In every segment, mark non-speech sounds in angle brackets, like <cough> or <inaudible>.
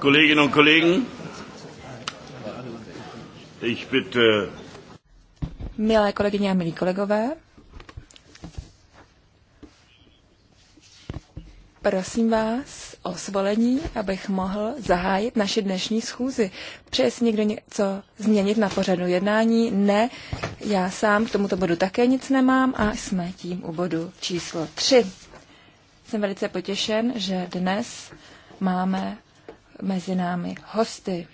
Kolleginnen und Kollegen, ich bitte. Milé kolegyně a milí kolegové, prosím vás o svolení, abych mohl zahájit naši dnešní schůzi. Přeje si někdo něco změnit na pořadu jednání? Ne, já sám k tomuto bodu také nic nemám a jsme tím u bodu číslo 3. Jsem velice potěšen, že dnes máme mezi námi hosty.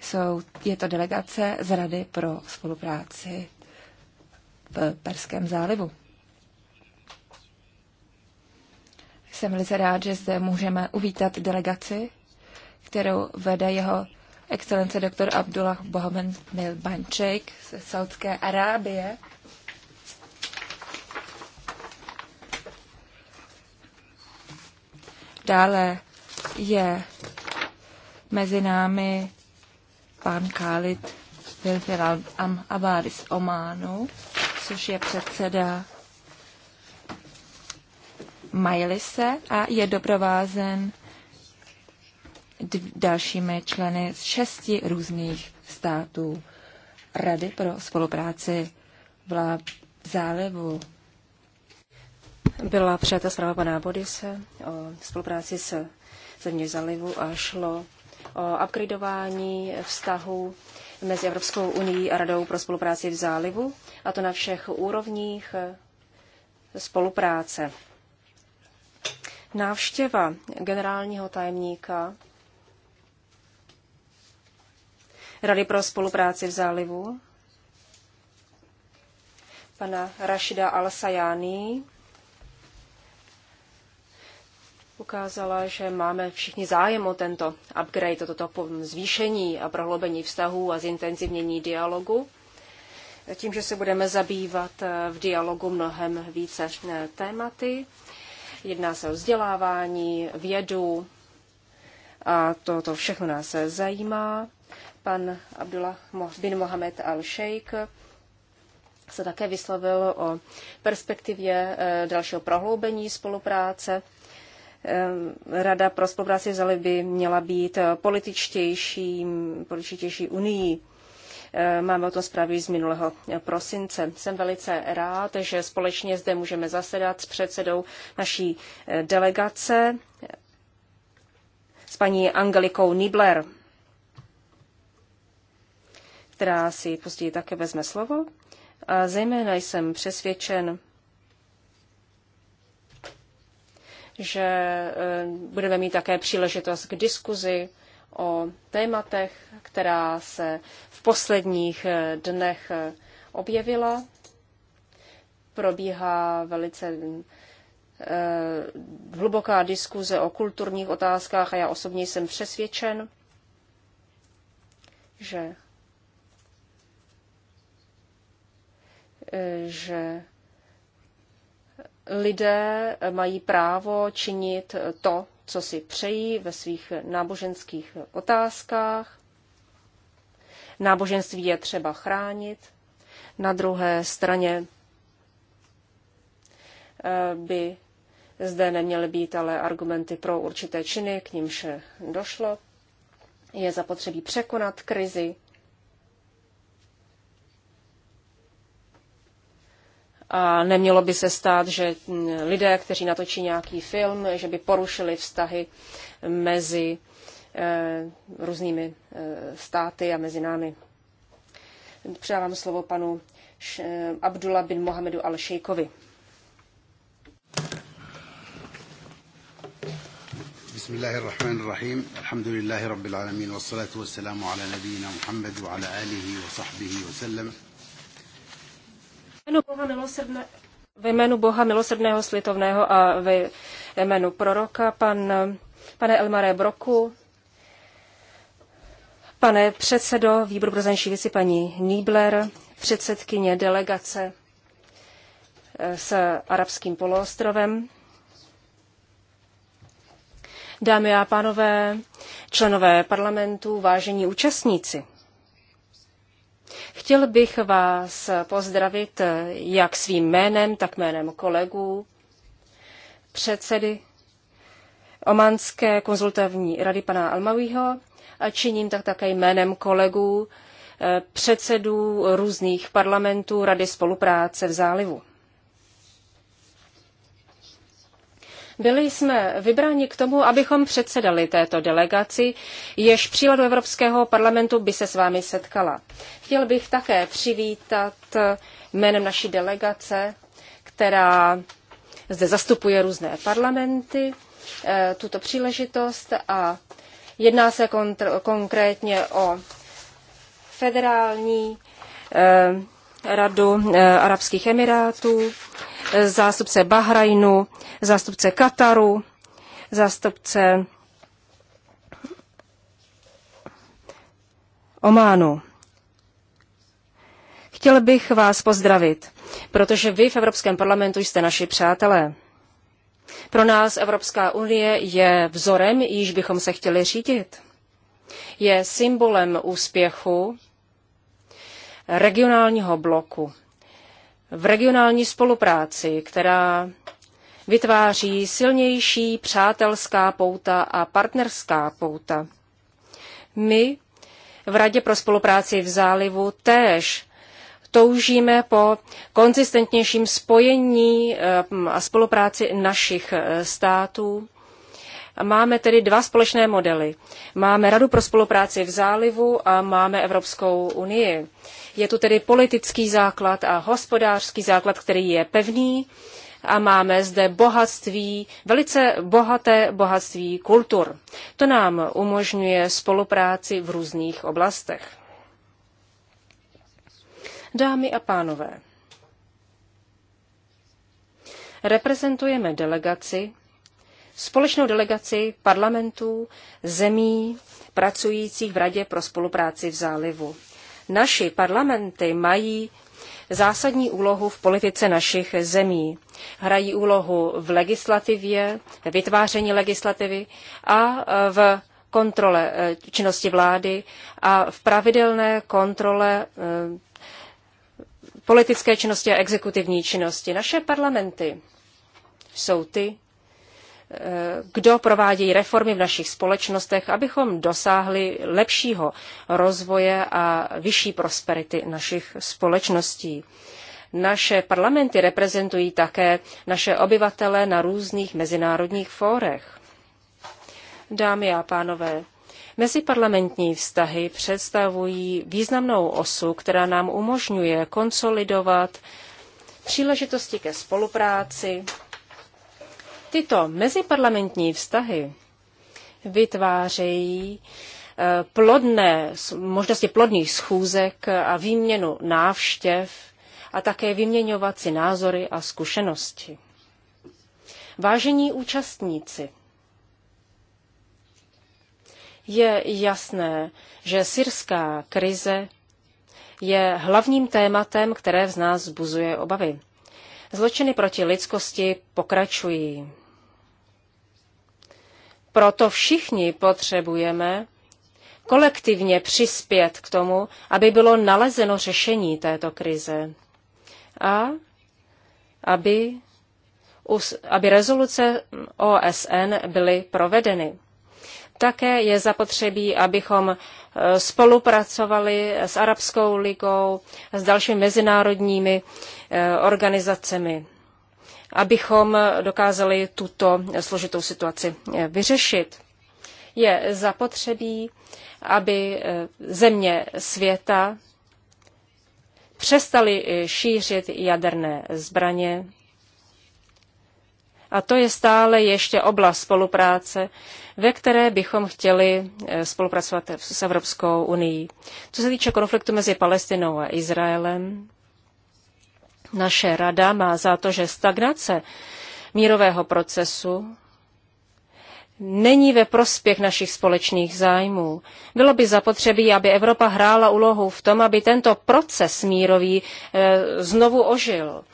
Jsou, je to delegace z Rady pro spolupráci v Perském zálivu. Jsem velice rád, že zde můžeme uvítat delegaci, kterou vede jeho excelence doktor Abdullah Mohamed Mil Banček z Saudské Arábie. Dále je Mezi námi pan Khalid Filfiral Am z Ománu, což je předseda Majlise a je doprovázen dalšími členy z šesti různých států Rady pro spolupráci v zálivu. Byla přijata zpráva pana Bodise o spolupráci s země zálivu a šlo o upgradování vztahu mezi Evropskou unii a Radou pro spolupráci v zálivu, a to na všech úrovních eh, spolupráce. Návštěva generálního tajemníka Rady pro spolupráci v zálivu, pana Rašida Al-Sayani, ukázala, že máme všichni zájem o tento upgrade, o toto zvýšení a prohloubení vztahů a zintenzivnění dialogu. Tím, že se budeme zabývat eh, v dialogu mnohem více eh, tématy, jedná se o vzdělávání, vědu a to, to všechno nás zajímá. Pan Abdullah bin Mohamed al-Sheikh se také vyslovil o perspektivě eh, dalšího prohloubení spolupráce Ehm, Rada pro spolupráci žaly by měla být političtější, političtější unii. Ehm, Máme o tom zprávy z minulého prosince. Jsem velice rád, že společně zde můžeme zasedat s předsedou naší eh, delegace, s paní Angelikou Nibler, která si později také vezme slovo. A zejména jsem přesvědčen, že eh, budeme mít také příležitost k diskuzi o tématech, která se v posledních eh, dnech eh, objevila. Probíhá velice hluboká diskuze o kulturních otázkách a já osobně jsem přesvědčen, že že lidé mají právo činit to, co si přejí ve svých náboženských otázkách. Náboženství je třeba chránit. Na druhé straně eh, by zde neměly být ale argumenty pro určité činy, k nimž došlo. Je zapotřebí překonat krizi a nemělo by se stát, že mm, lidé, kteří natočí nějaký film, že by porušili vztahy mezi eh, různými eh, státy a mezi námi. Předávám slovo panu eh, Abdullah bin Mohamedu al sheikovi بسم الله الرحمن الرحيم الحمد لله رب العالمين والصلاة والسلام على نبينا محمد وعلى آله وصحبه وسلم jménu Boha ve jménu Boha milosrdného, slitovného a ve jménu proroka, pan, pane Elmaré Broku, pane předsedo výboru pro zahraniční věci, paní Niebler, předsedkyně delegace eh, s arabským poloostrovem, dámy a pánové, členové parlamentu, vážení účastníci. Chtěl bych vás pozdravit jak svým jménem, tak jménem kolegů, předsedy Omanské konzultativní rady pana Almavího a činím tak také jménem kolegů, eh, předsedů různých parlamentů Rady spolupráce v zálivu. Byli jsme vybráni k tomu, abychom předsedali této delegaci, jež příladu Evropského parlamentu by se s vámi setkala. Chtěl bych také přivítat jménem naší delegace, která zde zastupuje různé parlamenty, eh, tuto příležitost a jedná se konkrétně o federální eh, radu eh, Arabských Emirátů, Eh, zástupce Bahrajnu, zástupce Kataru, zástupce Ománu. Chtěl bych vás pozdravit, protože vy v Evropském parlamentu jste naši přátelé. Pro nás Evropská unie je vzorem, již bychom se chtěli řídit. Je symbolem úspěchu regionálního bloku v regionální spolupráci, která vytváří silnější přátelská pouta a partnerská pouta. My v Radě pro spolupráci v zálivu též toužíme po konzistentnějším spojení eh, a spolupráci našich eh, států. Máme tedy dva společné modely. Máme Radu pro spolupráci v zálivu a máme Evropskou unii. Je tu tedy politický základ a hospodářský základ, který je pevný a máme zde bohatství, velice bohaté bohatství kultur. To nám umožňuje spolupráci v různých oblastech. Dámy a pánové, reprezentujeme delegaci, společnou delegaci parlamentů zemí pracujících v Radě pro spolupráci v zálivu. Naši parlamenty mají zásadní úlohu v politice našich zemí. Hrají úlohu v legislativě, vytváření legislativy a e, v kontrole e, činnosti vlády a v pravidelné kontrole e, politické činnosti a exekutivní činnosti. Naše parlamenty jsou ty, Eh, kdo provádějí reformy v našich společnostech, abychom dosáhli lepšího rozvoje a vyšší prosperity našich společností. Naše parlamenty reprezentují také naše obyvatele na různých mezinárodních fórech. Dámy a pánové, Meziparlamentní vztahy představují významnou osu, která nám umožňuje konsolidovat příležitosti ke spolupráci, Tyto meziparlamentní vztahy vytvářejí eh, plodné, možnosti plodných schůzek a výměnu návštěv a také vyměňovat si názory a zkušenosti. Vážení účastníci, je jasné, že syrská krize je hlavním tématem, které v nás buzuje obavy. Zločiny proti lidskosti pokračují. Proto všichni potřebujeme kolektivně přispět k tomu, aby bylo nalezeno řešení této krize a aby, aby rezoluce OSN byly provedeny. Také je zapotřebí, abychom e, spolupracovali s Arabskou ligou, s dalšími mezinárodními e, organizacemi abychom dokázali tuto složitou situaci eh, vyřešit. Je zapotřebí, aby eh, země světa přestaly eh, šířit jaderné zbraně. A to je stále ještě oblast spolupráce, ve které bychom chtěli spolupracovat s Evropskou unii. Co se týče konfliktu mezi Palestinou a Izraelem, naše rada má za to, že stagnace mírového procesu není ve prospěch našich společných zájmů. Bylo by zapotřebí, aby Evropa hrála úlohu v tom, aby tento proces mírový eh, znovu ožil.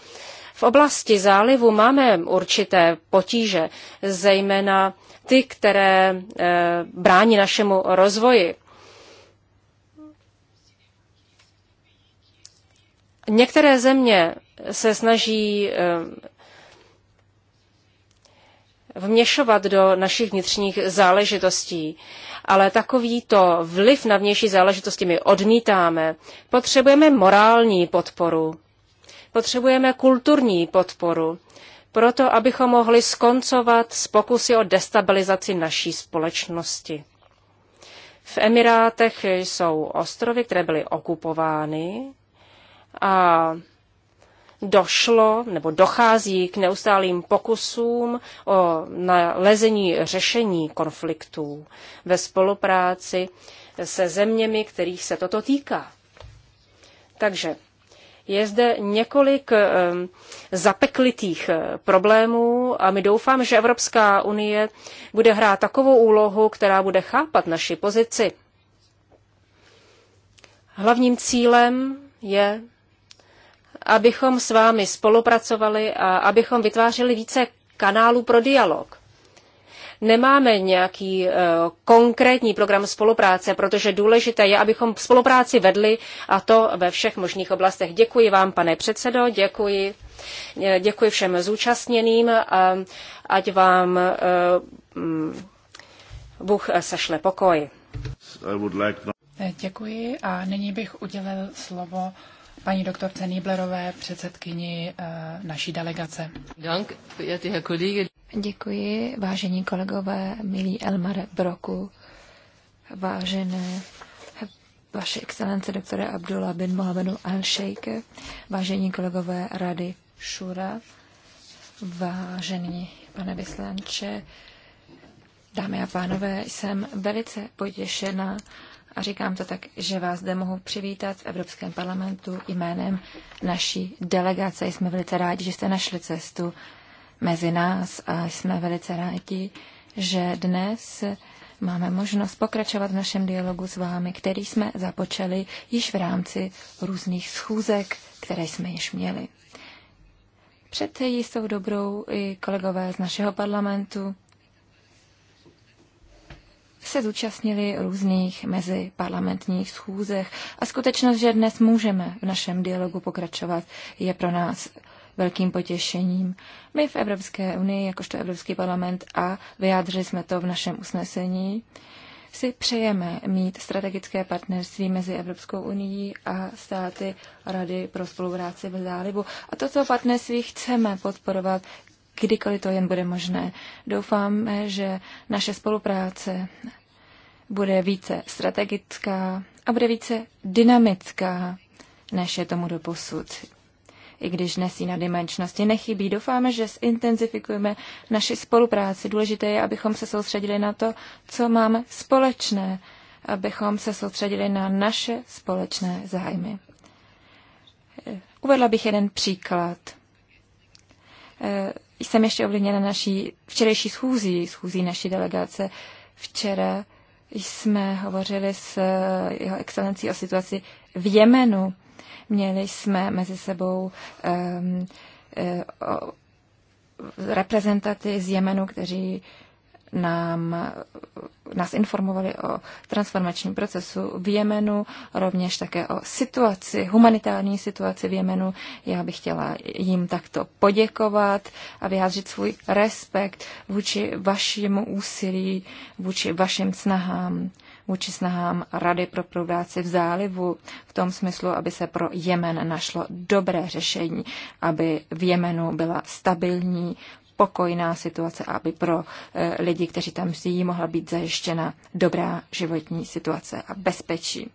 V oblasti zálivu máme určité potíže, zejména ty, které eh, brání našemu rozvoji. Některé země se snaží eh, vměšovat do našich vnitřních záležitostí, ale takovýto vliv na vnější záležitosti my odmítáme. Potřebujeme morální podporu, potřebujeme kulturní podporu, proto abychom mohli skoncovat s pokusy o destabilizaci naší společnosti. V Emirátech jsou ostrovy, které byly okupovány a došlo nebo dochází k neustálým pokusům o nalezení řešení konfliktů ve spolupráci se zeměmi, kterých se toto týká. Takže je zde několik eh, zapeklitých eh, problémů a my doufám, že Evropská unie bude hrát takovou úlohu, která bude chápat naši pozici. Hlavním cílem je abychom s vámi spolupracovali a abychom vytvářeli více kanálů pro dialog. Nemáme nějaký eh, konkrétní program spolupráce, protože důležité je, abychom spolupráci vedli a to ve všech možných oblastech. Děkuji vám, pane předsedo, děkuji, eh, děkuji všem zúčastněným, a ať vám eh, mm, Bůh sešle pokoj. Děkuji a nyní bych udělil slovo paní doktorce Nýblerové, předsedkyni eh, naší delegace. Děkuji, vážení kolegové, milí Elmar Broku, vážené vaše excelence doktore Abdullah bin Mohamedu al sheikh vážení kolegové rady Šura, vážení pane vyslanče, dámy a pánové, jsem velice potěšena, a říkám to tak, že vás zde mohu přivítat v Evropském parlamentu jménem naší delegace. Jsme velice rádi, že jste našli cestu mezi nás a jsme velice rádi, že dnes máme možnost pokračovat v našem dialogu s vámi, který jsme započali již v rámci různých schůzek, které jsme již měli. Před jistou dobrou i kolegové z našeho parlamentu se zúčastnili různých meziparlamentních schůzech a skutečnost, že dnes můžeme v našem dialogu pokračovat, je pro nás velkým potěšením. My v Evropské unii, jakožto Evropský parlament, a vyjádřili jsme to v našem usnesení, si přejeme mít strategické partnerství mezi Evropskou unii a státy Rady pro spolupráci v zálivu. A toto partnerství chceme podporovat kdykoliv to jen bude možné. Doufáme, že naše spolupráce bude více strategická a bude více dynamická, než je tomu doposud. I když dnes na dimenčnosti nechybí, doufáme, že zintenzifikujeme naši spolupráci. Důležité je, abychom se soustředili na to, co máme společné, abychom se soustředili na naše společné zájmy. Uvedla bych jeden příklad jsem ještě ovlivněna naší včerejší schůzí, schůzí naší delegace. Včera jsme hovořili s eh, jeho excelencí o situaci v Jemenu. Měli jsme mezi sebou um, um, reprezentanty z Jemenu, kteří nám, nás informovali o transformačním procesu v Jemenu, rovněž také o situaci, humanitární situaci v Jemenu. Já bych chtěla jim takto poděkovat a vyjádřit svůj respekt vůči vašemu úsilí, vůči vašim snahám vůči snahám Rady pro práci v zálivu v tom smyslu, aby se pro Jemen našlo dobré řešení, aby v Jemenu byla stabilní pokojná situace, aby pro eh, lidi, kteří tam žijí, mohla být zajištěna dobrá životní situace a bezpečí.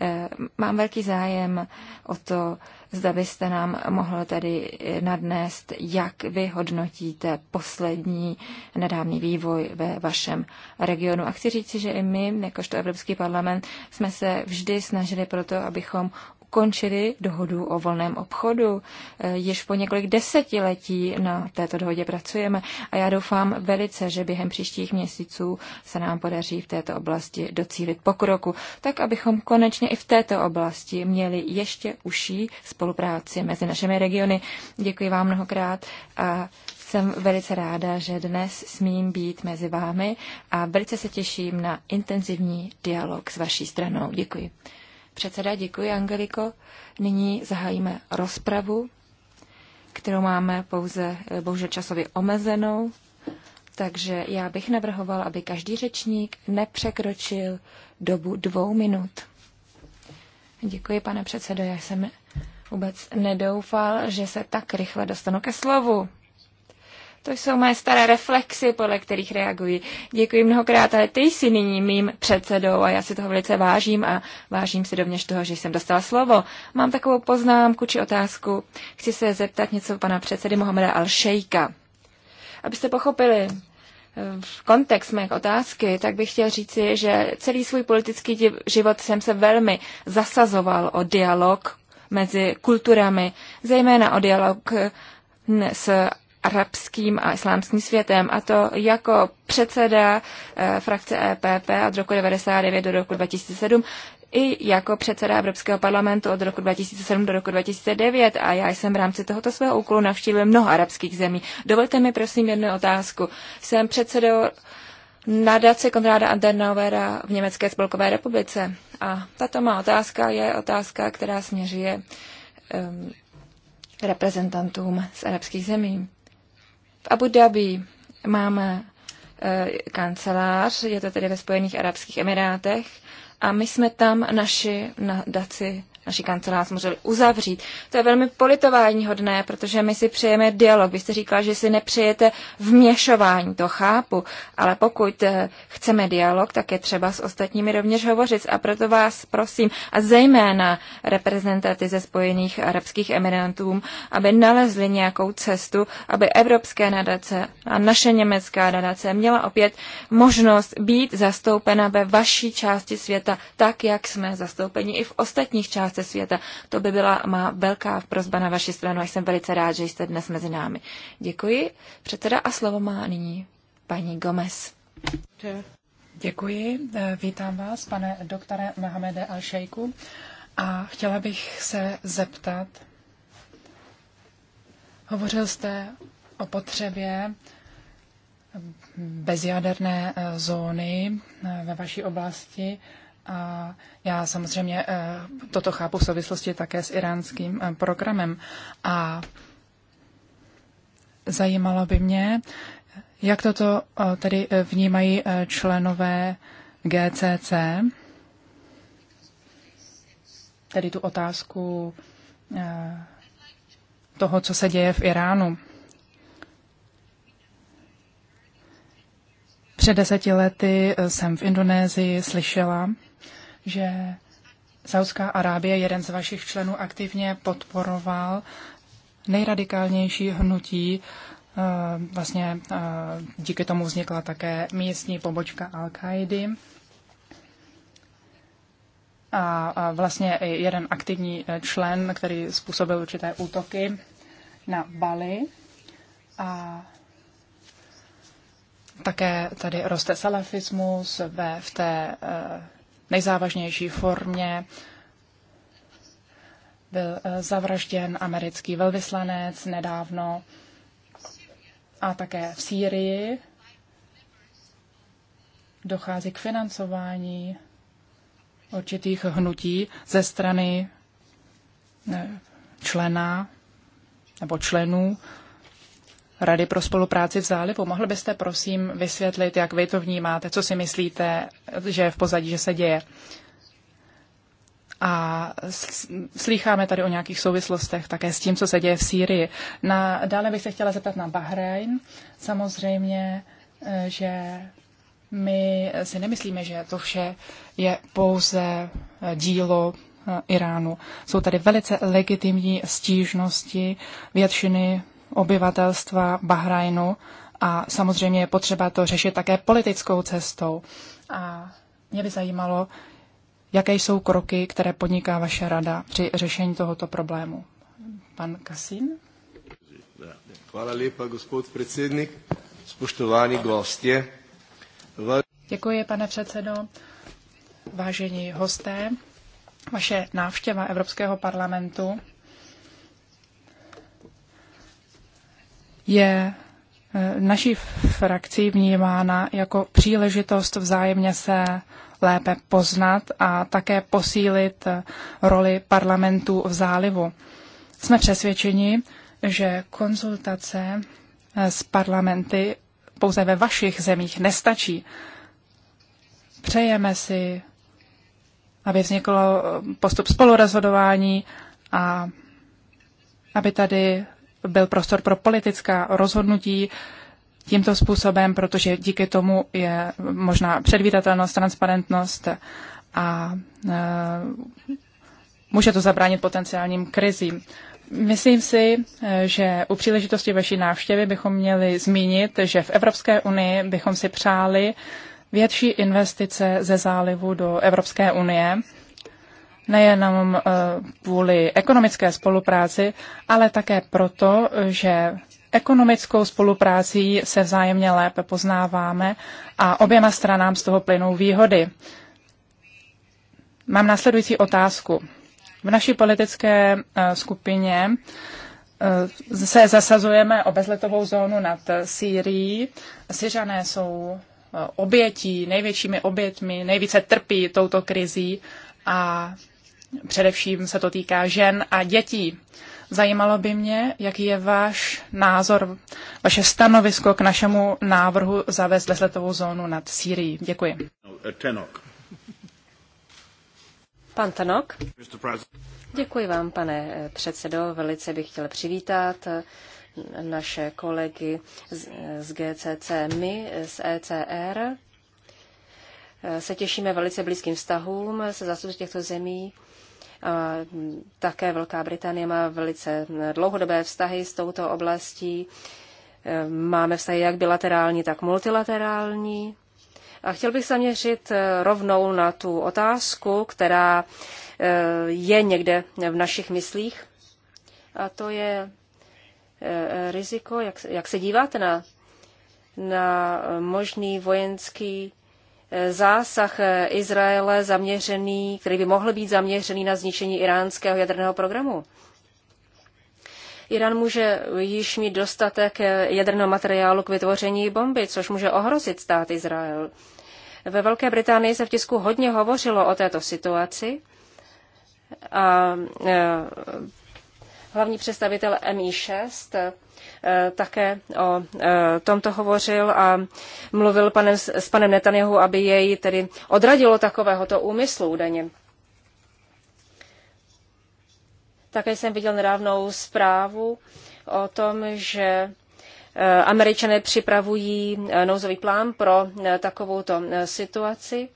Eh, mám velký zájem o to, zda byste nám mohl tady eh, nadnést, jak vy hodnotíte poslední nedávný vývoj ve vašem regionu. A chci říct, že i my, jakožto Evropský parlament, jsme se vždy snažili proto, abychom ukončili dohodu o volném obchodu. Eh, již po několik desetiletí na této dohodě pracujeme a já doufám velice, že během příštích měsíců se nám podaří v této oblasti docílit pokroku, tak abychom konečně i v této oblasti měli ještě užší spolupráci mezi našimi regiony. Děkuji vám mnohokrát a jsem velice ráda, že dnes smím být mezi vámi a velice se těším na intenzivní dialog s vaší stranou. Děkuji. Předseda, děkuji, Angeliko. Nyní zahájíme rozpravu, kterou máme pouze eh, bohužel časově omezenou. Takže já bych navrhoval, aby každý řečník nepřekročil dobu dvou minut. Děkuji, pane předsedo, já jsem vůbec nedoufal, že se tak rychle dostanu ke slovu. To jsou moje staré reflexy, podle kterých reaguji. Děkuji mnohokrát, ale ty jsi nyní mým předsedou a já si toho velice vážím a vážím si dovněž toho, že jsem dostala slovo. Mám takovou poznámku či otázku. Chci se zeptat něco pana předsedy Mohameda Alšejka. Abyste pochopili, eh, v kontext mé otázky, tak bych chtěl říci, že celý svůj politický život jsem se velmi zasazoval o dialog mezi kulturami, zejména o dialog eh, s arabským a islámským světem, a to jako předseda eh, frakce EPP od roku 1999 do roku 2007 i jako předseda Evropského parlamentu od roku 2007 do roku 2009 a já jsem v rámci tohoto svého úkolu navštívil mnoho arabských zemí. Dovolte mi prosím jednu otázku. Jsem předsedou nadace Konráda Adenauera v Německé spolkové republice a tato má otázka je otázka, která směřuje um, reprezentantům z arabských zemí. V Abu Dhabi máme eh, kancelář, je to tedy ve Spojených Arabských Emirátech, a my jsme tam naši na daci naši kancelář může uzavřít. To je velmi politování hodné, protože my si přejeme dialog. Vy jste říkala, že si nepřejete vměšování, to chápu, ale pokud eh, chceme dialog, tak je třeba s ostatními rovněž hovořit. A proto vás prosím, a zejména reprezentanty ze Spojených arabských emirantů, aby nalezli nějakou cestu, aby evropské nadace a naše německá nadace měla opět možnost být zastoupena ve vaší části světa, tak jak jsme zastoupeni i v ostatních částech konce světa. To by byla má velká prozba na vaši stranu a jsem velice rád, že jste dnes mezi námi. Děkuji. Předseda a slovo má nyní paní Gomez. Děkuji. Eh, vítám vás, pane doktore Mohamede al A chtěla bych se zeptat, hovořil jste o potřebě bezjaderné eh, zóny eh, ve vaší oblasti a já samozřejmě eh, toto chápu v souvislosti také s iránským eh, programem. A zajímalo by mě, jak toto eh, tedy vnímají členové GCC, tedy tu otázku toho, co se děje v Iránu. Před deseti lety jsem v Indonésii slyšela, že Saudská Arábie, jeden z vašich členů, aktivně podporoval nejradikálnější hnutí. Eh, vlastně eh, díky tomu vznikla také místní pobočka al qaidi A vlastně i jeden aktivní eh, člen, který způsobil určité útoky na Bali. A také tady roste salafismus ve, v té nejzávažnější formě byl eh, zavražděn americký velvyslanec nedávno a také v Sýrii dochází k financování určitých hnutí ze strany eh, člena nebo členů Rady pro spolupráci v zálivu. Mohl byste prosím vysvětlit, jak vy to vnímáte, co si myslíte, že je v pozadí, že se děje? A slýcháme tady o nějakých souvislostech také s tím, co se děje v Sýrii. Na, dále bych se chtěla zeptat na Bahrajn. Samozřejmě, eh, že my si nemyslíme, že to vše je pouze eh, dílo eh, Iránu. Jsou tady velice legitimní stížnosti většiny obyvatelstva Bahrajnu a samozřejmě je potřeba to řešit také politickou cestou. A mě by zajímalo, jaké jsou kroky, které podniká vaše rada při řešení tohoto problému. Pan Kasín? Hvala lepa, gospod predsednik, spoštovani gostje. V... Děkuji, pane předsedo. Vážení hosté, vaše návštěva Evropského parlamentu je eh, naší frakcí vnímána jako příležitost vzájemně se lépe poznat a také posílit eh, roli parlamentu v zálivu. Jsme přesvědčeni, že konzultace eh, s parlamenty pouze ve vašich zemích nestačí. Přejeme si, aby vznikl postup spolurozhodování a aby tady byl prostor pro politická rozhodnutí tímto způsobem, protože díky tomu je možná předvídatelnost, transparentnost a e, může to zabránit potenciálním krizím. Myslím si, e, že u příležitosti vaší návštěvy bychom měli zmínit, že v Evropské unii bychom si přáli větší investice ze zálivu do Evropské unie nejenom eh, kvůli ekonomické spolupráci, ale také proto, že ekonomickou spoluprácí se vzájemně lépe poznáváme a oběma stranám z toho plynou výhody. Mám následující otázku. V naší politické eh, skupině eh, se zasazujeme o bezletovou zónu nad Sýrií. Syřané jsou obětí, největšími obětmi, nejvíce trpí touto krizí a Především se to týká žen a dětí. Zajímalo by mě, jaký je váš názor, vaše stanovisko k našemu návrhu zavést lesletovou zónu nad Sýrií. Děkuji. Tenok. Pan Tanok. Děkuji vám, pane eh, předsedo. Velice bych chtěl přivítat eh, naše kolegy z eh, GCC, my z ECR. Se těšíme velice blízkým vztahům se zástupci těchto zemí Eh, také Velká Británie má velice dlouhodobé vztahy s touto oblastí. Eh, máme vztahy jak bilaterální, tak multilaterální. A chtěl bych zaměřit eh, rovnou na tu otázku, která je někde v našich myslích. A to je riziko, jak, jak se díváte na, na možný vojenský zásah eh, Izraele zaměřený, který by mohl být zaměřený na zničení iránského jaderného programu. Irán může již mít dostatek eh, jaderného materiálu k vytvoření bomby, což může ohrozit stát Izrael. Ve Velké Británii se v tisku hodně hovořilo o této situaci a eh, hlavní představitel MI6 eh, také o eh, tomto hovořil a mluvil panem, s panem Netanyahu, aby jej tedy odradilo takovéhoto úmyslu údajně. Také jsem viděl nedávnou zprávu o tom, že eh, Američané připravují nouzový plán pro takovouto situaci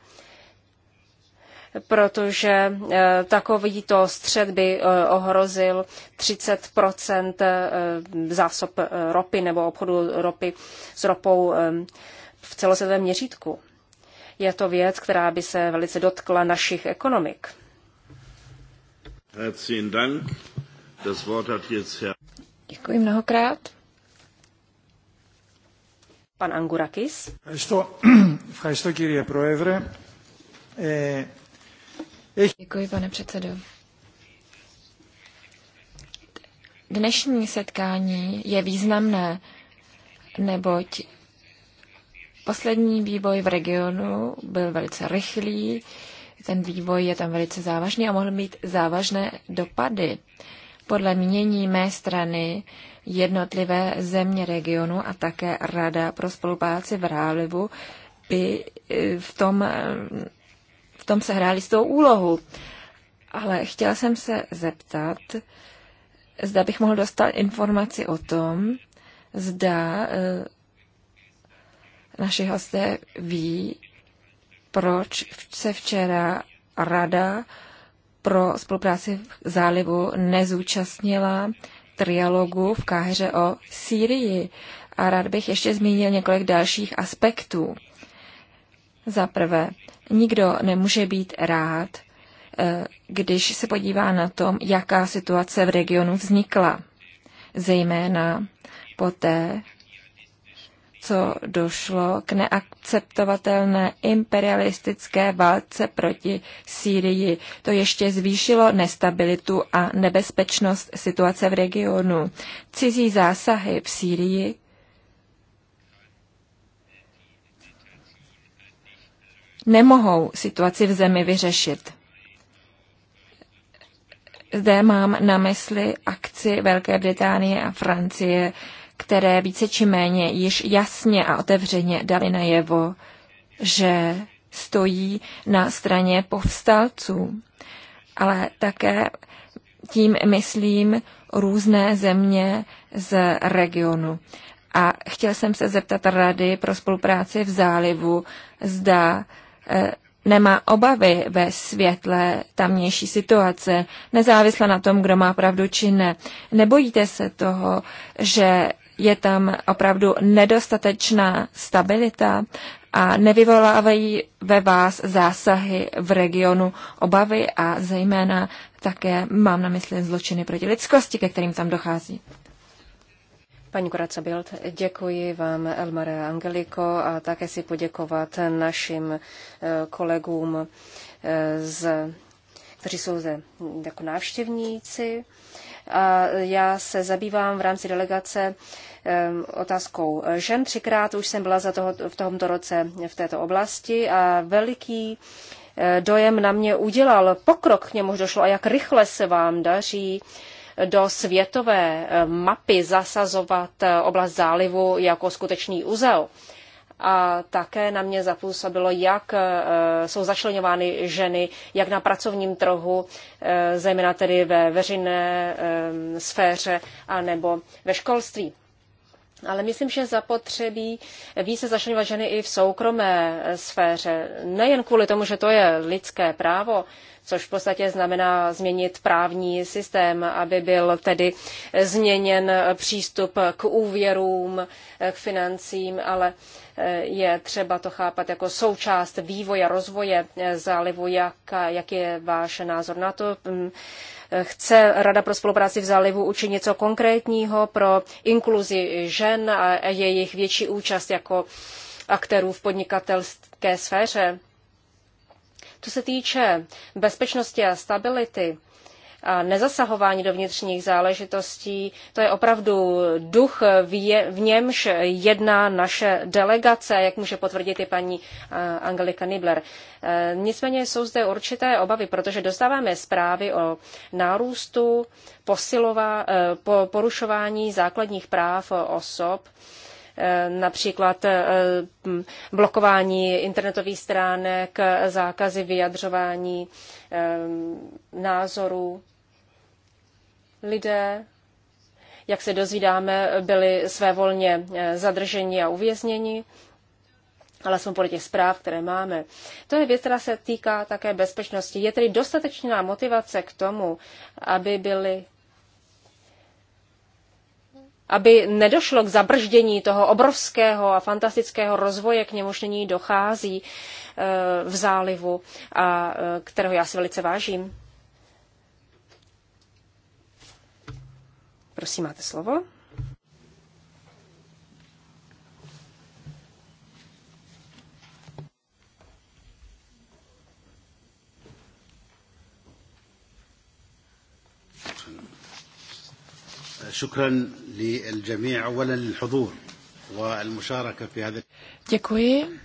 protože eh, takovýto střed by eh, ohrozil 30 eh, zásob ropy nebo obchodu ropy s ropou v celosvětovém měřítku. Je to věc, která by se velice dotkla našich ekonomik. Dank. Das Wort hat jetzt Herr Děkuji mnohokrát. Pan Angurakis. Ευχαριστώ, <clears throat> ευχαριστώ Děkuji, pane předsedo. Dnešní setkání je významné, neboť poslední vývoj v regionu byl velice rychlý, ten vývoj je tam velice závažný a mohl mít závažné dopady. Podle mění mé strany jednotlivé země regionu a také Rada pro spolupráci v Rálivu by eh, v tom v tom se hráli s tou úlohu. Ale chtěla jsem se zeptat, zda bych mohl dostat informaci o tom, zda eh, naši hosté ví, proč se včera Rada pro spolupráci v zálivu nezúčastnila trialogu v Káheře o Sýrii. A rád bych ještě zmínil několik dalších aspektů. Za prvé, nikdo nemůže být rád, eh, když se podívá na tom, jaká situace v regionu vznikla. Zejména poté, co došlo k neakceptovatelné imperialistické válce proti Sýrii. To ještě zvýšilo nestabilitu a nebezpečnost situace v regionu. Cizí zásahy v Sýrii nemohou situaci v zemi vyřešit. Zde mám na mysli akci Velké Británie a Francie, které více či méně již jasně a otevřeně dali najevo, že stojí na straně povstalců, ale také tím myslím různé země z regionu. A chtěl jsem se zeptat Rady pro spolupráci v zálivu, zda E, nemá obavy ve světle tamnější situace, nezávisle na tom, kdo má pravdu či ne. Nebojíte se toho, že je tam opravdu nedostatečná stabilita a nevyvolávají ve vás zásahy v regionu obavy a zejména také mám na mysli zločiny proti lidskosti, ke kterým tam dochází. Paní Kuraca Bild, děkuji vám, Elmare Angeliko, a také si poděkovat našim eh, kolegům, eh, z, kteří jsou zde jako návštěvníci. A já se zabývám v rámci delegace eh, otázkou žen. Třikrát už jsem byla za toho, v tomto roce v této oblasti a veliký dojem na mě udělal pokrok, k němuž došlo a jak rychle se vám daří do světové eh, mapy zasazovat eh, oblast zálivu jako skutečný uzel. A také na mě zapůsobilo, jak eh, jsou začlenovány ženy, jak na pracovním trhu, zejména tedy ve veřejné sféře, anebo ve školství ale myslím, že zapotřebí více začlenovat ženy i v soukromé sféře. Nejen kvůli tomu, že to je lidské právo, což v podstatě znamená změnit právní systém, aby byl tedy změněn přístup k úvěrům, k financím, ale eh, je třeba to chápat jako součást vývoje, rozvoje eh, zálivu. Jak, jak je váš názor na to? Mm, Chce Rada pro spolupráci v zálivu učinit něco konkrétního pro inkluzi žen a jejich větší účast jako aktérů v podnikatelské sféře? Co se týče bezpečnosti a stability, a nezasahování do vnitřních záležitostí, to je opravdu duch, v němž jedná naše delegace, jak může potvrdit i paní Angelika Nibler. E, nicméně jsou zde určité obavy, protože dostáváme zprávy o nárůstu posilova, e, porušování základních práv osob, e, například blokování internetových stránek, zákazy vyjadřování názorů lidé, jak se dozvídáme, byli svévolně eh, zadrženi a uvězněni ale jsme podle těch zpráv, které máme. To je věc, která se týká také bezpečnosti. Je tedy dostatečná motivace k tomu, aby byly aby nedošlo k zabrždění toho obrovského a fantastického rozvoje, k němuž nyní dochází eh, v zálivu, a eh, kterého já si velice vážím. Prosím, máte slovo. Děkuji.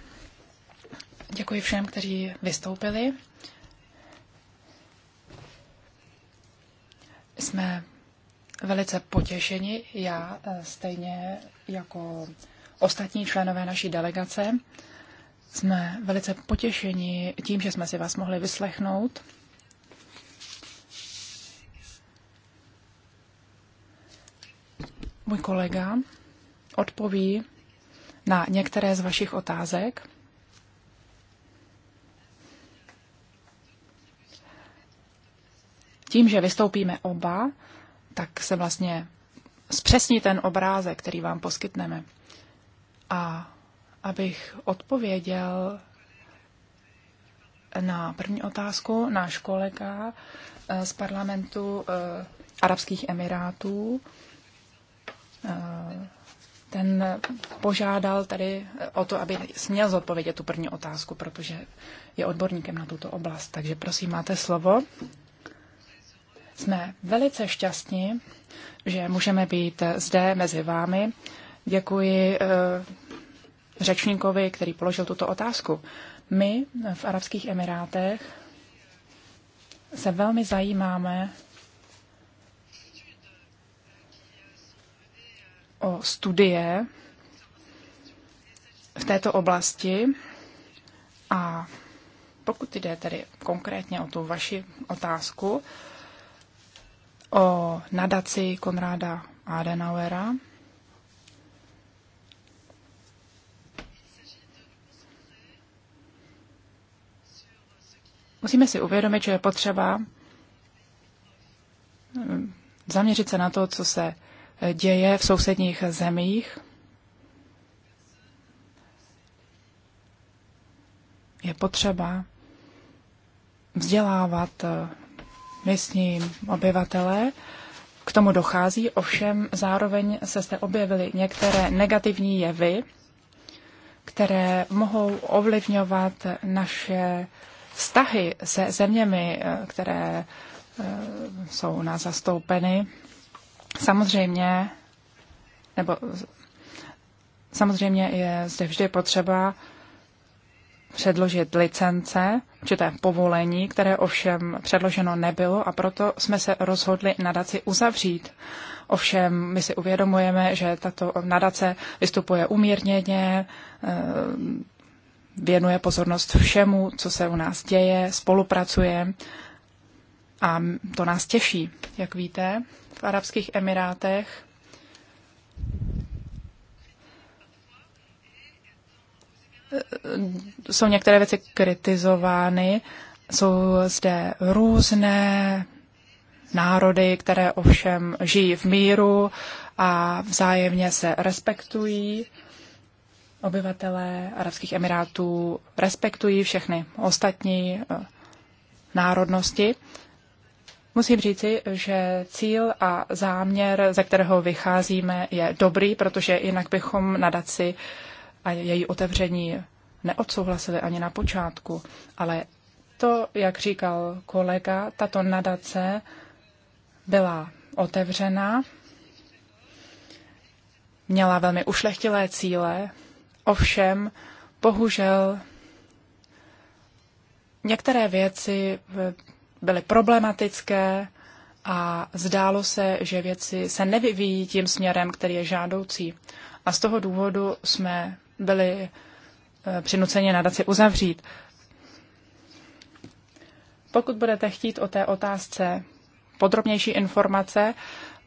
Děkuji všem, kteří vystoupili. Jsme velice potěšeni, já eh, stejně jako ostatní členové naší delegace. Jsme velice potěšeni tím, že jsme si vás mohli vyslechnout. Můj kolega odpoví na některé z vašich otázek. Tím, že vystoupíme oba, tak se vlastně zpřesní ten obrázek, který vám poskytneme. A abych odpověděl na první otázku, náš kolega eh, z parlamentu eh, Arabských Emirátů, eh, ten požádal tady o to, aby směl zodpovědět tu první otázku, protože je odborníkem na tuto oblast. Takže prosím, máte slovo. Jsme velice šťastní, že můžeme být zde mezi vámi. Děkuji eh, řečníkovi, který položil tuto otázku. My v Arabských Emirátech se velmi zajímáme o studie v této oblasti a pokud jde tedy konkrétně o tu vaši otázku, o nadaci Konráda Adenauera. Musíme si uvědomit, že je potřeba hm, zaměřit se na to, co se eh, děje v sousedních zemích. Je potřeba vzdělávat eh, místní obyvatelé. K tomu dochází, ovšem zároveň se zde objevily některé negativní jevy, které mohou ovlivňovat naše vztahy se zeměmi, eh, které eh, jsou u nás zastoupeny. Samozřejmě, nebo samozřejmě je zde vždy potřeba předložit licence určité povolení, které ovšem předloženo nebylo a proto jsme se rozhodli nadaci uzavřít. Ovšem my si uvědomujeme, že tato nadace vystupuje umírněně, eh, věnuje pozornost všemu, co se u nás děje, spolupracuje a to nás těší, jak víte, v Arabských Emirátech jsou některé věci kritizovány. Jsou zde různé národy, které ovšem žijí v míru a vzájemně se respektují. Obyvatelé Arabských Emirátů respektují všechny ostatní eh, národnosti. Musím říci, že cíl a záměr, ze kterého vycházíme, je dobrý, protože jinak bychom nadaci uh, a její otevření neodsouhlasili ani na počátku, ale to, jak říkal kolega, tato nadace byla otevřená, měla velmi ušlechtilé cíle, ovšem bohužel některé věci byly problematické a zdálo se, že věci se nevyvíjí tím směrem, který je žádoucí. A z toho důvodu jsme byli eh, přinuceni nadaci uzavřít. Pokud budete chtít o té otázce podrobnější informace,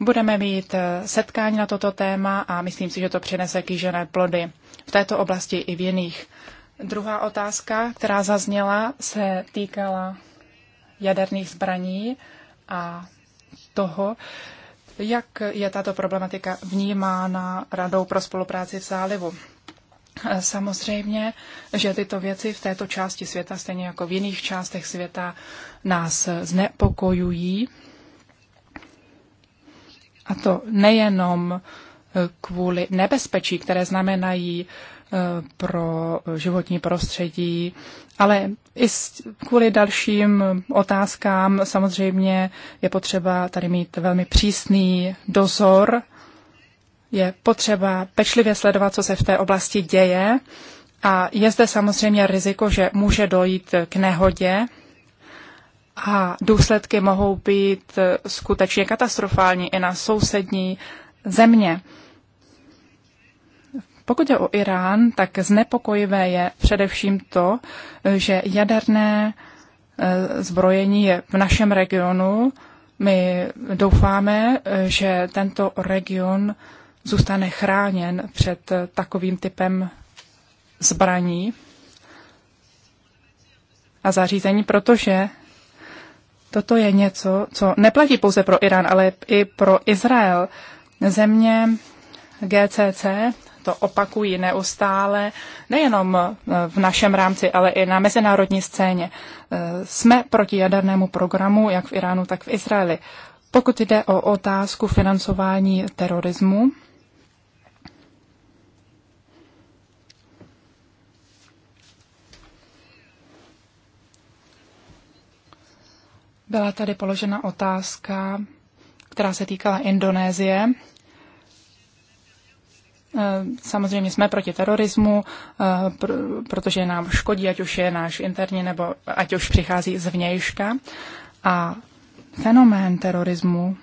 budeme mít eh, setkání na toto téma a myslím si, že to přinese kýžené plody v této oblasti i v jiných. Druhá otázka, která zazněla, se týkala jaderných zbraní a toho, jak je tato problematika vnímána Radou pro spolupráci v zálivu. Samozřejmě, že tyto věci v této části světa, stejně jako v jiných částech světa, nás znepokojují. A to nejenom kvůli nebezpečí, které znamenají eh, pro životní prostředí, ale i kvůli dalším otázkám samozřejmě je potřeba tady mít velmi přísný dozor je potřeba pečlivě sledovat, co se v té oblasti děje. A je zde samozřejmě riziko, že může dojít k nehodě a důsledky mohou být skutečně katastrofální i na sousední země. Pokud je o Irán, tak znepokojivé je především to, že jaderné e, zbrojení je v našem regionu. My doufáme, že tento region zůstane chráněn před takovým typem zbraní a zařízení, protože toto je něco, co neplatí pouze pro Irán, ale i pro Izrael. Země GCC to opakují neustále, nejenom v našem rámci, ale i na mezinárodní scéně. Jsme proti jadernému programu, jak v Iránu, tak v Izraeli. Pokud jde o otázku financování terorismu, Byla tady položena otázka, která se týkala Indonésie. Eh, samozřejmě jsme proti terorismu, eh, protože nám škodí, ať už je náš interní nebo ať už přichází z vnějška. A fenomén terorismu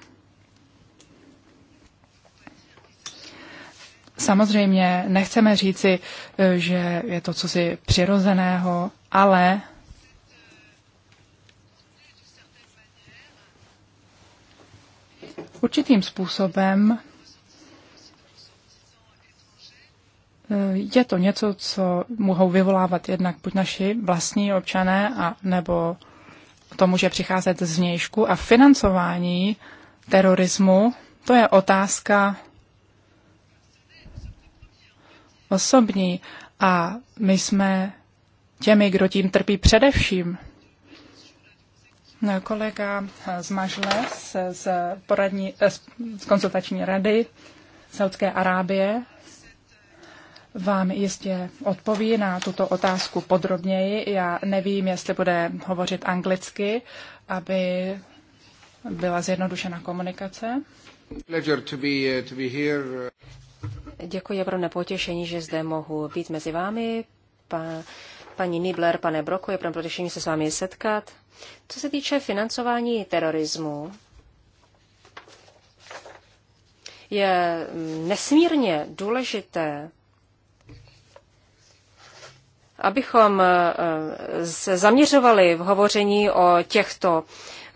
Samozřejmě nechceme říci, eh, že je to cosi přirozeného, ale určitým způsobem eh, je to něco, co mohou vyvolávat jednak buď naši vlastní občané, a nebo to může přicházet z vnějšku. A financování terorismu, to je otázka osobní. A my jsme těmi, kdo tím trpí především. No, kolega z Mažles z, poradní, eh, z konzultační rady Saudské Arábie vám jistě odpoví na tuto otázku podrobněji. Já nevím, jestli bude hovořit anglicky, aby byla zjednodušena komunikace. Eh, Děkuji, pro nepotěšení, že zde mohu být mezi vámi. Pa, paní Nibler, pane Broko, je pro potěšení se s vámi setkat. Co se týče financování terorismu, je nesmírně důležité, abychom eh, se zaměřovali v hovoření o těchto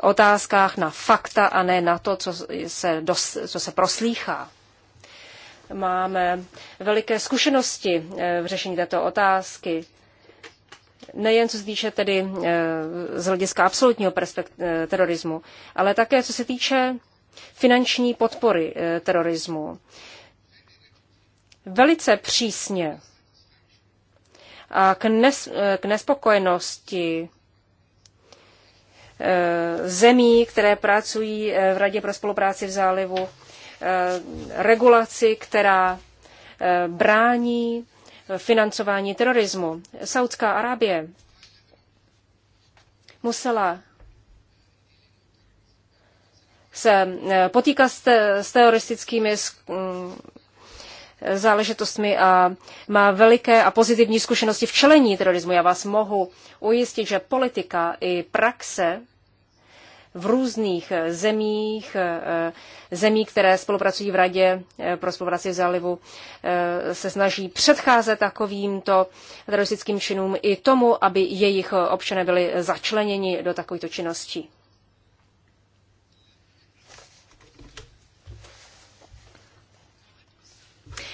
otázkách na fakta a ne na to, co se, dos, co se proslýchá. Máme veliké zkušenosti eh, v řešení této otázky nejen co se týče tedy eh, z hlediska absolutního perspekt- eh, terorismu, ale také co se týče finanční podpory eh, terorismu. Velice přísně a k, nes- k nespokojenosti zemí, které pracují v Radě pro spolupráci v zálivu, regulaci, která brání financování terorismu. Saudská Arábie musela se eh, potýká s, s teroristickými mm, záležitostmi a má veliké a pozitivní zkušenosti v čelení terorismu. Já vás mohu ujistit, že politika i praxe v různých eh, zemích, eh, zemí, které spolupracují v Radě eh, pro spolupráci v zálivu, se snaží předcházet takovýmto teroristickým činům i tomu, aby jejich občané byli začleněni do takovýchto činností.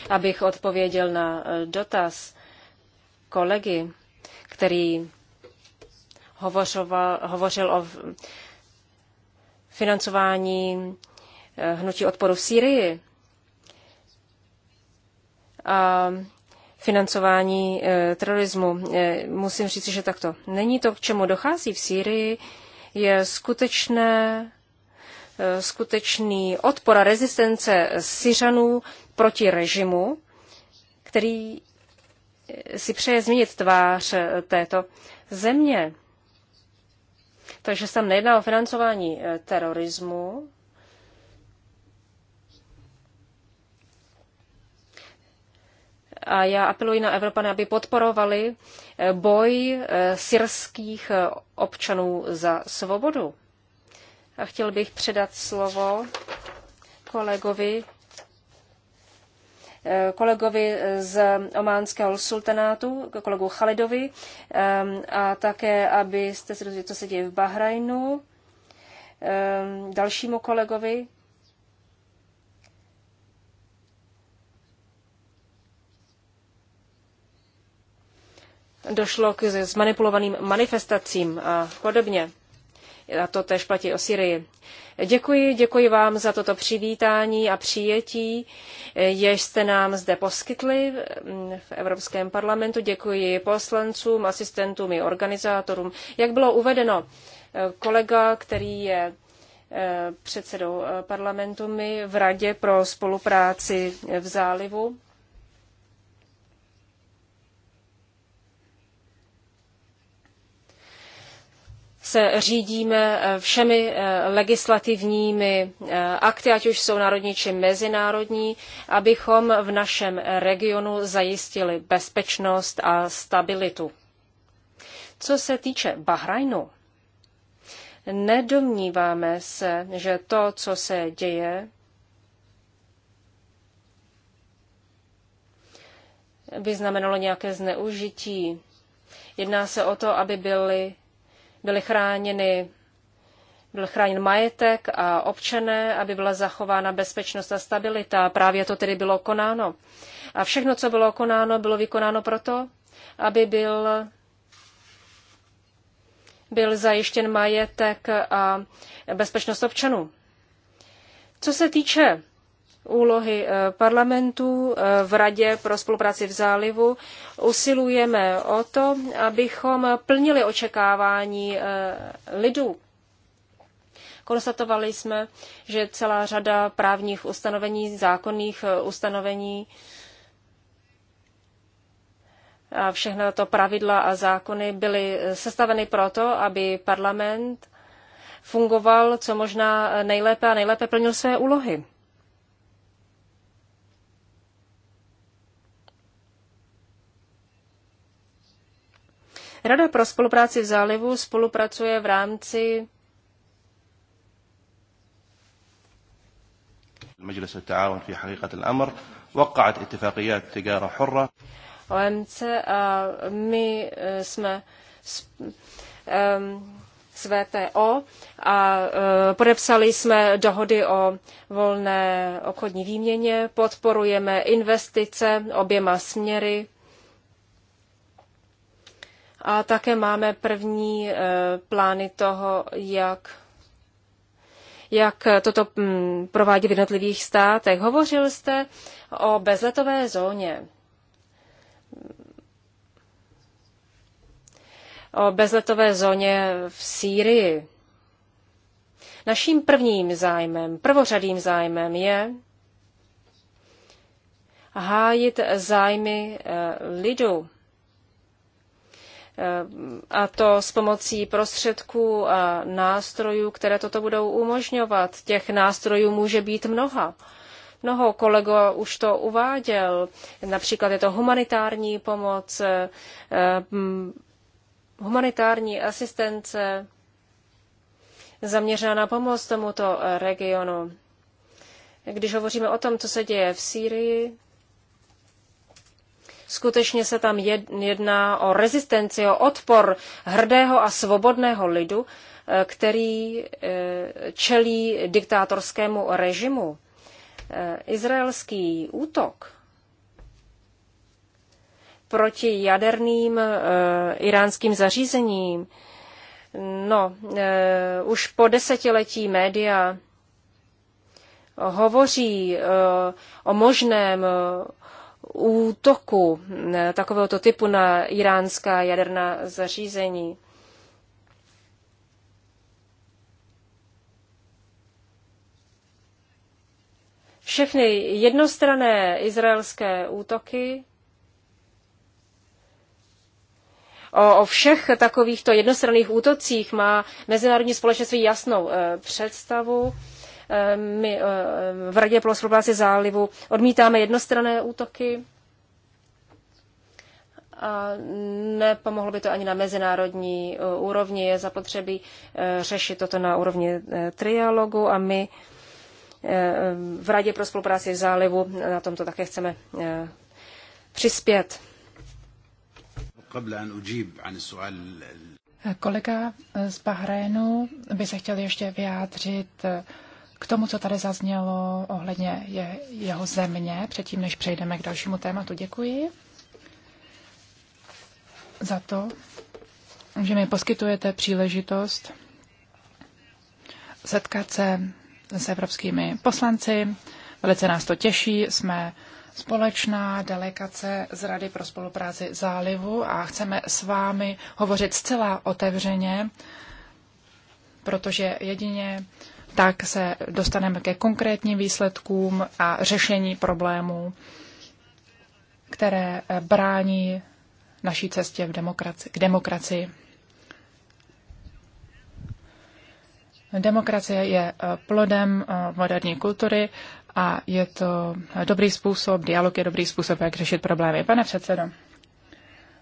Abych odpověděl na dotaz kolegy, který hovořoval, hovořil o financování eh, hnutí odporu v Sýrii a financování eh, terorismu. Eh, musím říct, že takto není to, k čemu dochází v Sýrii, je skutečné skutečný odpor a rezistence Syřanů proti režimu, který si přeje změnit tvář této země. Takže se tam nejedná o financování eh, terorismu. A já apeluji na Evropany, aby podporovali eh, boj eh, syrských občanů za svobodu. A chtěl bych předat slovo kolegovi kolegovi z ománského sultanátu, kolegu Khalidovi, ehm, a také, abyste se dozvěděli, co se děje v Bahrajnu, ehm, dalšímu kolegovi, došlo k zmanipulovaným manifestacím a podobně. A to tež platí o Syrii. Děkuji, děkuji vám za toto přivítání a přijetí, jež jste nám zde poskytli mm, v Evropském parlamentu. Děkuji poslancům, asistentům i organizátorům. Jak bylo uvedeno, kolega, který je e, předsedou e, parlamentu mi v Radě pro spolupráci v zálivu se řídíme eh, všemi eh, legislativními eh, akty, ať už jsou národní či mezinárodní, abychom v našem regionu zajistili bezpečnost a stabilitu. Co se týče Bahrajnu, nedomníváme se, že to, co se děje, by znamenalo nějaké zneužití. Jedná se o to, aby byly byly chráněny byl chráněn majetek a občané, aby byla zachována bezpečnost a stabilita. Právě to tedy bylo konáno. A všechno, co bylo konáno, bylo vykonáno proto, aby byl, byl zajištěn majetek a bezpečnost občanů. Co se týče úlohy eh, parlamentů eh, v Radě pro spolupráci v zálivu usilujeme o to, abychom plnili očekávání eh, lidů. Konstatovali jsme, že celá řada právních ustanovení, zákonných ustanovení a všechna to pravidla a zákony byly sestaveny proto, aby parlament fungoval co možná nejlépe a nejlépe plnil své úlohy. Rada pro spolupráci v zálivu spolupracuje v rámci مجلس التعاون في حقيقة الأمر وقعت اتفاقيات تجارة حرة OMC a my e, jsme s e, VTO a e, podepsali jsme dohody o volné obchodní výměně, podporujeme investice oběma směry a také máme první eh, plány toho, jak jak toto mm, provádí v jednotlivých státech. Hovořil jste o bezletové zóně. O bezletové zóně v Sýrii. Naším prvním zájmem, prvořadým zájmem je hájit zájmy eh, lidu a to s pomocí prostředků a nástrojů, které toto budou umožňovat. Těch nástrojů může být mnoha. Mnoho kolego už to uváděl. Například je to humanitární pomoc, eh, mm, humanitární asistence zaměřená na pomoc tomuto regionu. Když hovoříme o tom, co se děje v Sýrii, Skutečně se tam jedná o rezistenci, o odpor hrdého a svobodného lidu, eh, který eh, čelí diktátorskému režimu. Eh, izraelský útok proti jaderným iránským zařízením, no, už po desetiletí média hovoří o možném útoku eh, takovéhoto typu na iránská jaderná zařízení. Všechny jednostrané izraelské útoky o, o všech takovýchto jednostranných útocích má mezinárodní společenství jasnou e, představu. E, my eh, v Radě pro spolupráci zálivu odmítáme jednostranné útoky a nepomohlo by to ani na mezinárodní eh, úrovni. Je zapotřebí eh, řešit toto na úrovni trialogu a my v Radě pro spolupráci v zálivu na tomto také chceme přispět. Kolega z Bahrajnu by se chtěl ještě vyjádřit k tomu, co tady zaznělo ohledně je, jeho země, předtím než přejdeme k dalšímu tématu, děkuji za to, že mi poskytujete příležitost setkat se s evropskými poslanci. Velice nás to těší. Jsme společná delegace z Rady pro spolupráci zálivu a chceme s vámi hovořit zcela otevřeně, protože jedině tak se dostaneme ke konkrétním výsledkům a řešení problémů, které brání naší cestě v demokraci- k demokracii. Demokracie je eh, plodem eh, moderní kultury a je to dobrý způsob, dialog je dobrý způsob, jak řešit problémy. Pane předsedo,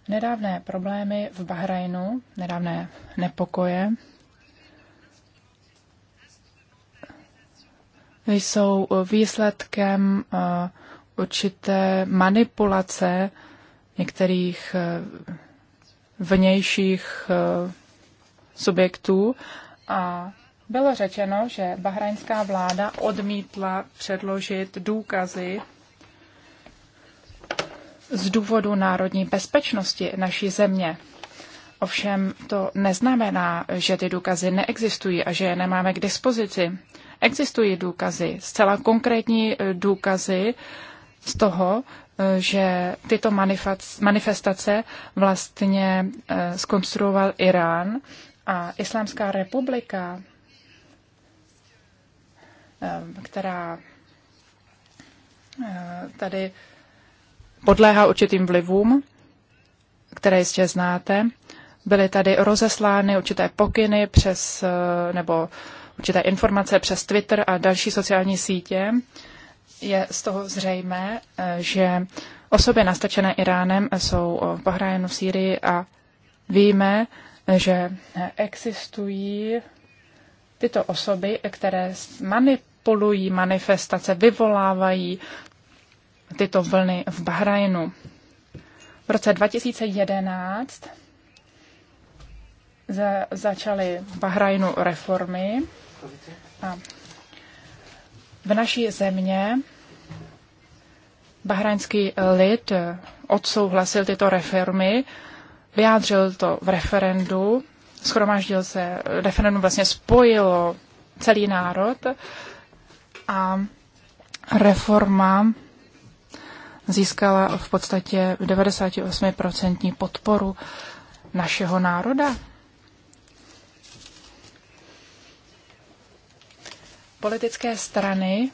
nedávné problémy v Bahrajnu, nedávné nepokoje jsou eh, výsledkem eh, určité manipulace některých eh, vnějších subjektů a bylo řečeno, že bahrajnská vláda odmítla předložit důkazy z důvodu národní bezpečnosti naší země. Ovšem to neznamená, že ty důkazy neexistují a že je nemáme k dispozici. Existují důkazy, zcela konkrétní eh, důkazy z toho, eh, že tyto manifestace vlastně eh, skonstruoval Irán a Islámská republika, která tady podléhá určitým vlivům, které jistě znáte, Byly tady rozeslány určité pokyny přes, eh, nebo určité informace přes Twitter a další sociální sítě. Je z toho zřejmé, eh, že osoby nastačené Iránem jsou v eh, Bahrajnu, v Sýrii a víme, že existují tyto osoby, které manipulují manifestace, vyvolávají tyto vlny v Bahrajnu. V roce 2011 za, začaly v Bahrajnu reformy a v naší země bahrajnský lid odsouhlasil tyto reformy, vyjádřil to v referendu, schromáždil se, referendum vlastně spojilo celý národ a reforma získala v podstatě 98% podporu našeho národa. politické strany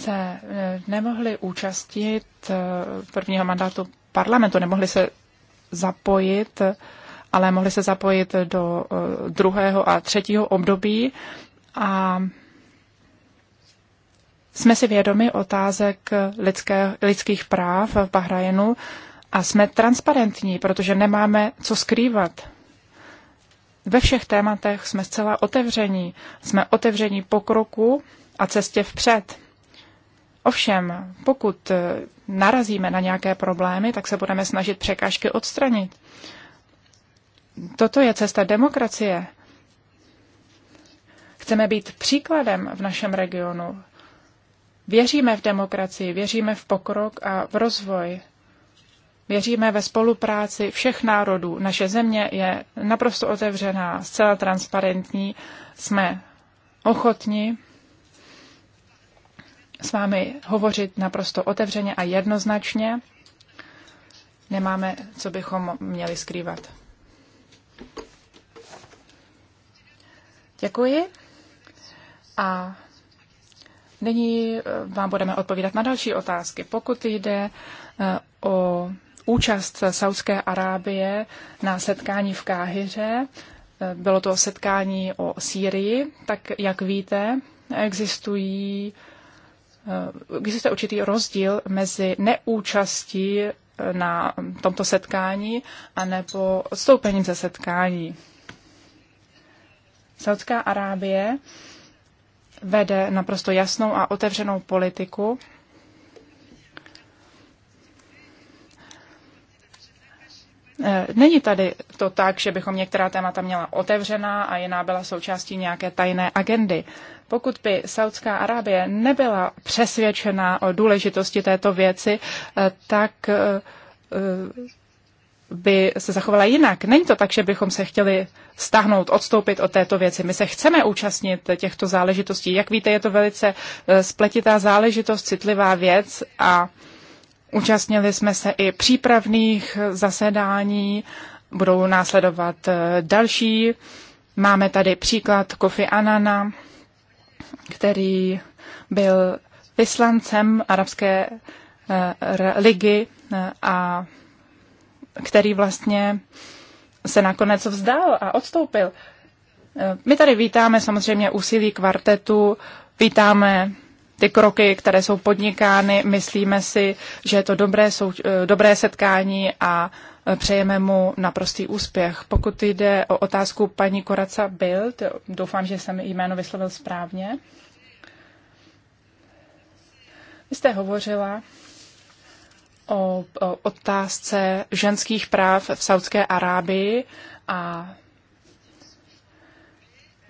se e, nemohly účastnit e, prvního mandátu parlamentu, nemohly se zapojit, ale mohly se zapojit do e, druhého a třetího období a jsme si vědomi otázek lidské, lidských práv v Bahrajnu a jsme transparentní, protože nemáme co skrývat. Ve všech tématech jsme zcela otevření. Jsme otevření pokroku a cestě vpřed. Ovšem, pokud eh, narazíme na nějaké problémy, tak se budeme snažit překážky odstranit. Toto je cesta demokracie. Chceme být příkladem v našem regionu. Věříme v demokracii, věříme v pokrok a v rozvoj. Věříme ve spolupráci všech národů. Naše země je naprosto otevřená, zcela transparentní. Jsme ochotni s vámi hovořit naprosto otevřeně a jednoznačně. Nemáme, co bychom měli skrývat. Děkuji. A nyní eh, vám budeme odpovídat na další otázky. Pokud jde eh, o účast Saudské Arábie na setkání v Káhyře. Bylo to setkání o Sýrii. Tak jak víte, existují, eh, existuje určitý rozdíl mezi neúčastí eh, na tomto setkání a nebo odstoupením ze setkání. Saudská Arábie vede naprosto jasnou a otevřenou politiku Eh, není tady to tak, že bychom některá témata měla otevřená a jiná byla součástí nějaké tajné agendy. Pokud by Saudská Arábie nebyla přesvědčena o důležitosti této věci, eh, tak eh, by se zachovala jinak. Není to tak, že bychom se chtěli stáhnout, odstoupit od této věci. My se chceme účastnit těchto záležitostí. Jak víte, je to velice spletitá záležitost, citlivá věc a Účastnili jsme se i přípravných zasedání, budou následovat eh, další. Máme tady příklad Kofi Anana, který byl vyslancem Arabské eh, ligy eh, a který vlastně se nakonec vzdal a odstoupil. My tady vítáme samozřejmě úsilí kvartetu, vítáme ty kroky, které jsou podnikány. Myslíme si, že je to dobré, sou, eh, dobré setkání a eh, přejeme mu naprostý úspěch. Pokud jde o otázku paní Koraca Bild, doufám, že jsem jméno vyslovil správně. Vy jste hovořila o, o otázce ženských práv v Saudské Arábii a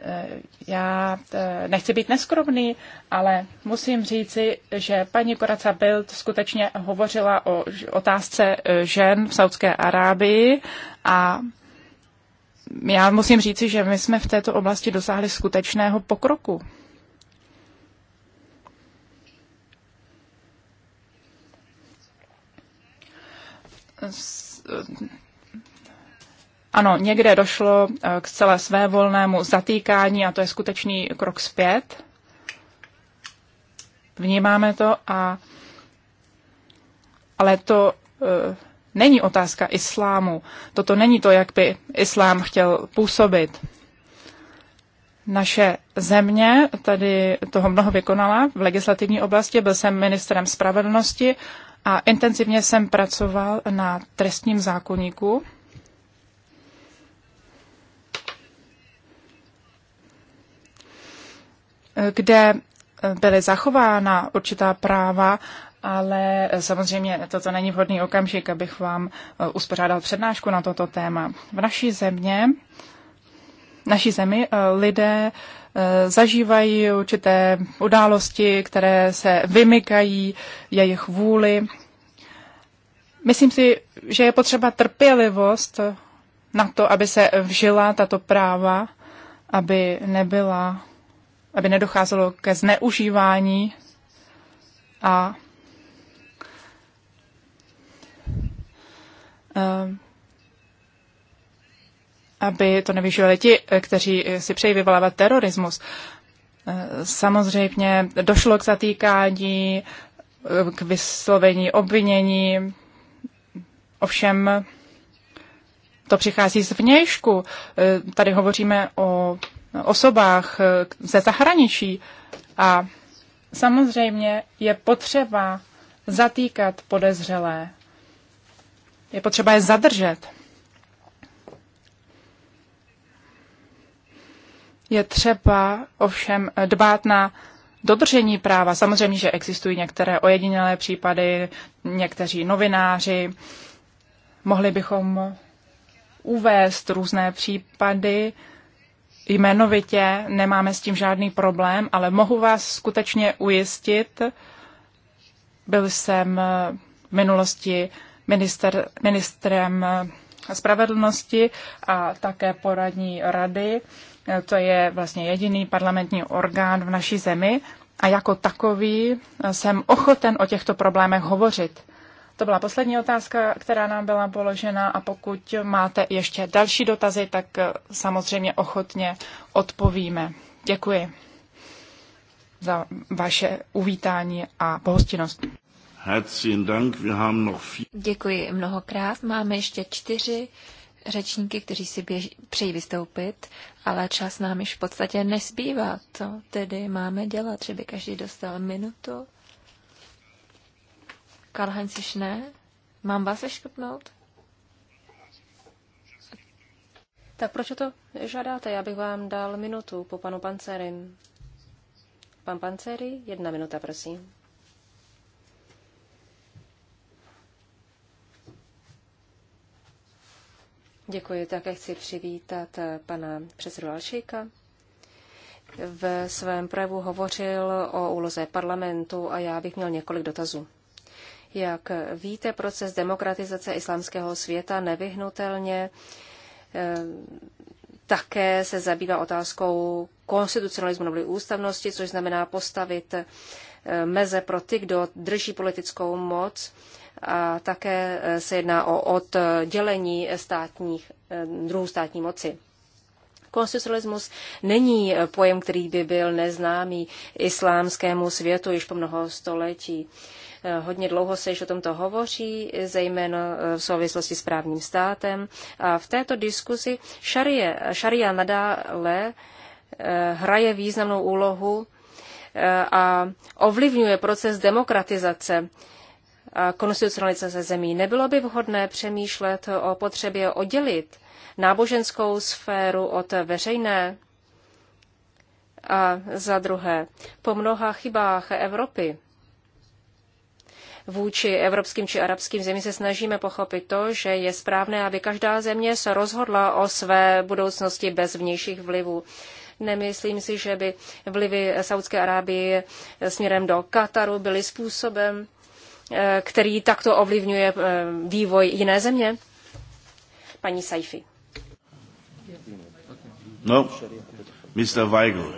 Eh, já eh, nechci být neskromný, ale musím říci, že paní Koraca Bild skutečně hovořila o otázce eh, žen v Saudské Arábii a já musím říci, že my jsme v této oblasti dosáhli skutečného pokroku. S ano, někde došlo eh, k celé své volnému zatýkání a to je skutečný krok zpět. Vnímáme to a ale to e, není otázka islámu. Toto není to, jak by islám chtěl působit. Naše země tady toho mnoho vykonala v legislativní oblasti. Byl jsem ministrem spravedlnosti a intenzivně jsem pracoval na trestním zákonníku. kde eh, byly zachována určitá práva, ale eh, samozřejmě toto není vhodný okamžik, abych vám eh, uspořádal přednášku na toto téma. V naší země, naší zemi lidé zažívají určité události, které se vymykají jejich vůli. Myslím si, že je potřeba trpělivost na to, aby se vžila tato práva, aby nebyla aby nedocházelo ke zneužívání a eh, aby to nevyžívali ti, kteří si přejí vyvolávat terorismus. Eh, samozřejmě došlo k zatýkání, eh, k vyslovení obvinění, ovšem to přichází z vnějšku. Tady hovoříme o osobách eh, ze zahraničí. A samozřejmě je potřeba zatýkat podezřelé. Je potřeba je zadržet. Je třeba ovšem dbát na dodržení práva. Samozřejmě, že existují některé ojedinělé případy, někteří novináři. Mohli bychom uvést různé případy, jmenovitě, nemáme s tím žádný problém, ale mohu vás skutečně ujistit, byl jsem v minulosti minister, ministrem spravedlnosti a také poradní rady. To je vlastně jediný parlamentní orgán v naší zemi a jako takový jsem ochoten o těchto problémech hovořit. To byla poslední otázka, která nám byla položena a pokud máte ještě další dotazy, tak eh, samozřejmě ochotně odpovíme. Děkuji za vaše uvítání a pohostinnost. Děkuji mnohokrát. Máme ještě čtyři řečníky, kteří si běží, přejí vystoupit, ale čas nám již v podstatě nesbývá. To tedy máme dělat, že by každý dostal minutu? Karl-Heinz již ne. Mám vás seškrtnout? Tak proč to žádáte? Já bych vám dal minutu po panu Pancerin. Pan Panceri, jedna minuta, prosím. Děkuji, také chci přivítat eh, pana předsedu Alšejka. V svém projevu hovořil o úloze parlamentu a já bych měl několik dotazů. Jak víte, proces demokratizace islámského světa nevyhnutelně eh, také se zabývá otázkou konstitucionalismu nebo ústavnosti, což znamená postavit eh, meze pro ty, kdo drží politickou moc. A také eh, se jedná o oddělení státních, druhů státní moci. Konstitucionalismus není pojem, který by byl neznámý islámskému světu již po mnoho století. Eh, hodně dlouho se již o tomto hovoří, zejména eh, v souvislosti s právním státem. A v této diskuzi šaria nadále eh, hraje významnou úlohu a ovlivňuje proces demokratizace a konstitucionalizace zemí. Nebylo by vhodné přemýšlet o potřebě oddělit náboženskou sféru od veřejné? A za druhé, po mnoha chybách Evropy vůči evropským či arabským zemím se snažíme pochopit to, že je správné, aby každá země se rozhodla o své budoucnosti bez vnějších vlivů. Nemyslím si, že by vlivy Saudské Arábie směrem do Kataru byly způsobem, eh, který takto ovlivňuje eh, vývoj jiné země. Paní Saifi. No, Mr. Weigl.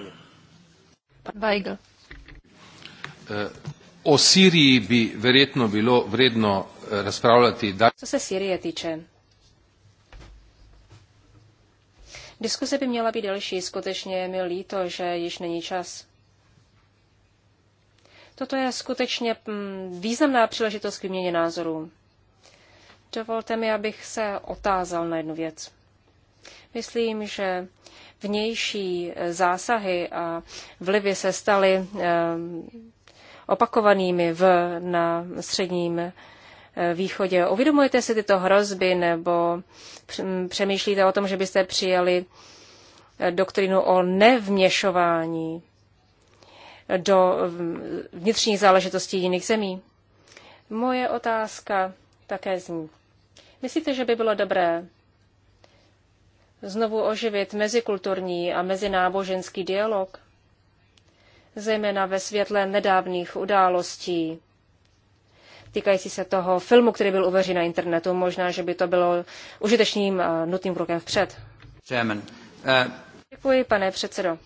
Weigl. Eh, o Siriji bi verjetno bilo vredno eh, razpravljati dalje. Co se Sirije tiče, Diskuse by měla být delší, skutečně je mi líto, že již není čas. Toto je skutečně mm, významná příležitost k výměně názorů. Dovolte mi, abych se otázal na jednu věc. Myslím, že vnější eh, zásahy a vlivy se staly eh, opakovanými v, na středním eh, východě. Uvědomujete si tyto hrozby nebo mm, přemýšlíte o tom, že byste přijali eh, doktrinu o nevměšování do mm, vnitřních záležitostí jiných zemí? Moje otázka také zní. Myslíte, že by bylo dobré znovu oživit mezikulturní a mezináboženský dialog? zejména ve světle nedávných událostí týkající se toho filmu, který byl uveřejněn na internetu. Možná, že by to bylo užitečným a eh, nutným krokem vpřed. Chairman, uh... Děkuji, pane předsedo.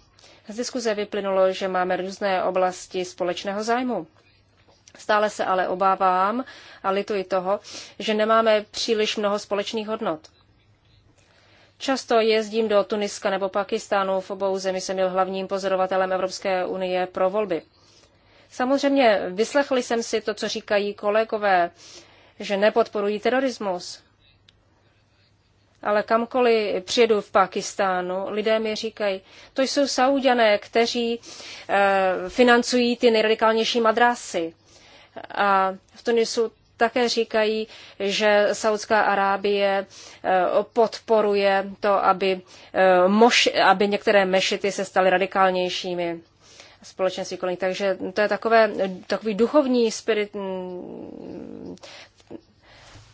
Z diskuze vyplynulo, že máme různé oblasti společného zájmu. Stále se ale obávám a lituji toho, že nemáme příliš mnoho společných hodnot. Často jezdím do Tuniska nebo Pakistánu, v obou zemi jsem byl hlavním pozorovatelem Evropské unie pro volby. Samozřejmě vyslechli jsem si to, co říkají kolegové, že nepodporují terorismus. Ale kamkoliv přijedu v Pakistánu, lidé mi říkají, to jsou saudané, kteří eh, financují ty nejradikálnější madrasy. A v Tunisu také říkají, že Saudská Arábie eh, podporuje to, aby, eh, moš, aby některé mešity se staly radikálnějšími společenství kolik. Takže to je takové, takový duchovní spirit, mm,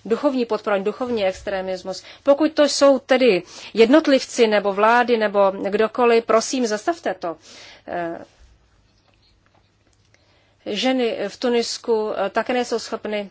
duchovní podpora, duchovní extremismus. Pokud to jsou tedy jednotlivci nebo vlády nebo kdokoliv, prosím, zastavte to. Eh, ženy v Tunisku také nejsou schopny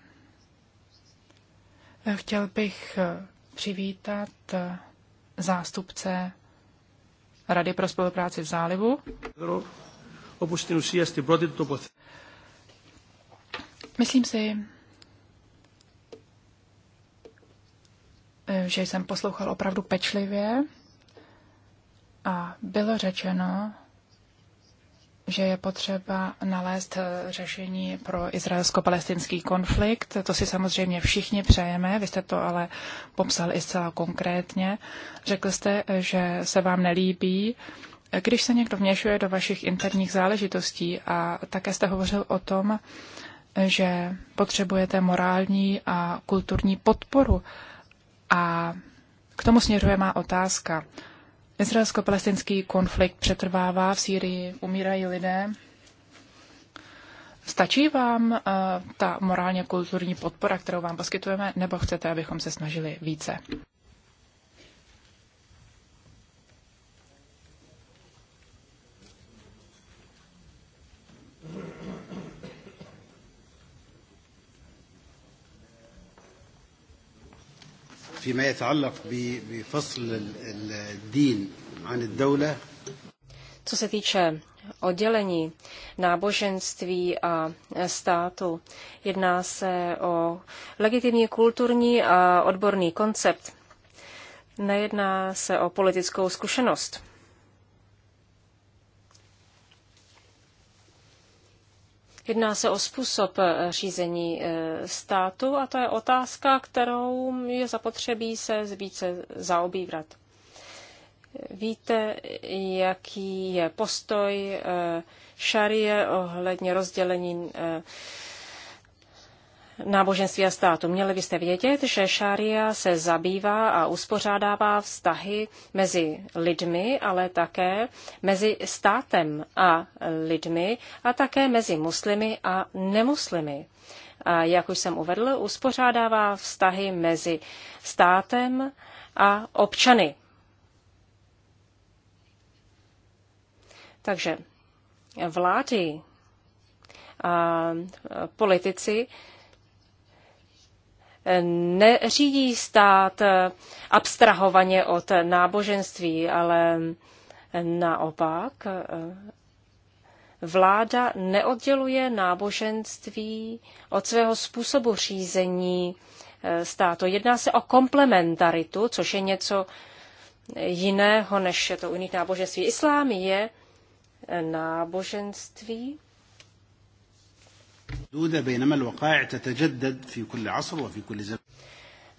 Chtěl bych eh, přivítat eh, zástupce Rady pro spolupráci v zálivu. Myslím si, eh, že jsem poslouchal opravdu pečlivě a bylo řečeno, že je potřeba nalézt eh, řešení pro izraelsko-palestinský konflikt. To si samozřejmě všichni přejeme, vy jste to ale popsal i zcela konkrétně. Řekl jste, eh, že se vám nelíbí, když se někdo vněšuje do vašich interních záležitostí a také jste hovořil o tom, že potřebujete morální a kulturní podporu. A k tomu směřuje má otázka. Izraelsko-palestinský konflikt přetrvává, v Sýrii umírají lidé. Stačí vám uh, ta morálně kulturní podpora, kterou vám poskytujeme, nebo chcete, abychom se snažili více? فيما يتعلق بفصل الدين عن الدولة co se týče oddělení náboženství a státu, jedná se o legitimní kulturní a odborný koncept. Nejedná se o politickou zkušenost. Jedná se o způsob eh, řízení eh, státu a to je otázka, kterou je zapotřebí se více zaobývat. Víte, jaký je postoj eh, šarie ohledně rozdělení náboženství a státu. Měli byste vědět, že šária se zabývá a uspořádává vztahy mezi lidmi, ale také mezi státem a lidmi a také mezi muslimy a nemuslimy. A jak už jsem uvedl, uspořádává vztahy mezi státem a občany. Takže vlády a politici neřídí stát abstrahovaně od náboženství, ale naopak eh, vláda neodděluje náboženství od svého způsobu řízení eh, státu. Jedná se o komplementaritu, což je něco jiného, než je to u jiných náboženství. Islám je náboženství,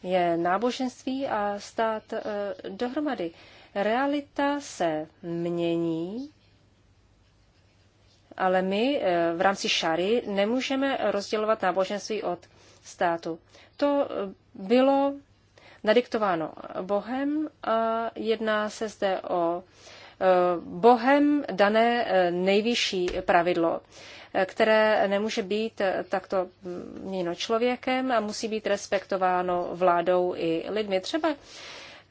je náboženství a stát eh, dohromady. Realita se mění, ale my eh, v rámci šary nemůžeme rozdělovat náboženství od státu. To eh, bylo nadiktováno Bohem a jedná se zde o Bohem dané nejvyšší pravidlo které nemůže být takto měno člověkem a musí být respektováno vládou i lidmi. Třeba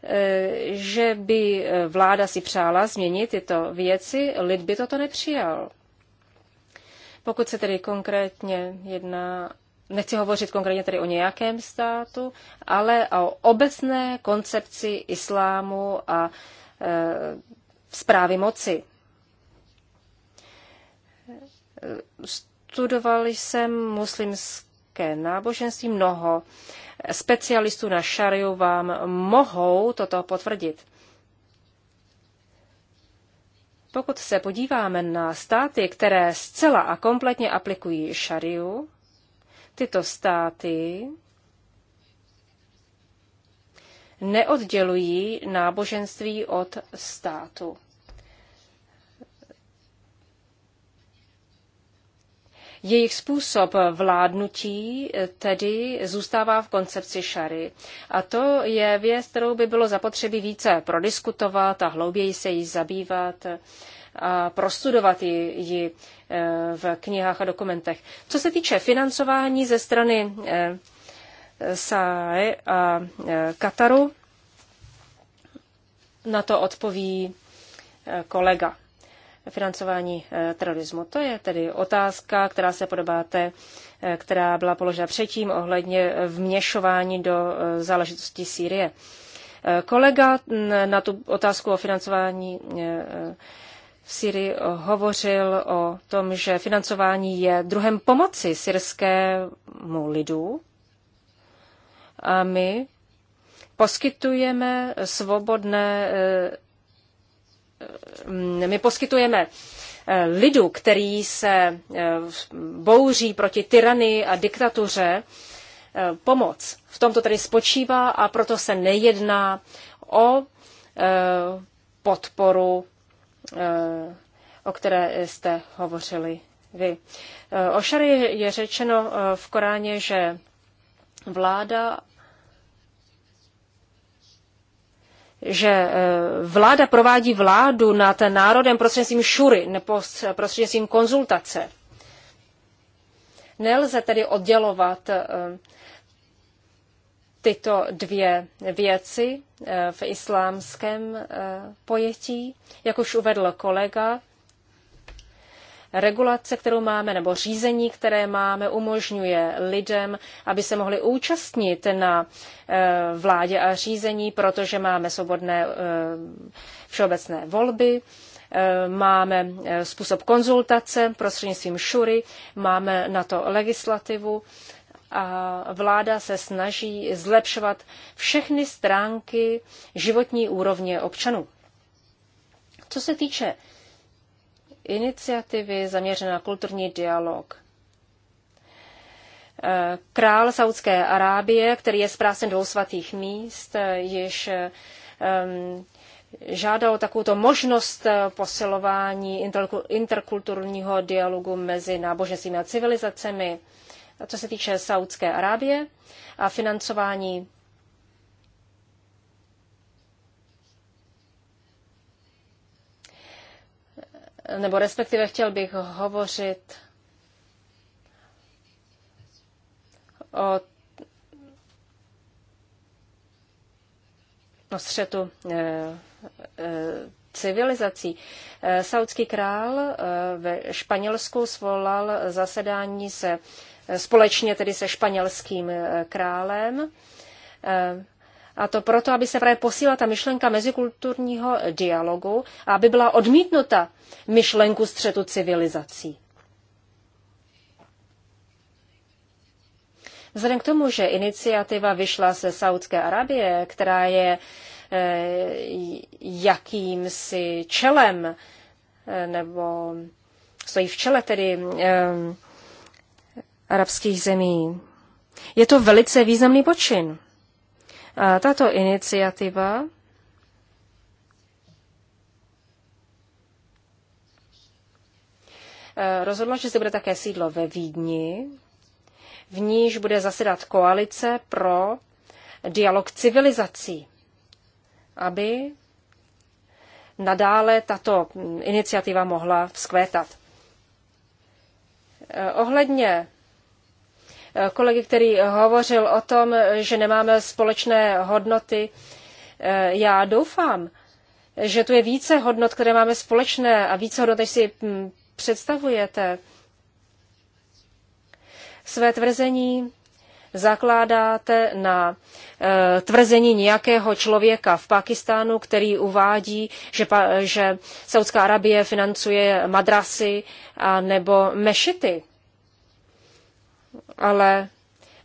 eh, že by vláda si přála změnit tyto věci, lid by toto nepřijal. Pokud se tedy konkrétně jedná, nechci hovořit konkrétně tedy o nějakém státu, ale o obecné koncepci islámu a e, eh, zprávy moci. Studoval jsem muslimské náboženství, mnoho specialistů na šariu vám mohou toto potvrdit. Pokud se podíváme na státy, které zcela a kompletně aplikují šariu, tyto státy neoddělují náboženství od státu. Jejich způsob vládnutí eh, tedy zůstává v koncepci šary. A to je věc, kterou by bylo zapotřebí více prodiskutovat a hlouběji se jí zabývat a prostudovat ji, ji eh, v knihách a dokumentech. Co se týče financování ze strany eh, SAE a e Kataru, na to odpoví kolega financování eh, terorismu. To je tedy otázka, která se podobá té, eh, která byla položena předtím ohledně eh, vměšování do záležitostí Sýrie. Kolega mm, na tu otázku o financování v Syrii hovořil o tom, že financování je druhem pomoci syrskému lidu a my poskytujeme svobodné Eh, my poskytujeme eh, lidu, který se eh, bouří proti tyranii a diktatuře, pomoc. V tomto tedy spočívá a proto se nejedná o podporu, o které jste hovořili vy. O šary je řečeno v Koráně, že vláda že e, vláda provádí vládu nad národem prostřednictvím šury nebo e, prostřednictvím konzultace. Nelze tedy oddělovat e, tyto dvě věci v islámském pojetí. Jak už uvedl kolega, regulace, kterou máme, nebo řízení, které máme, umožňuje lidem, aby se mohli účastnit na eh, vládě a řízení, protože máme svobodné eh, všeobecné volby eh, máme způsob konzultace prostřednictvím šury, máme na to legislativu a vláda se snaží zlepšovat všechny stránky životní úrovně občanů. Co se týče iniciativy zaměřené na kulturní dialog. Eh, král Saudské Arábie, který je zprásen dvou svatých míst, eh, již ehm, žádal takovou možnost eh, posilování interkulturního dialogu mezi náboženstvími a civilizacemi, co se týče Saudské Arábie a financování nebo respektive chtěl bych hovořit o, o střetu e, e, civilizací. E, Saudský král e, ve Španělsku svolal zasedání se e, společně tedy se španělským e, králem. E, a to proto, aby se právě posílala ta myšlenka mezikulturního dialogu a aby byla odmítnuta myšlenku střetu civilizací. Vzhledem k tomu, že iniciativa vyšla ze Saudské Arabie, která je eh, jakýmsi čelem eh, nebo stojí v čele tedy eh, arabských zemí, je to velice významný počin. A tato iniciativa e, rozhodla, že se bude také sídlo ve Vídni, v níž bude zasedat koalice pro dialog civilizací, aby nadále tato iniciativa mohla vzkvétat. E, ohledně kolegy, který hovořil o tom, že nemáme společné hodnoty. Eh, já doufám, že tu je více hodnot, které máme společné a více hodnot, než si hm, představujete. Své tvrzení zakládáte na e, tvrzení nějakého člověka v Pakistánu, který uvádí, že, pa, že Saudská Arabie financuje madrasy a nebo mešity ale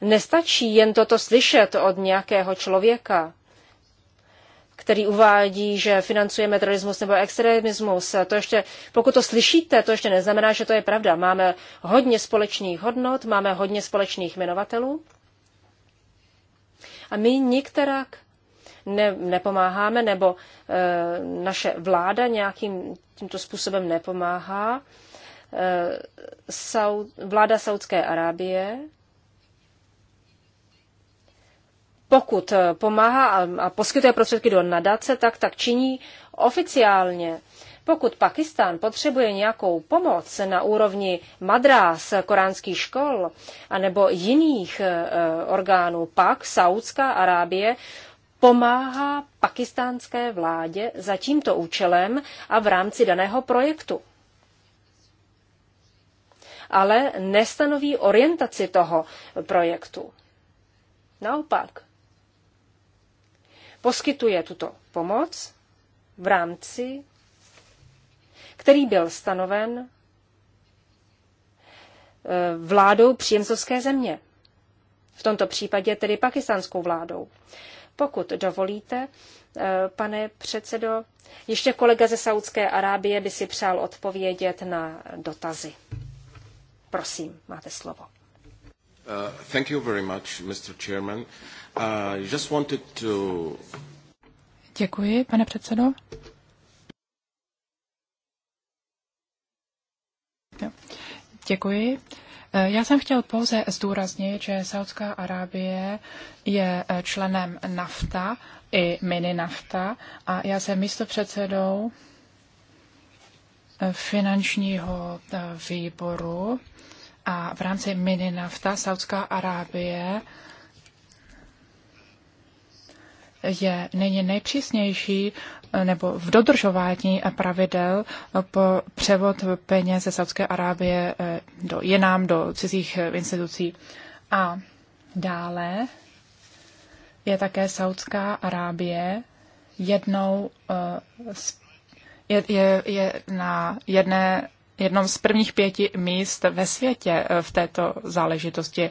nestačí jen toto slyšet od nějakého člověka, který uvádí, že financujeme terorismus nebo extremismus. To ještě, pokud to slyšíte, to ještě neznamená, že to je pravda. Máme hodně společných hodnot, máme hodně společných jmenovatelů a my nikterak ne, nepomáháme, nebo e, naše vláda nějakým tímto způsobem nepomáhá. E, Eh, vláda Saudské Arábie, pokud eh, pomáhá a poskytuje prostředky do nadace, tak tak činí oficiálně. Pokud Pakistan potřebuje nějakou pomoc na úrovni madrás eh, koránských škol anebo jiných orgánů, pak Saudská Arábie pomáhá pakistánské vládě za tímto účelem a v rámci daného projektu ale nestanoví orientaci toho projektu. Naopak, poskytuje tuto pomoc v rámci, který byl stanoven eh, vládou příjemcovské země. V tomto případě tedy pakistánskou vládou. Pokud dovolíte, eh, pane předsedo, ještě kolega ze Saudské Arábie by si přál odpovědět na dotazy. Prosím, máte slovo. Uh, uh, Děkuji, pane předsedo. Děkuji. Uh, já jsem chtěl pouze zdůraznit, že Saudská Arábie je členem NAFTA i mini NAFTA a já jsem místo předsedou finančního eh, výboru a v rámci mini nafta Saudská Arábie je nyní nejpřísnější eh, nebo v dodržování pravidel eh, po převod peněz ze Saudské Arábie do jinám, do cizích institucí. A dále je také Saudská Arábie jednou z je, je, je na jedné, jednom z prvních pěti míst ve světě eh, v této záležitosti.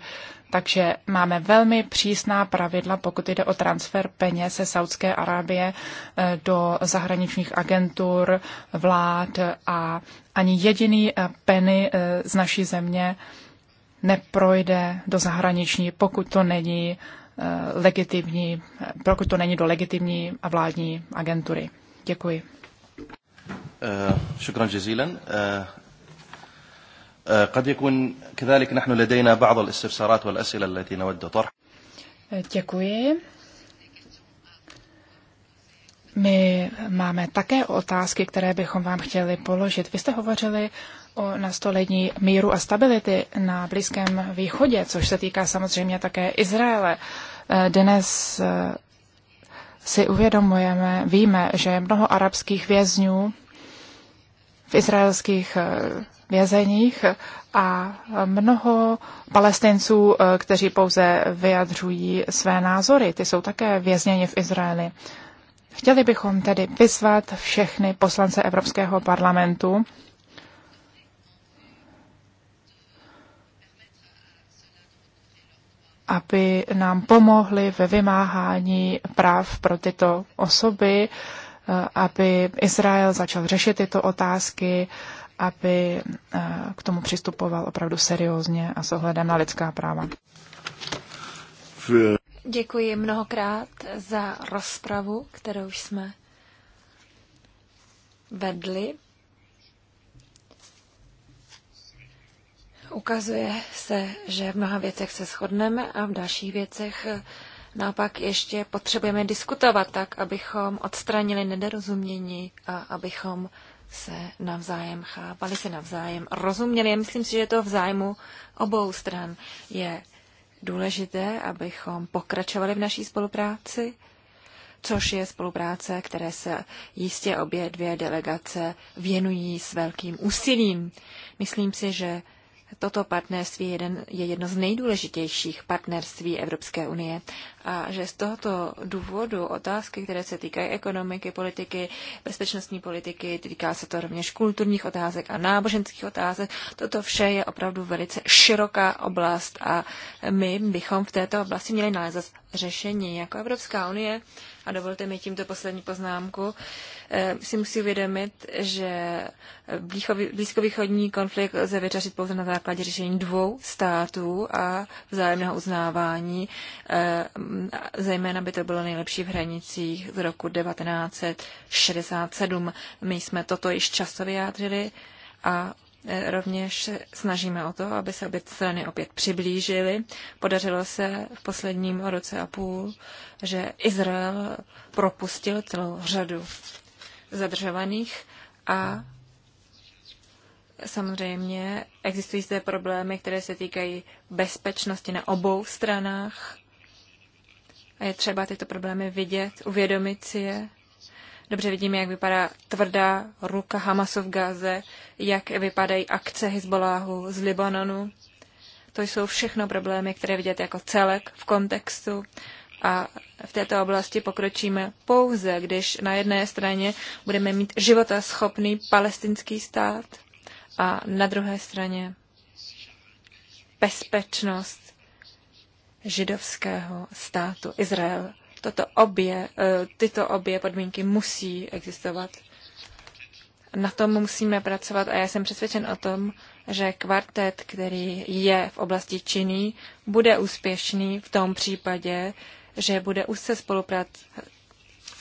Takže máme velmi přísná pravidla, pokud jde o transfer peněz ze Saudské Arábie eh, do zahraničních agentur, vlád a ani jediný eh, peny z naší země neprojde do zahraniční, pokud to není legitimní, pokud to není do legitimní a vládní agentury. Děkuji. Eh, شكرا جزيلا eh, eh, قد يكون كذلك نحن لدينا بعض الاستفسارات والأسئلة التي نود طرح Děkuji. My máme také otázky, které bychom vám chtěli položit. Vy jste hovořili o nastolení míru a stability na Blízkém východě, což se týká samozřejmě také Izraele. Dnes si uvědomujeme, víme, že mnoho arabských vězňů v izraelských eh, vězeních a mnoho palestinců, eh, kteří pouze vyjadřují své názory, ty jsou také vězněni v Izraeli. Chtěli bychom tedy vyzvat všechny poslance Evropského parlamentu, aby nám pomohli ve vymáhání práv pro tyto osoby, Eh, aby Izrael začal řešit tyto otázky, aby eh, k tomu přistupoval opravdu seriózně a s ohledem na lidská práva. Děkuji mnohokrát za rozpravu, kterou jsme vedli. Ukazuje se, že v mnoha věcech se shodneme a v dalších věcech Naopak ještě potřebujeme diskutovat tak, abychom odstranili nedorozumění a abychom se navzájem chápali, se navzájem rozuměli. Já myslím si, že to v zájmu obou stran. Je důležité, abychom pokračovali v naší spolupráci, což je spolupráce, které se jistě obě dvě delegace věnují s velkým úsilím. Myslím si, že toto partnerství je, jeden, je jedno z nejdůležitějších partnerství Evropské unie a že z tohoto důvodu otázky, které se týkají ekonomiky, politiky, bezpečnostní politiky, týká se to rovněž kulturních otázek a náboženských otázek, toto vše je opravdu velice široká oblast a my bychom v této oblasti měli nalézat řešení. Jako Evropská unie a dovolte mi tímto poslední poznámku. Eh, si musí uvědomit, že blízkovýchodní konflikt lze vyřešit pouze na základě řešení dvou států a vzájemného uznávání. Eh, zejména by to bylo nejlepší v hranicích z roku 1967. My jsme toto již často vyjádřili a Rovněž snažíme o to, aby se obě strany opět přiblížily. Podařilo se v posledním roce a půl, že Izrael propustil celou řadu zadržovaných a samozřejmě existují zde problémy, které se týkají bezpečnosti na obou stranách. A je třeba tyto problémy vidět, uvědomit si je Dobře vidíme, jak vypadá tvrdá ruka Hamasu v Gaze, jak vypadají akce Hezbollahu z Libanonu. To jsou všechno problémy, které vidět jako celek v kontextu a v této oblasti pokročíme pouze, když na jedné straně budeme mít životaschopný palestinský stát a na druhé straně bezpečnost židovského státu Izrael. Toto obě, eh, tyto obě podmínky musí existovat. Na tom musíme pracovat a já jsem přesvědčen o tom, že kvartet, který je v oblasti činný, bude úspěšný v tom případě, že bude úzce spolupracovat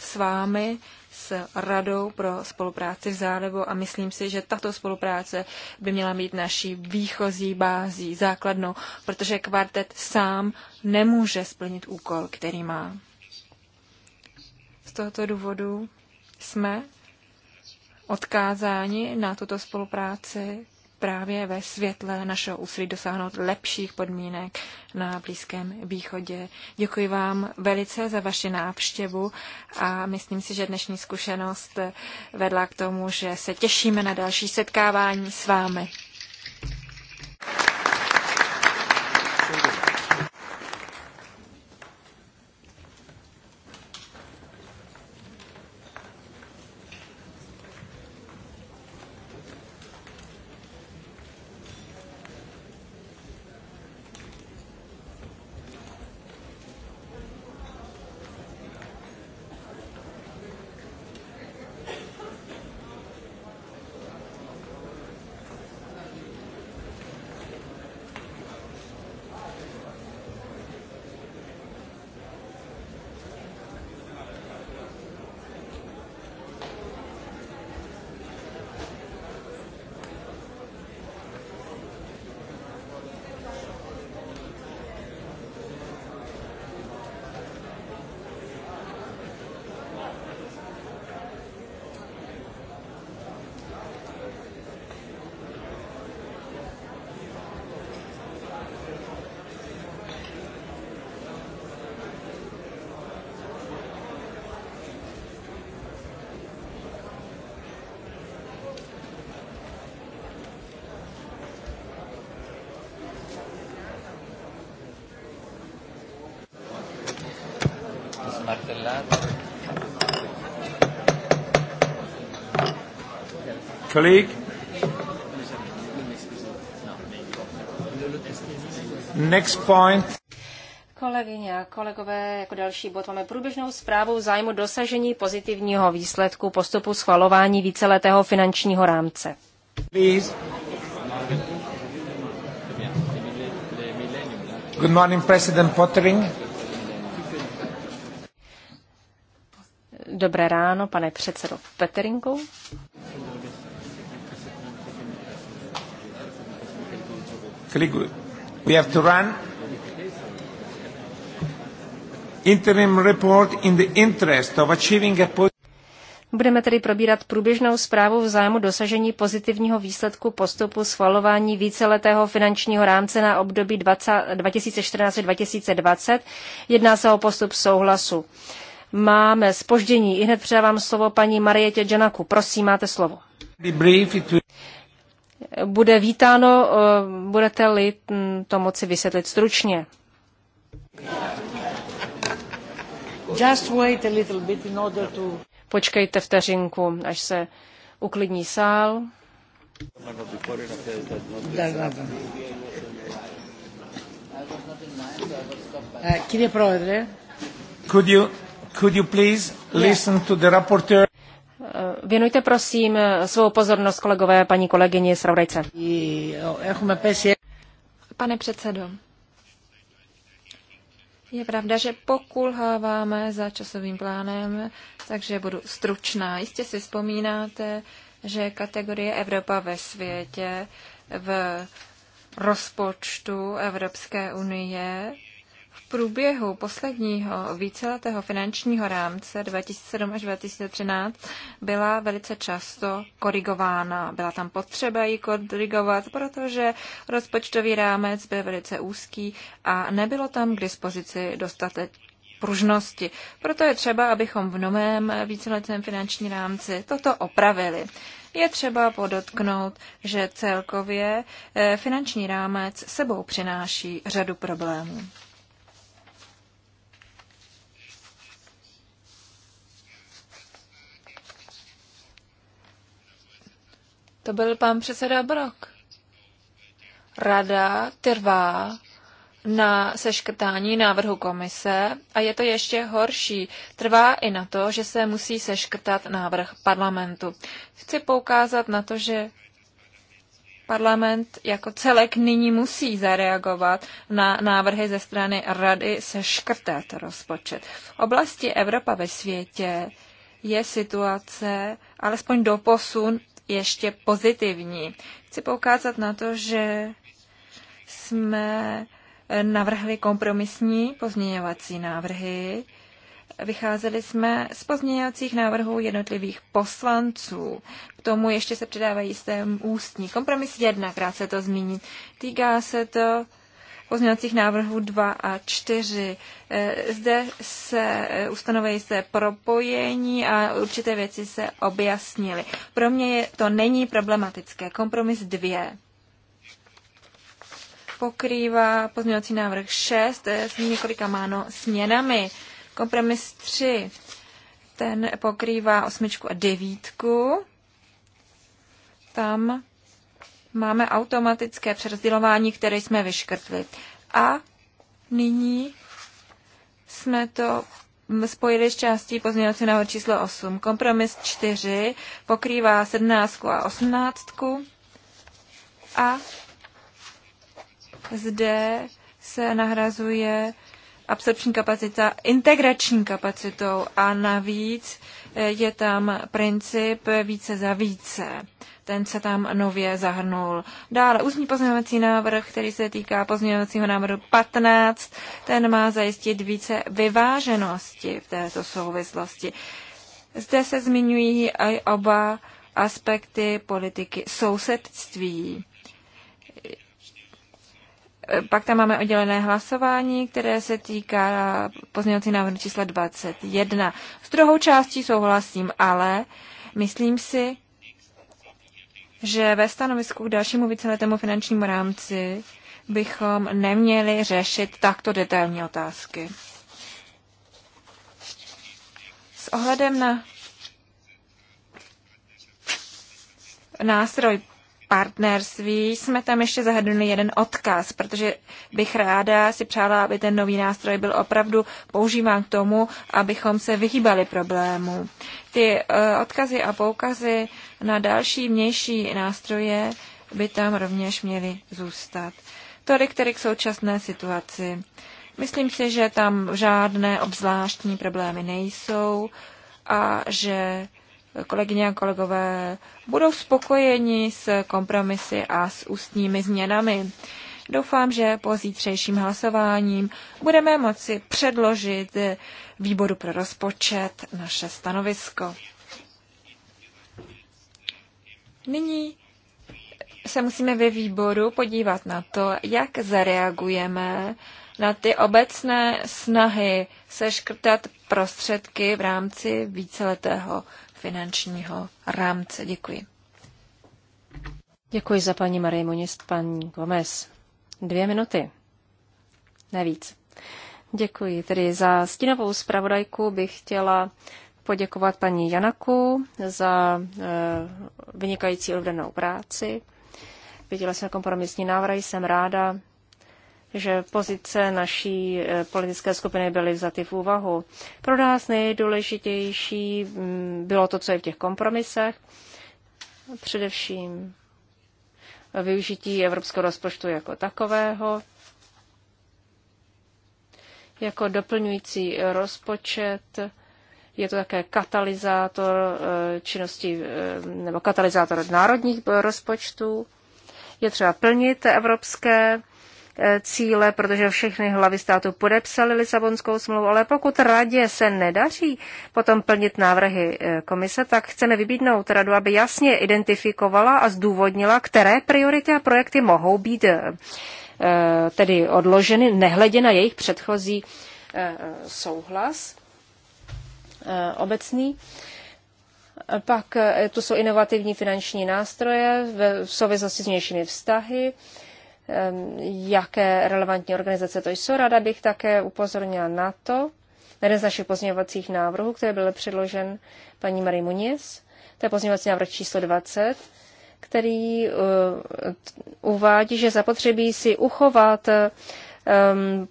s vámi, s Radou pro spolupráci v Zálevu a myslím si, že tato spolupráce by měla být naší výchozí bází, základnou, protože kvartet sám nemůže splnit úkol, který má tohoto důvodu jsme odkázáni na tuto spolupráci právě ve světle našeho úsilí dosáhnout lepších podmínek na Blízkém východě. Děkuji vám velice za vaši návštěvu a myslím si, že dnešní zkušenost vedla k tomu, že se těšíme na další setkávání s vámi. colleague. Next point. Kolegyně a kolegové, jako další bod máme průběžnou zprávu zájmu dosažení pozitivního výsledku postupu schvalování víceletého finančního rámce. Please. Good morning, President Pottering. Dobré ráno, pane předsedo Peteringu. Caligula. We have to run. Interim report in the interest of achieving a Budeme tedy probírat průběžnou zprávu v zájmu dosažení pozitivního výsledku postupu schvalování víceletého finančního rámce na období 2014-2020. Jedná se o postup souhlasu. Máme spoždění. I hned předávám slovo paní Marietě Džanaku. Prosím, máte slovo bude vítáno, eh, budete-li mm, to moci vysvětlit stručně. Just wait a little bit in order to... Počkejte vteřinku, až se uklidní sál. Eh, eh? Could you, could you please listen to the rapporteur? Eh, věnujte prosím eh, svou pozornost, kolegové, paní kolegyni Sravdajce. Pane předsedo, je pravda, že pokulháváme za časovým plánem, takže budu stručná. Jistě si vzpomínáte, že kategorie Evropa ve světě v rozpočtu Evropské unie v průběhu posledního víceletého finančního rámce 2007 až 2013 byla velice často korigována. Byla tam potřeba ji korigovat, protože rozpočtový rámec byl velice úzký a nebylo tam k dispozici dostatek pružnosti. Proto je třeba, abychom v novém víceletém finanční rámci toto opravili. Je třeba podotknout, že celkově eh, finanční rámec sebou přináší řadu problémů. To byl pan předseda Brok. Rada trvá na seškrtání návrhu komise a je to ještě horší. Trvá i na to, že se musí seškrtat návrh parlamentu. Chci poukázat na to, že parlament jako celek nyní musí zareagovat na návrhy ze strany rady seškrtat rozpočet. V oblasti Evropa ve světě je situace alespoň do posun ještě pozitivní. Chci poukázat na to, že jsme navrhli kompromisní pozměňovací návrhy. Vycházeli jsme z pozměňovacích návrhů jednotlivých poslanců. K tomu ještě se přidávají jisté ústní kompromis jedna, krát se to zmíní. Týká se to pozměňovacích návrhů 2 a 4. Eh, zde se eh, ustanovují se propojení a určité věci se objasnily. Pro mě to není problematické. Kompromis 2 pokrývá pozměňovací návrh 6 eh, s několika máno směnami. Kompromis 3 ten pokrývá osmičku a devítku. Tam máme automatické přerozdělování, které jsme vyškrtli. A nyní jsme to spojili s částí pozměňovací návrh číslo 8. Kompromis 4 pokrývá 17 a 18 a zde se nahrazuje absorpční kapacita integrační kapacitou a navíc je tam princip více za více. Ten se tam nově zahrnul. Dále ústní pozměňovací návrh, který se týká pozměňovacího návrhu 15, ten má zajistit více vyváženosti v této souvislosti. Zde se zmiňují i oba aspekty politiky sousedství. Pak tam máme oddělené hlasování, které se týká pozměňovací návrhu čísla 21. S druhou částí souhlasím, ale myslím si, že ve stanovisku k dalšímu víceletému finančnímu rámci bychom neměli řešit takto detailní otázky. S ohledem na nástroj partnerství jsme tam ještě zahrnuli jeden odkaz, protože bych ráda si přála, aby ten nový nástroj byl opravdu používán k tomu, abychom se vyhýbali problému. Ty eh, odkazy a poukazy na další vnější nástroje by tam rovněž měly zůstat. Tolik tedy k současné situaci. Myslím si, že tam žádné obzvláštní problémy nejsou a že kolegyně a kolegové budou spokojeni s kompromisy a s ústními změnami. Doufám, že po zítřejším hlasováním budeme moci předložit výboru pro rozpočet naše stanovisko. Nyní se musíme ve výboru podívat na to, jak zareagujeme na ty obecné snahy seškrtat prostředky v rámci víceletého finančního rámce. Děkuji. Děkuji za paní Marie Monist, paní Gomez. Dvě minuty. Nevíc. Děkuji. Tedy za stínovou zpravodajku bych chtěla poděkovat paní Janaku za eh, vynikající odvedenou práci. Viděla jsem kompromisní návrhy, jsem ráda, že pozice naší eh, politické skupiny byly vzaty v úvahu. Pro nás nejdůležitější mm, bylo to, co je v těch kompromisech, především využití evropského rozpočtu jako takového, jako doplňující rozpočet, je to také katalyzátor eh, činnosti eh, nebo katalyzátor národních rozpočtů. Je třeba plnit evropské E, cíle, protože všechny hlavy státu podepsaly Lisabonskou smlouvu, ale pokud radě se nedaří potom plnit návrhy e, komise, tak chceme vybídnout radu, aby jasně identifikovala a zdůvodnila, které priority a projekty mohou být e, tedy odloženy, nehledě na jejich předchozí souhlas obecný. Pak tu jsou inovativní finanční nástroje v souvislosti s vnějšími vztahy jaké relevantní organizace to jsou. Rada bych také upozornila na to, na jeden z našich pozměňovacích návrhů, který byl předložen paní Marie Muniz. To je pozměňovací návrh číslo 20, který uh, uvádí, že zapotřebí si uchovat um,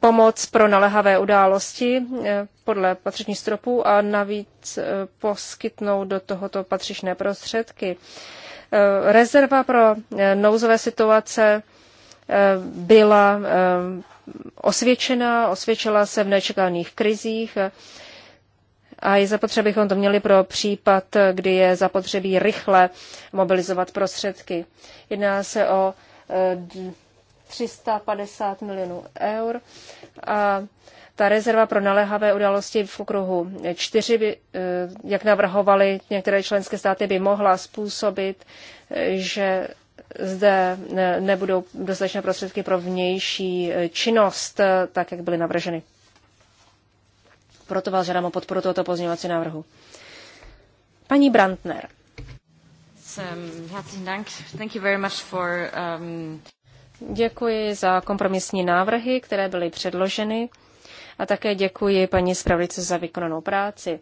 pomoc pro nalehavé události eh, podle patřičních stropů a navíc eh, poskytnout do tohoto patřičné prostředky. Eh, rezerva pro eh, nouzové situace eh, byla osvědčena, osvědčila se v nečekaných krizích a je zapotřebí, bychom to měli pro případ, kdy je zapotřebí rychle mobilizovat prostředky. Jedná se o 350 milionů eur a ta rezerva pro naléhavé události v okruhu čtyři, by, eh, jak navrhovali některé členské státy, by mohla způsobit, eh, že zde nebudou dostatečné prostředky pro vnější eh, činnost, tak jak byly navrženy. Proto vás žádám o podporu tohoto pozměňovacího návrhu. Paní Brandner. Um, Děkuji za kompromisní návrhy, které byly předloženy. A také děkuji paní zpravodajce za vykonanou práci.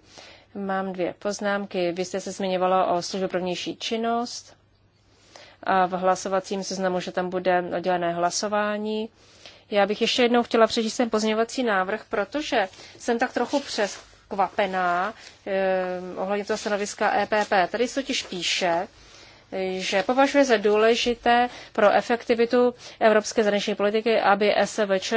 Mám dvě poznámky. Vy jste se zmiňovala o službě pro vnější činnost a v hlasovacím seznamu, že tam bude oddělené hlasování. Já bych ještě jednou chtěla přečíst ten pozměňovací návrh, protože jsem tak trochu přeskvapená eh, ohledně toho stanoviska EPP. Tady se totiž píše, eh, že považuje za důležité pro efektivitu evropské zahraniční politiky, aby SVČ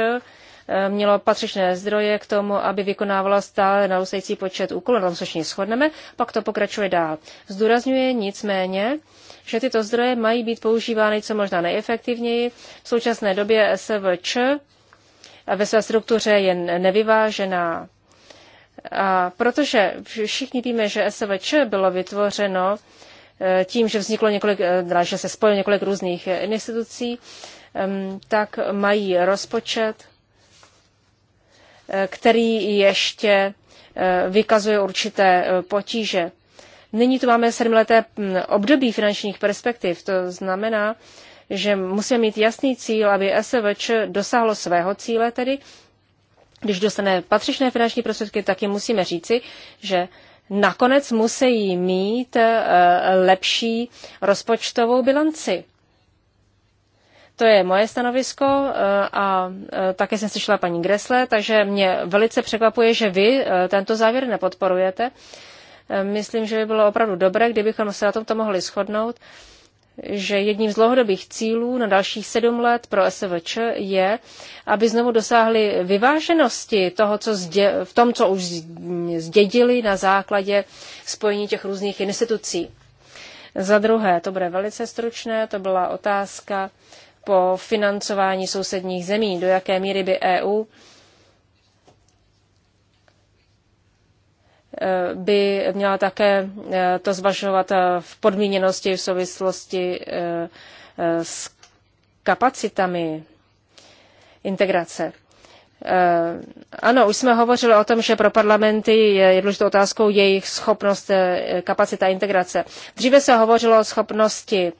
Eh, mělo patřičné zdroje k tomu, aby vykonávala stále narůstající počet úkolů, na tom se shodneme, pak to pokračuje dál. Zdůrazňuje nicméně, že tyto zdroje mají být používány co možná nejefektivněji. V současné době SVČ ve své struktuře je nevyvážená. A protože všichni víme, že SVČ bylo vytvořeno eh, tím, že vzniklo několik, eh, že se spojilo několik různých institucí, ehm, tak mají rozpočet, který ještě eh, vykazuje určité eh, potíže. Nyní tu máme sedmileté hm, období finančních perspektiv. To znamená, že musíme mít jasný cíl, aby SVČ dosáhlo svého cíle tedy. Když dostane patřičné finanční prostředky, tak jim musíme říci, že nakonec musí mít eh, lepší rozpočtovou bilanci. To je moje stanovisko eh, a eh, také jsem slyšela paní Gresle, takže mě velice překvapuje, že vy eh, tento závěr nepodporujete. Myslím, že by bylo opravdu dobré, kdybychom se na tomto mohli shodnout, že jedním z dlouhodobých cílů na dalších sedm let pro SVČ je, aby znovu dosáhli vyváženosti toho, co zdě, v tom, co už zdědili na základě spojení těch různých institucí. Za druhé, to bude velice stručné, to byla otázka po financování sousedních zemí, do jaké míry by EU eh, by měla také eh, to zvažovat eh, v podmíněnosti v souvislosti s kapacitami integrace. Ano, už jsme hovořili o tom, že pro parlamenty je důležitou otázkou jejich schopnost kapacita integrace. Dříve se hovořilo o schopnosti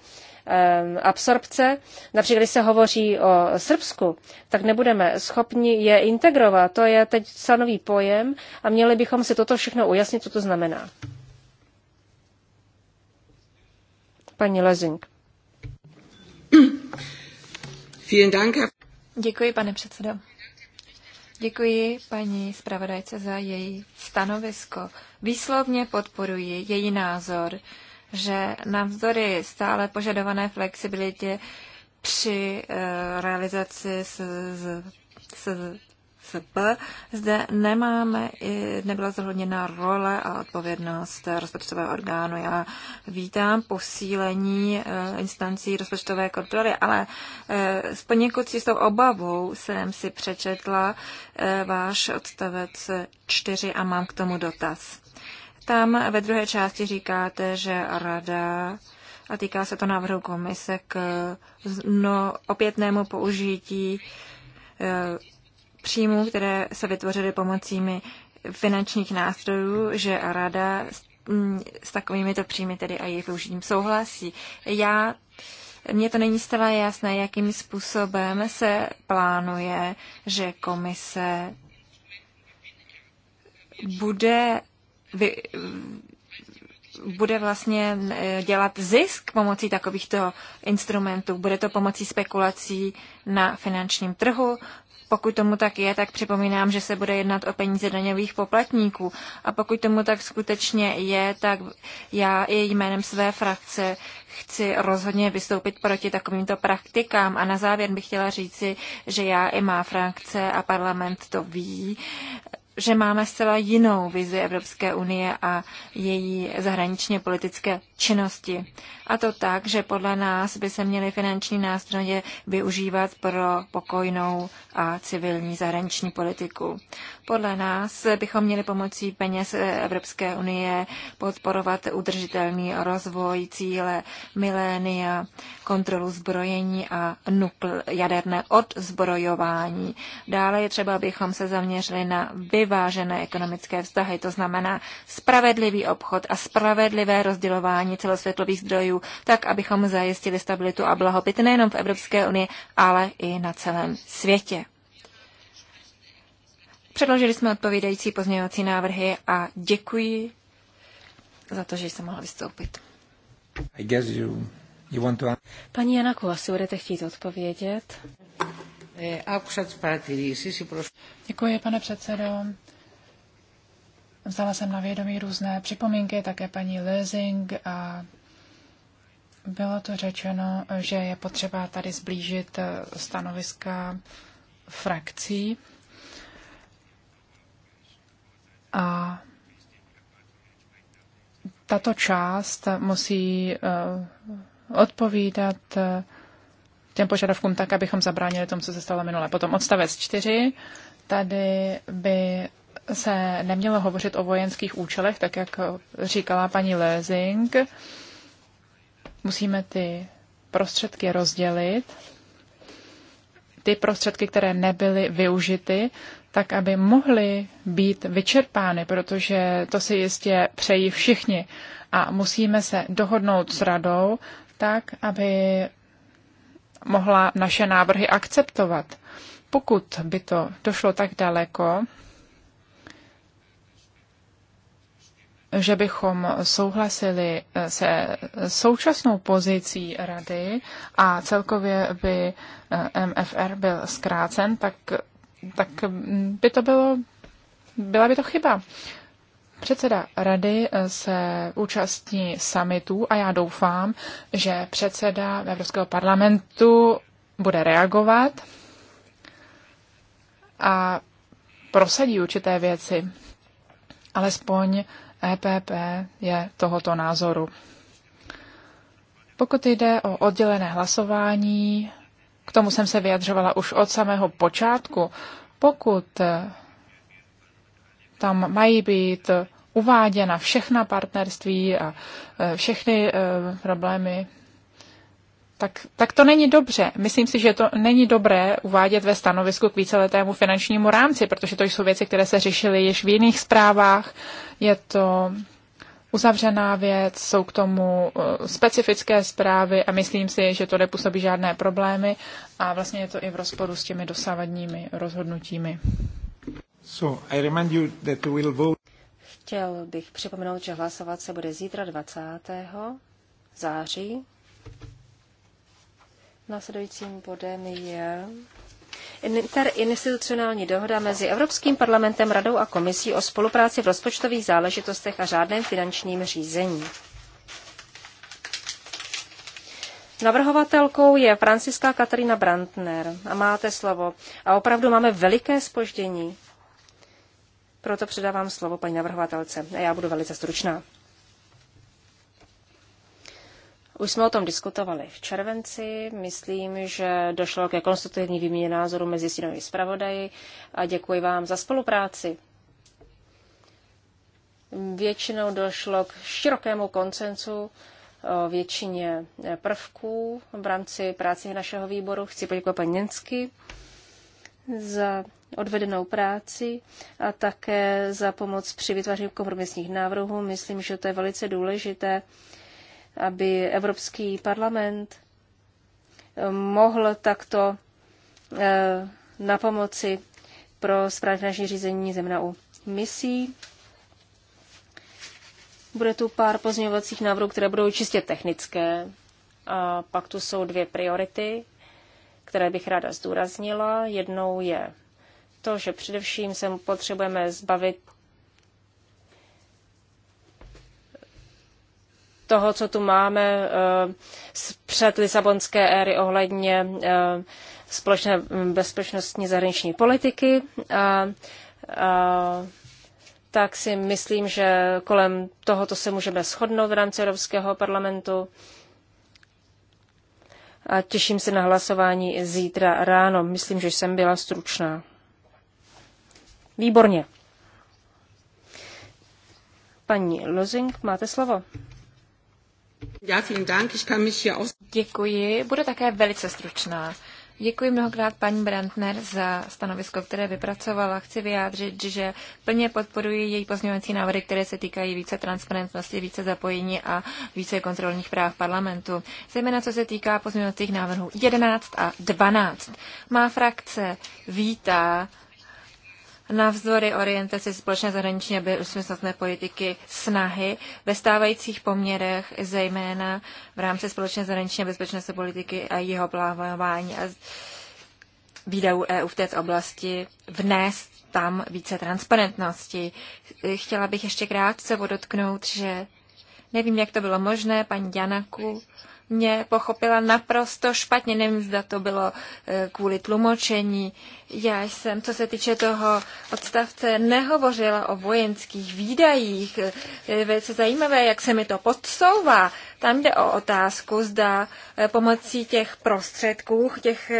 absorpce. Například, když se hovoří o Srbsku, tak nebudeme schopni je integrovat. To je teď stanový pojem a měli bychom si toto všechno ujasnit, co to znamená. Paní Lezing. Děkuji, pane předsedo. Děkuji paní zpravodajce za její stanovisko. Výslovně podporuji její názor, že navzdory stále požadované flexibilitě při eh, realizaci s, s, s, SP, zde nemáme, nebyla zhodněna role a odpovědnost rozpočtového orgánu. Já vítám posílení eh, instancí rozpočtové kontroly, ale eh, s poněkud jistou obavou jsem si přečetla váš odstavec 4 a mám k tomu dotaz. Tam ve druhé části říkáte, že rada a týká se to návrhu komise k no, opětnému použití e, příjmů, které se vytvořily pomocí finančních nástrojů, že rada s takovými to příjmy tedy a jejich využitím souhlasí. Já mně to není zcela jasné, jakým způsobem se plánuje, že komise bude vy, bude vlastně eh, dělat zisk pomocí takovýchto instrumentů? Bude to pomocí spekulací na finančním trhu? Pokud tomu tak je, tak připomínám, že se bude jednat o peníze daňových poplatníků. A pokud tomu tak skutečně je, tak já i jménem své frakce chci rozhodně vystoupit proti takovýmto praktikám. A na závěr bych chtěla říci, že já i má frakce a parlament to ví, že máme zcela jinou vizi Evropské unie a její zahraničně politické činnosti. A to tak, že podle nás by se měly finanční nástroje využívat pro pokojnou a civilní zahraniční politiku. Podle nás bychom měli pomocí peněz Evropské unie podporovat udržitelný rozvoj, cíle milénia, kontrolu zbrojení a nukl, jaderné odzbrojování. Dále je třeba, abychom se zaměřili na vyvážené ekonomické vztahy, to znamená spravedlivý obchod a spravedlivé rozdělování využívání celosvětlových zdrojů, tak abychom zajistili stabilitu a blahobyt nejenom v Evropské unii, ale i na celém světě. Předložili jsme odpovídající pozměňovací návrhy a děkuji za to, že jsem mohla vystoupit. I guess you, you want to... Paní Janaku, asi budete chtít odpovědět. Eh, děkuji, pane předsedo. Vzala jsem na vědomí různé připomínky, také paní Lezing a bylo to řečeno, že je potřeba tady zblížit eh, stanoviska frakcí. A tato část musí eh, odpovídat eh, těm požadavkům tak, abychom zabránili tomu, co se stalo minule. Potom odstavec 4. Tady by se nemělo hovořit o vojenských účelech, tak jak říkala paní Lézing. Musíme ty prostředky rozdělit. Ty prostředky, které nebyly využity, tak aby mohly být vyčerpány, protože to si jistě přejí všichni. A musíme se dohodnout s radou tak, aby mohla naše návrhy akceptovat. Pokud by to došlo tak daleko, že bychom souhlasili se současnou pozicí rady a celkově by eh, MFR byl zkrácen, tak, tak by to bylo, byla by to chyba. Předseda rady eh, se účastní samitu a já doufám, že předseda Evropského parlamentu bude reagovat a prosadí určité věci. Alespoň EPP je tohoto názoru. Pokud jde o oddělené hlasování, k tomu jsem se vyjadřovala už od samého počátku. Pokud eh, tam mají být uváděna všechna partnerství a eh, všechny eh, problémy tak, tak to není dobře. Myslím si, že to není dobré uvádět ve stanovisku k víceletému finančnímu rámci, protože to jsou věci, které se řešily již v jiných zprávách. Je to uzavřená věc, jsou k tomu eh, specifické zprávy a myslím si, že to nepůsobí žádné problémy a vlastně je to i v rozporu s těmi dosavadními rozhodnutími. So, I remind you that we'll vote. Chtěl bych připomenout, že hlasovat se bude zítra 20. září Následujícím bodem je interinstitucionální dohoda mezi Evropským parlamentem, Radou a Komisí o spolupráci v rozpočtových záležitostech a řádném finančním řízení. Navrhovatelkou je Franciska Katarina Brandner. A máte slovo. A opravdu máme veliké spoždění. Proto předávám slovo paní navrhovatelce. A já budu velice stručná. Už jsme o tom diskutovali v červenci. Myslím, že došlo ke konstruktivní výměně názoru mezi synovými zpravodaji a děkuji vám za spolupráci. Většinou došlo k širokému koncensu o většině prvků v rámci práce našeho výboru. Chci poděkovat paní Něnsky za odvedenou práci a také za pomoc při vytváření kompromisních návrhů. Myslím, že to je velice důležité aby Evropský parlament eh, mohl takto eh, na pomoci pro správné řízení zemna u misí. Bude tu pár pozměňovacích návrhů, které budou čistě technické. A pak tu jsou dvě priority, které bych ráda zdůraznila. Jednou je to, že především se potřebujeme zbavit toho, co tu máme eh, z před Lisabonské éry ohledně eh, společné hm, bezpečnostní zahraniční politiky. A, a, tak si myslím, že kolem tohoto se můžeme shodnout v rámci Evropského parlamentu. A těším se na hlasování zítra ráno. Myslím, že jsem byla stručná. Výborně. Paní Lozing, máte slovo. Děkuji, budu také velice stručná. Děkuji mnohokrát paní Brandner za stanovisko, které vypracovala. Chci vyjádřit, že plně podporuji její pozměňovací návrhy, které se týkají více transparentnosti, více zapojení a více kontrolních práv parlamentu. Zejména co se týká pozměňovacích návrhů 11 a 12. Má frakce vítá navzdory orientaci společné zahraniční a bezpečnostné politiky snahy ve stávajících poměrech, zejména v rámci společné zahraniční a bezpečnostní politiky a jeho plánování a výdajů EU v této oblasti vnést tam více transparentnosti. Chtěla bych ještě krátce podotknout, že nevím, jak to bylo možné, paní Janaku mě pochopila naprosto špatně. Nevím, zda to bylo e, kvůli tlumočení. Já jsem, co se týče toho odstavce, nehovořila o vojenských výdajích. E, je velice zajímavé, jak se mi to podsouvá. Tam jde o otázku, zda e, pomocí těch prostředků, těch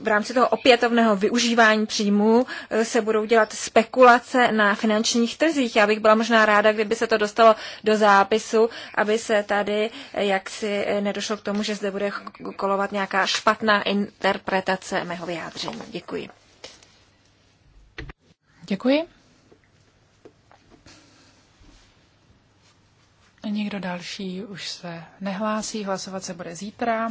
v rámci toho opětovného využívání příjmů eh, se budou dělat spekulace na finančních trzích. Já bych byla možná ráda, kdyby se to dostalo do zápisu, aby se tady eh, jaksi eh, nedošlo k tomu, že zde bude kolovat nějaká špatná interpretace mého vyjádření. Děkuji. Děkuji. někdo další už se nehlásí, hlasovat se bude zítra.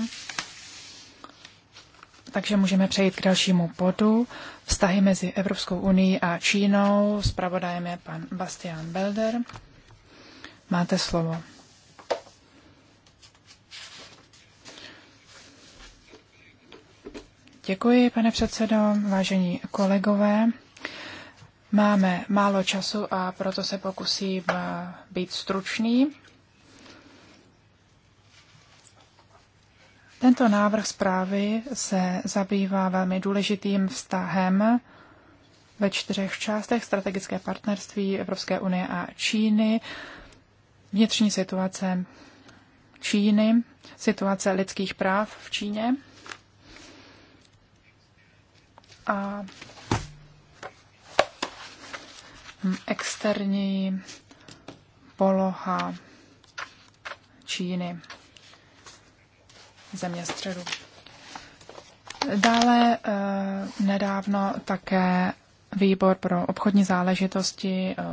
Takže můžeme přejít k dalšímu bodu. Vztahy mezi Evropskou unii a Čínou. Spravodajem je pan Bastian Belder. Máte slovo. Děkuji, pane předsedo, vážení kolegové. Máme málo času a proto se pokusím eh, být stručný. Tento návrh zprávy se zabývá velmi důležitým vztahem ve čtyřech částech strategické partnerství Evropské unie a Číny, vnitřní situace Číny, situace lidských práv v Číně a externí poloha Číny země středu. Dále eh, nedávno také výbor pro obchodní záležitosti eh,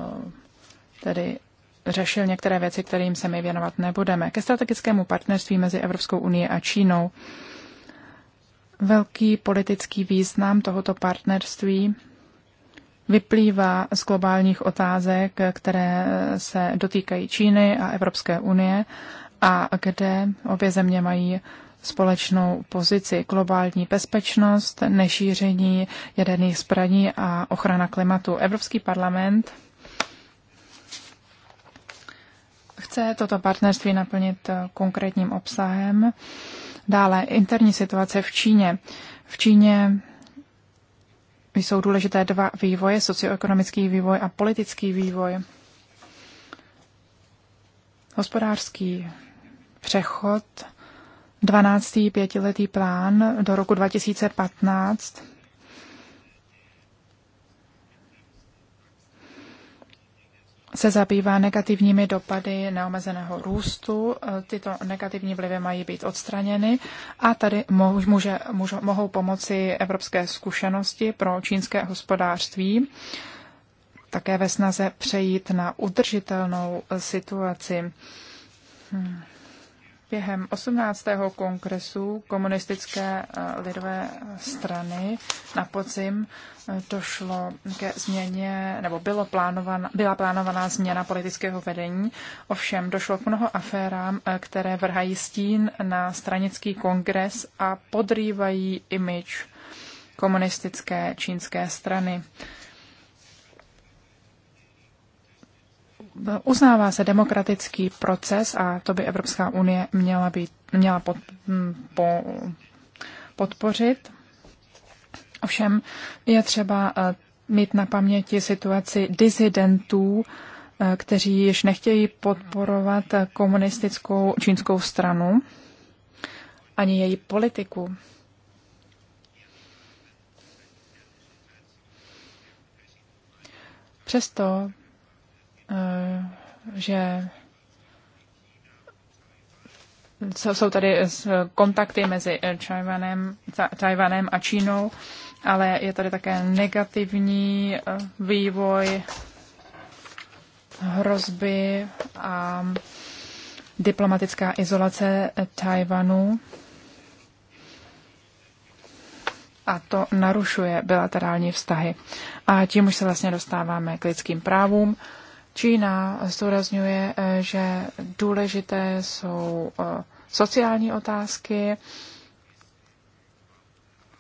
tedy řešil některé věci, kterým se my věnovat nebudeme. Ke strategickému partnerství mezi Evropskou unii a Čínou. Velký politický význam tohoto partnerství vyplývá z globálních otázek, které se dotýkají Číny a Evropské unie a kde obě země mají společnou pozici globální bezpečnost, nešíření jaderných zbraní a ochrana klimatu. Evropský parlament chce toto partnerství naplnit konkrétním obsahem. Dále interní situace v Číně. V Číně jsou důležité dva vývoje, socioekonomický vývoj a politický vývoj. Hospodářský přechod 12. pětiletý plán do roku 2015. se zabývá negativními dopady neomezeného růstu. Tyto negativní vlivy mají být odstraněny a tady může, může, mohou pomoci evropské zkušenosti pro čínské hospodářství také ve snaze přejít na udržitelnou situaci. Hmm. Během 18. kongresu komunistické eh, lidové strany na podzim eh, došlo ke změně, nebo bylo plánovaná, byla plánovaná změna politického vedení. Ovšem došlo k mnoho aférám, eh, které vrhají stín na stranický kongres a podrývají imič komunistické čínské strany. uznává se demokratický proces a to by Evropská unie měla, být, měla pod, mm, po, podpořit. Ovšem je třeba eh, mít na paměti situaci dizidentů, eh, kteří již nechtějí podporovat komunistickou čínskou stranu ani její politiku. Přesto Eh, že jsou tady kontakty mezi eh, Tajvanem a Čínou, ale je tady také negativní eh, vývoj hrozby a diplomatická izolace Tajvanu. A to narušuje bilaterální vztahy. A tím už se vlastně dostáváme k lidským právům. Čína zdůrazňuje, eh, že důležité jsou eh, sociální otázky.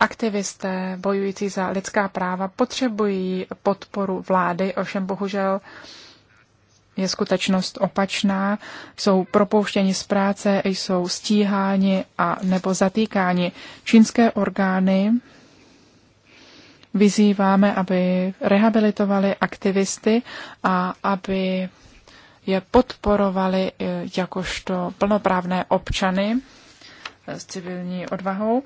Aktivisté bojující za lidská práva potřebují podporu vlády, ovšem bohužel je skutečnost opačná. Jsou propouštěni z práce, jsou stíháni a nebo zatýkáni. Čínské orgány vyzýváme, aby rehabilitovali aktivisty a aby je podporovali eh, jakožto plnoprávné občany eh, s civilní odvahou.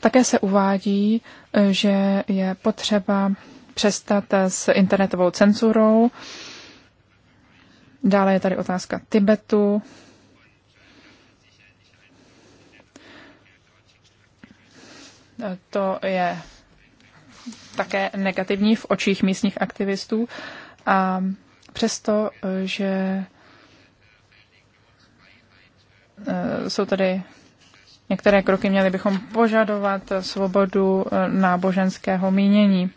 Také se uvádí, eh, že je potřeba přestat s internetovou cenzurou. Dále je tady otázka Tibetu, to je také negativní v očích místních aktivistů. A přesto, že eh, jsou tady některé kroky, měli bychom požadovat svobodu eh, náboženského mínění.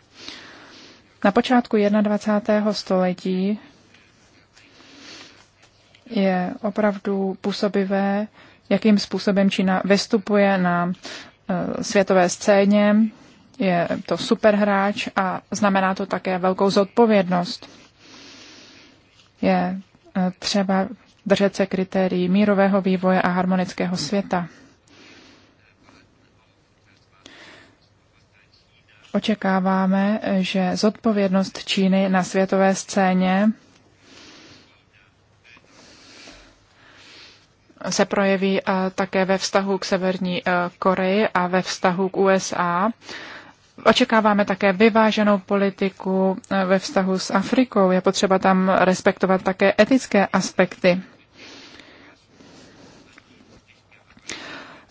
Na počátku 21. století je opravdu působivé, jakým způsobem Čína vystupuje na Eh, světové scéně, je to superhráč a znamená to také velkou zodpovědnost. Je eh, třeba držet se kritérií mírového vývoje a harmonického světa. Očekáváme, eh, že zodpovědnost Číny na světové scéně se projeví eh, také ve vztahu k Severní eh, Koreji a ve vztahu k USA. Očekáváme také vyváženou politiku eh, ve vztahu s Afrikou. Je potřeba tam respektovat také etické aspekty.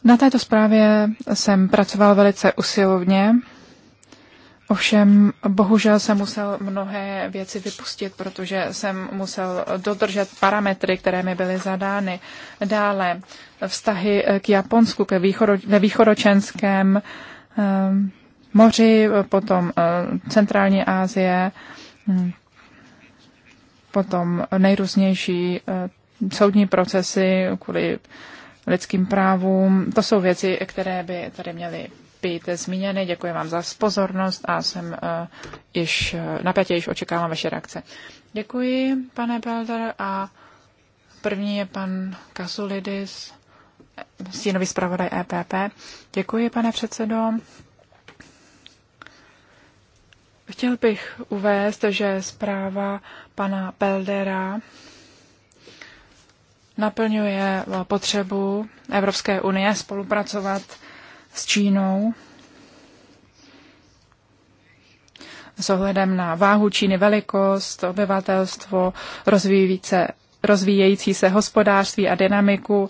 Na této zprávě jsem pracoval velice usilovně Ovšem, bohužel jsem musel mnohé věci vypustit, protože jsem musel dodržet parametry, které mi byly zadány. Dále vztahy k Japonsku, ke východo, ve východočenském eh, moři, potom eh, centrální Asie, hm, potom nejrůznější eh, soudní procesy kvůli lidským právům. To jsou věci, které by tady měly být zmíněny. Děkuji vám za pozornost a jsem eh, již eh, napětě, již očekávám vaše reakce. Děkuji, pane Belder, a první je pan Kasulidis, stínový zpravodaj EPP. Děkuji, pane předsedo. Chtěl bych uvést, že zpráva pana Beldera naplňuje potřebu Evropské unie spolupracovat s Čínou s ohledem na váhu Číny, velikost, obyvatelstvo, rozvíjící rozvíjející se hospodářství a dynamiku,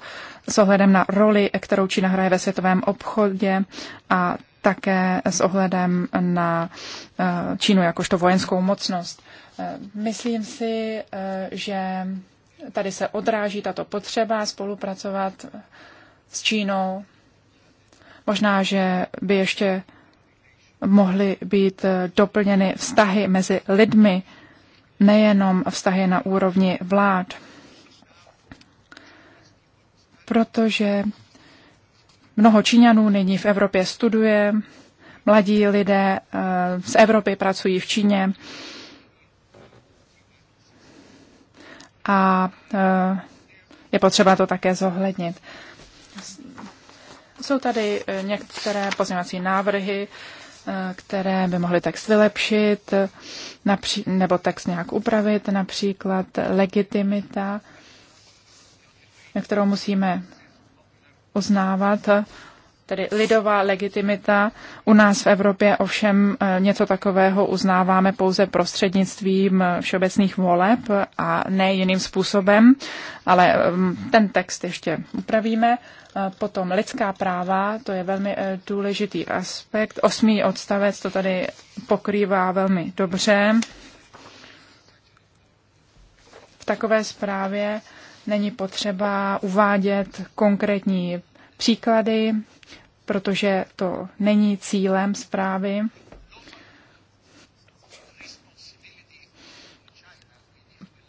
s ohledem na roli, kterou Čína hraje ve světovém obchodě a také s ohledem na eh, Čínu jakožto vojenskou mocnost. Eh, myslím si, eh, že tady se odráží tato potřeba spolupracovat s Čínou Možná, že by ještě mohly být eh, doplněny vztahy mezi lidmi, nejenom vztahy na úrovni vlád. Protože mnoho Číňanů nyní v Evropě studuje, mladí lidé eh, z Evropy pracují v Číně a eh, je potřeba to také zohlednit. Jsou tady eh, některé pozměňovací návrhy, eh, které by mohly text vylepšit, nebo text nějak upravit, například legitimita, kterou musíme uznávat tedy lidová legitimita. U nás v Evropě ovšem eh, něco takového uznáváme pouze prostřednictvím eh, všeobecných voleb a ne jiným způsobem, ale mm, ten text ještě upravíme. Eh, potom lidská práva, to je velmi důležitý aspekt. Osmý odstavec to tady pokrývá velmi dobře. V takové zprávě není potřeba uvádět konkrétní příklady protože to není cílem zprávy.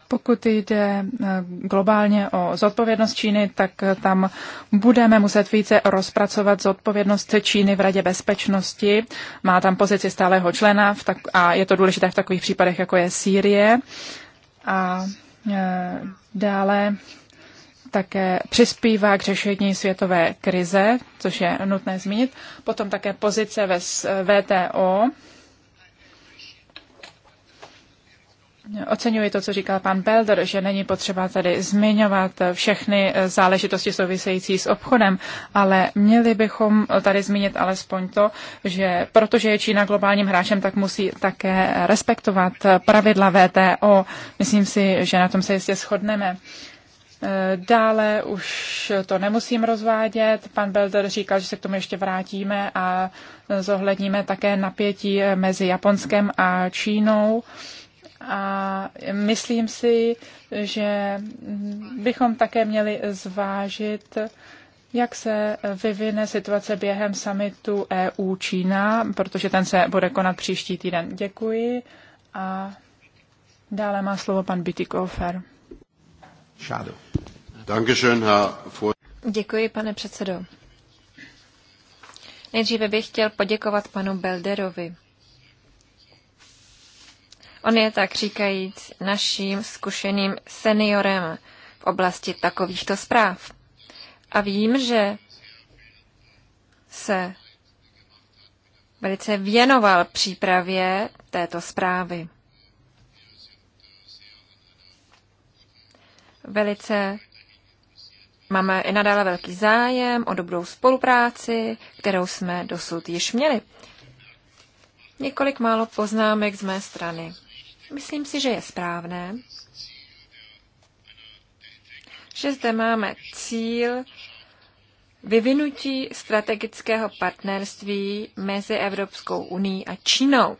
Pokud jde eh, globálně o zodpovědnost Číny, tak eh, tam budeme muset více rozpracovat zodpovědnost Číny v Radě bezpečnosti. Má tam pozici stálého člena v tak, a je to důležité v takových případech, jako je Sýrie. A e, dále také přispívá k řešení světové krize, což je nutné zmínit. Potom také pozice ve VTO. Oceňuji to, co říkal pan Belder, že není potřeba tady zmiňovat všechny záležitosti související s obchodem, ale měli bychom tady zmínit alespoň to, že protože je Čína globálním hráčem, tak musí také respektovat pravidla VTO. Myslím si, že na tom se jistě shodneme. Eh, dále už to nemusím rozvádět. Pan Belder říkal, že se k tomu ještě vrátíme a eh, zohledníme také napětí eh, mezi Japonskem a Čínou. A myslím si, že bychom také měli zvážit, jak se vyvine situace během samitu EU-Čína, protože ten se bude konat příští týden. Děkuji a dále má slovo pan Bitikofer. Děkuji, pane předsedo. Nejdříve bych chtěl poděkovat panu Belderovi. On je tak říkajíc naším zkušeným seniorem v oblasti takovýchto zpráv. A vím, že se velice věnoval přípravě této zprávy. velice Máme i nadále velký zájem o dobrou spolupráci, kterou jsme dosud již měli. Několik málo poznámek z mé strany. Myslím si, že je správné, že zde máme cíl vyvinutí strategického partnerství mezi Evropskou uní a Čínou.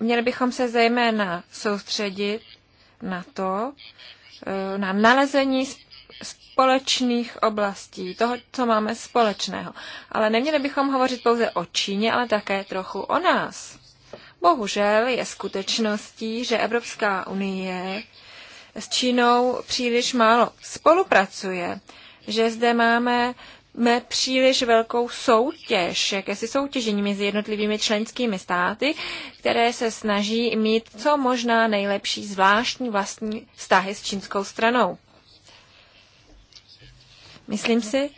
Měli bychom se zejména soustředit na to, eh, na nalezení společných oblastí, toho, co máme společného. Ale neměli bychom hovořit pouze o Číně, ale také trochu o nás. Bohužel je skutečností, že Evropská unie s Čínou příliš málo spolupracuje, že zde máme me příliš velkou soutěž, jakési soutěžení mezi jednotlivými členskými státy, které se snaží mít co možná nejlepší zvláštní vlastní vztahy s čínskou stranou. Myslím si,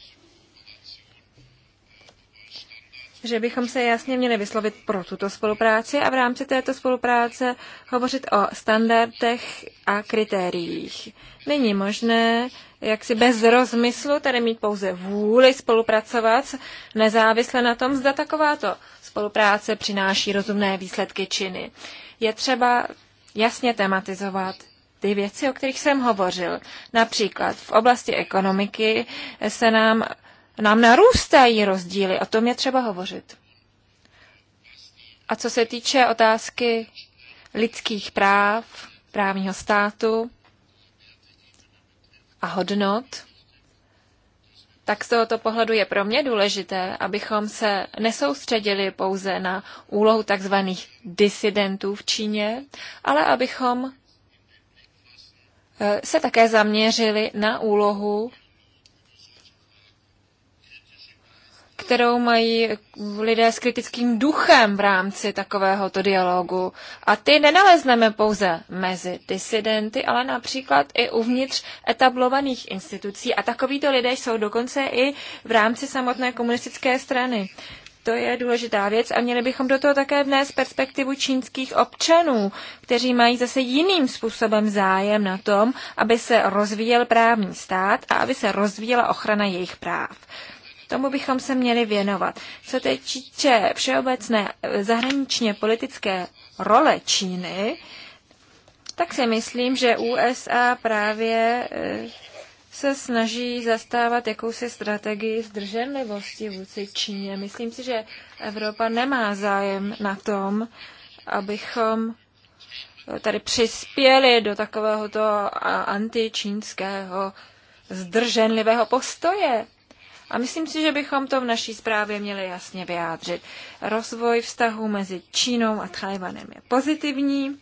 že bychom se jasně měli vyslovit pro tuto spolupráci a v rámci této spolupráce hovořit o standardech a kritériích. Není možné jak si bez rozmyslu tady mít pouze vůli spolupracovat, nezávisle na tom, zda takováto spolupráce přináší rozumné výsledky činy. Je třeba jasně tematizovat ty věci, o kterých jsem hovořil. Například v oblasti ekonomiky se nám nám narůstají rozdíly. O tom je třeba hovořit. A co se týče otázky lidských práv, právního státu a hodnot, tak z tohoto pohledu je pro mě důležité, abychom se nesoustředili pouze na úlohu tzv. disidentů v Číně, ale abychom eh, se také zaměřili na úlohu kterou mají lidé s kritickým duchem v rámci takovéhoto dialogu. A ty nenalezneme pouze mezi disidenty, ale například i uvnitř etablovaných institucí. A takovýto lidé jsou dokonce i v rámci samotné komunistické strany. To je důležitá věc a měli bychom do toho také vnést perspektivu čínských občanů, kteří mají zase jiným způsobem zájem na tom, aby se rozvíjel právní stát a aby se rozvíjela ochrana jejich práv. Tomu bychom se měli věnovat. Co teď týče všeobecné eh, zahraničně politické role Číny, tak si myslím, že USA právě eh, se snaží zastávat jakousi strategii zdrženlivosti vůči Číně. Myslím si, že Evropa nemá zájem na tom, abychom eh, tady přispěli do takového antičínského zdrženlivého postoje. A myslím si, že bychom to v naší zprávě měli jasně vyjádřit. Rozvoj vztahu mezi Čínou a Tajvanem je pozitivní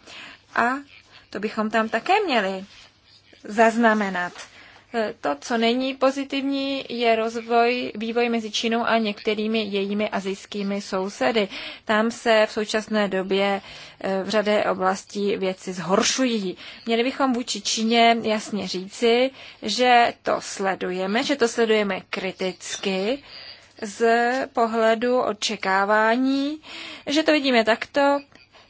a to bychom tam také měli zaznamenat. E, to, co není pozitivní, je rozvoj, vývoj mezi Čínou a některými jejími azijskými sousedy. Tam se v současné době e, v řadě oblastí věci zhoršují. Měli bychom vůči Číně jasně říci, že to sledujeme, že to sledujeme kriticky z pohledu očekávání, že to vidíme takto,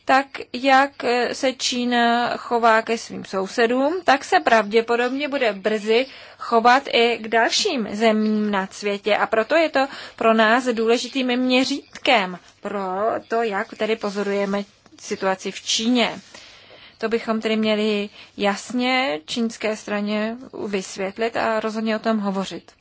tak jak eh, se Čína chová ke svým sousedům, tak se pravděpodobně bude brzy chovat i k dalším zemím na světě. A proto je to pro nás důležitým měřítkem pro to, jak tedy pozorujeme situaci v Číně. To bychom tedy měli jasně čínské straně vysvětlit a rozhodně o tom hovořit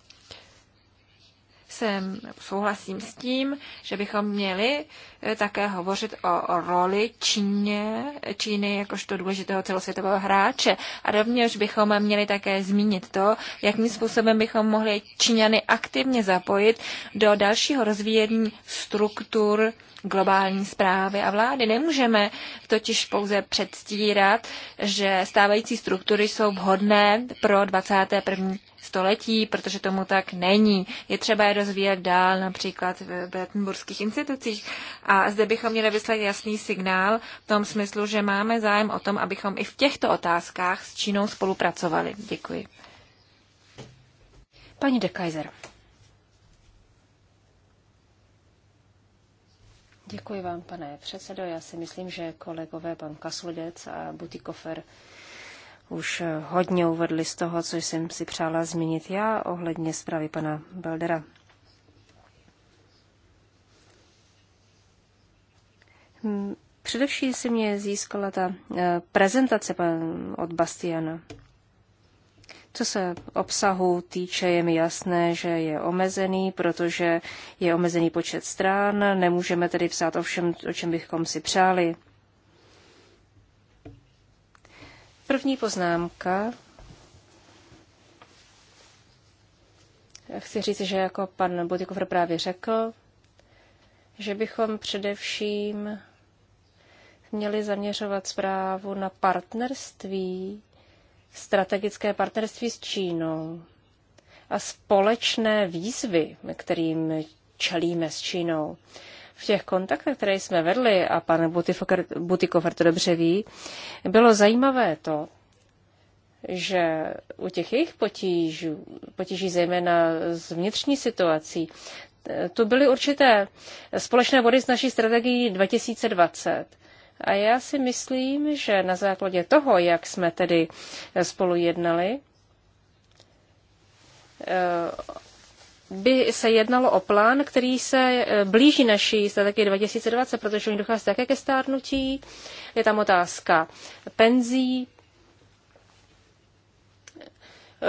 jsem, souhlasím s tím, že bychom měli eh, také hovořit o, roli Číně, Číny jakožto důležitého celosvětového hráče. A rovněž bychom měli také zmínit to, jakým způsobem bychom mohli Číňany aktivně zapojit do dalšího rozvíjení struktur globální zprávy a vlády. Nemůžeme totiž pouze předstírat, že stávající struktury jsou vhodné pro 21 století, protože tomu tak není. Je třeba je rozvíjet dál, například v Bratenburských institucích. A zde bychom měli vyslat jasný signál v tom smyslu, že máme zájem o tom, abychom i v těchto otázkách s Čínou spolupracovali. Děkuji. Paní de Kaiser. Děkuji vám, pane předsedo. Já si myslím, že kolegové pan Kasludec a Butikofer už eh, hodně uvedli z toho, co jsem si přála zmínit já ohledně zprávy pana Beldera. Hmm, především si mě získala ta eh, prezentace od Bastiana. Co se obsahu týče, je mi jasné, že je omezený, protože je omezený počet strán, nemůžeme tedy psát o všem, o čem bychom si přáli. První poznámka. Chci říct, že jako pan Budikovr právě řekl, že bychom především měli zaměřovat zprávu na partnerství, strategické partnerství s Čínou a společné výzvy, kterým čelíme s Čínou v těch kontaktech, které jsme vedli, a pan Butikofer to dobře ví, bylo zajímavé to, že u těch jejich potížů, potíží zejména z vnitřní situací, to byly určité společné body z naší strategií 2020. A já si myslím, že na základě toho, jak jsme tedy spolu jednali, by se jednalo o plán, který se e, blíží naší strategii 2020, protože oni dochází také ke stárnutí. Je tam otázka penzí,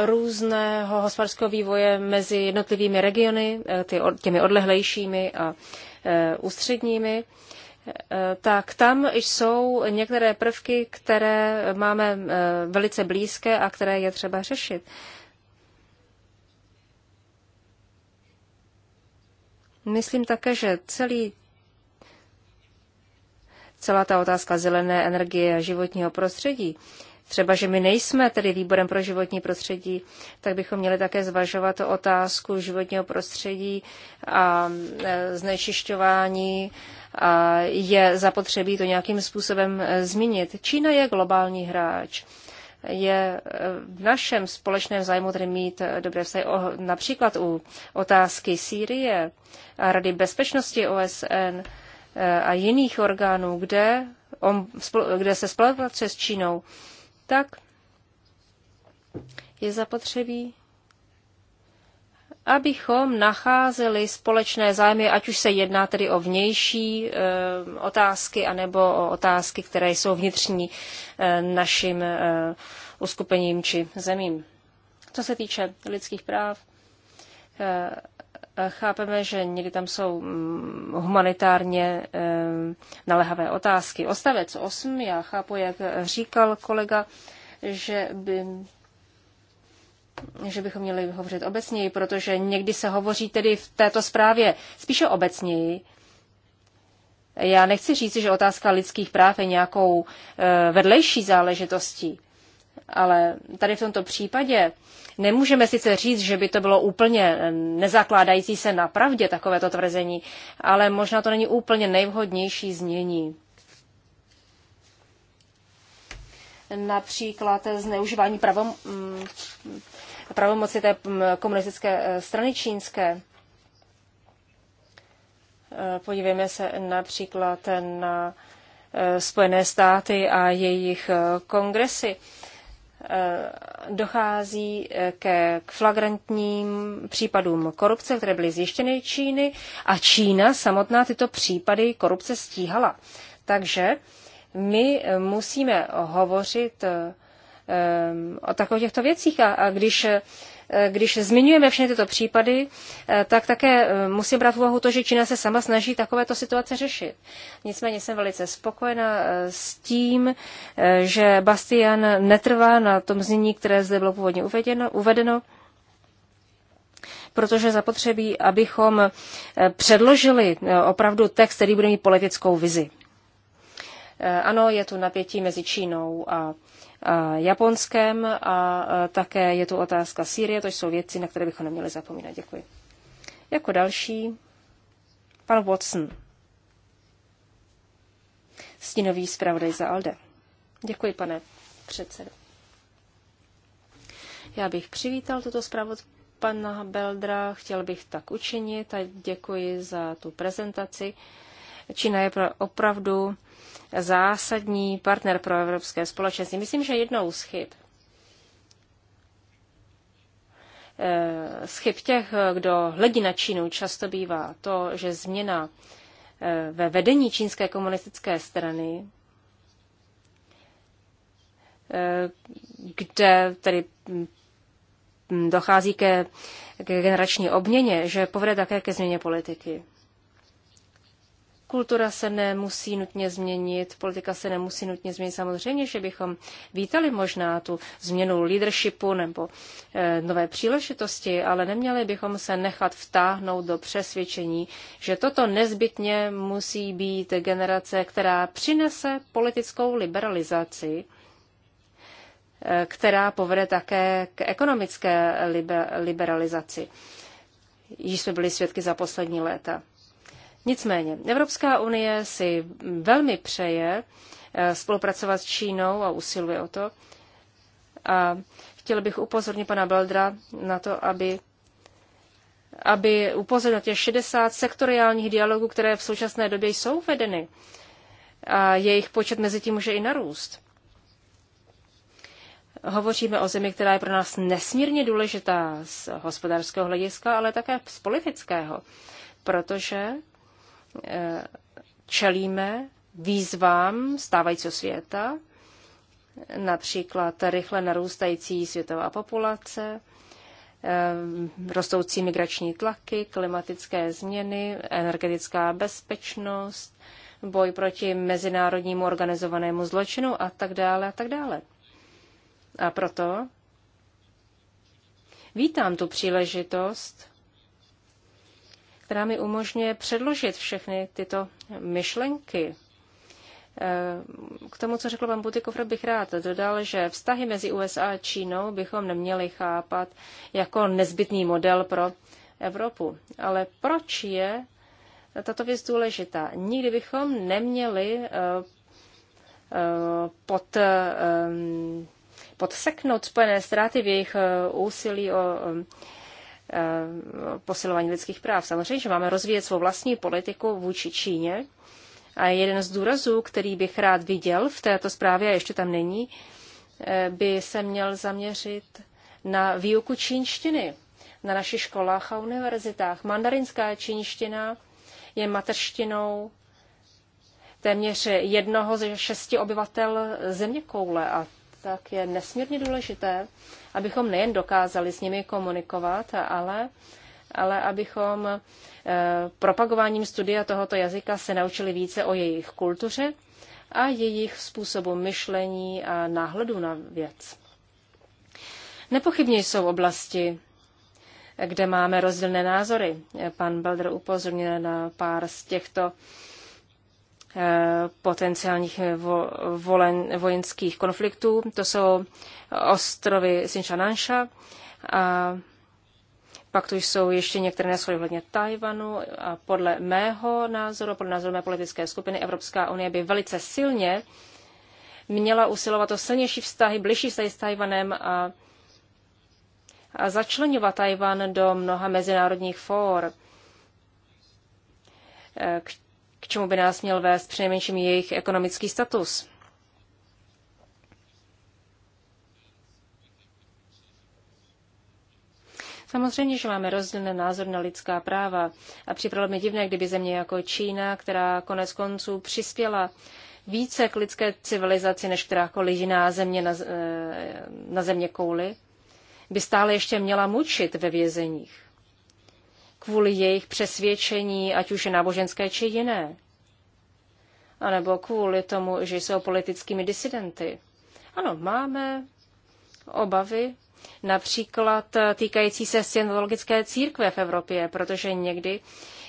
různého hospodářského vývoje mezi jednotlivými regiony, e, těmi odlehlejšími a e, ústředními, tak tam jsou některé prvky, které máme velice blízké a které je třeba řešit. Myslím také, že celý celá ta otázka zelené energie a životního prostředí. Třeba, že my nejsme tedy výborem pro životní prostředí, tak bychom měli také zvažovat otázku životního prostředí a e, znečišťování. A je zapotřebí to nějakým způsobem e, zmínit. Čína je globální hráč je eh, v našem společném zájmu tedy mít eh, dobré vztahy. Například u otázky Sýrie a Rady bezpečnosti OSN eh, a jiných orgánů, kde, on, kde se spolupracuje s Čínou, tak je zapotřebí abychom nacházeli společné zájmy, ať už se jedná tedy o vnější e, otázky, anebo o otázky, které jsou vnitřní e, našim e, uskupením či zemím. Co se týče lidských práv, e, chápeme, že někdy tam jsou mm, humanitárně e, naléhavé otázky. Ostavec 8, já chápu, jak říkal kolega, že by že bychom měli hovořit obecněji, protože někdy se hovoří tedy v této zprávě spíše obecněji. Já nechci říct, že otázka lidských práv je nějakou eh, vedlejší záležitostí, ale tady v tomto případě nemůžeme sice říct, že by to bylo úplně eh, nezakládající se na pravdě takovéto tvrzení, ale možná to není úplně nejvhodnější znění. například zneužívání pravom, mm, pravomoci té komunistické e, strany čínské. E, podívejme se například na e, Spojené státy a jejich kongresy. Dochází ke flagrantním případům korupce, které byly zjištěny Číny a Čína samotná tyto případy korupce stíhala. Takže my musíme hovořit Eh, o takových těchto věcích. A, a když eh, když zmiňujeme všechny tyto případy, eh, tak také musím brát v úvahu to, že Čína se sama snaží takovéto situace řešit. Nicméně jsem velice spokojena s tím, že Bastian netrvá na tom znění, které zde bylo původně uvedeno, uvedeno protože zapotřebí, abychom předložili opravdu text, který bude mít politickou vizi. Ano, je tu napětí mezi Čínou a Japonském Japonskem a také je tu otázka Sýrie, to jsou věci, na které bychom neměli zapomínat. Děkuji. Jako další, pan Watson, stínový zpravodaj za ALDE. Děkuji, pane předsedo. Já bych přivítal tuto zprávu pana Beldra, chtěl bych tak učinit a děkuji za tu prezentaci. Čína je opravdu zásadní partner pro evropské společenství. Myslím, že jednou z chyb, eh, z chyb těch, kdo hledí na Čínu, často bývá to, že změna eh, ve vedení čínské komunistické strany, eh, kde tedy hm, dochází ke, ke generační obměně, že povede také ke změně politiky. Kultura se nemusí nutně změnit, politika se nemusí nutně změnit. Samozřejmě, že bychom vítali možná tu změnu leadershipu nebo e, nové příležitosti, ale neměli bychom se nechat vtáhnout do přesvědčení, že toto nezbytně musí být generace, která přinese politickou liberalizaci eh, která povede také k ekonomické liberalizaci. Již jsme byli svědky za poslední léta. Nicméně, Evropská unie si velmi přeje eh, spolupracovat s Čínou a usiluje o to. A chtěl bych upozornit pana Beldra na to, aby aby upozornil těch 60 sektoriálních dialogů, které v současné době jsou vedeny. A jejich počet mezi tím může i narůst. Hovoříme o zemi, která je pro nás nesmírně důležitá z hospodářského hlediska, ale také z politického, protože čelíme výzvám stávajícího světa, například rychle narůstající světová populace, eh, rostoucí migrační tlaky, klimatické změny, energetická bezpečnost, boj proti mezinárodnímu organizovanému zločinu a tak dále a tak dále. A proto vítám tu příležitost která mi umožňuje předložit všechny tyto myšlenky. Eh, k tomu, co řekl pan Butikov, bych rád dodal, že vztahy mezi USA a Čínou bychom neměli chápat jako nezbytný model pro Evropu. Ale proč je tato věc důležitá? Nikdy bychom neměli eh, eh, pod, podseknout spojené ztráty v jejich úsilí o Eh, posilování lidských práv. Samozřejmě, že máme rozvíjet svou vlastní politiku vůči Číně. A jeden z důrazů, který bych rád viděl v této zprávě, a ještě tam není, eh, by se měl zaměřit na výuku čínštiny na našich školách a univerzitách. Mandarinská čínština je mateřštinou téměř jednoho ze šesti obyvatel zeměkoule a tak je nesmírně důležité, abychom nejen dokázali s nimi komunikovat, ale, ale abychom eh, propagováním studia tohoto jazyka se naučili více o jejich kultuře a jejich způsobu myšlení a náhledu na věc. Nepochybně jsou oblasti, kde máme rozdílné názory. Pan Belder upozorňuje na pár z těchto Eh, potenciálních eh, volen, vojenských konfliktů. To jsou ostrovy Sinčananša a pak tu jsou ještě některé neshody hledně Tajvanu a podle mého názoru, podle názoru mé politické skupiny, Evropská unie by velice silně měla usilovat o silnější vztahy, blížší vztahy s Tajvanem a, a začlenovat Tajvan do mnoha mezinárodních fór, k eh, k čemu by nás měl vést přinejmenším jejich ekonomický status. Samozřejmě, že máme rozdílné názor na lidská práva a připravilo mi divné, kdyby země jako Čína, která konec konců přispěla více k lidské civilizaci než kterákoliv jiná země na, eh, na země kouly, by stále ještě měla mučit ve vězeních kvůli jejich přesvědčení, ať už je náboženské či jiné, anebo kvůli tomu, že jsou politickými disidenty. Ano, máme obavy, například týkající se scientologické církve v Evropě, protože někdy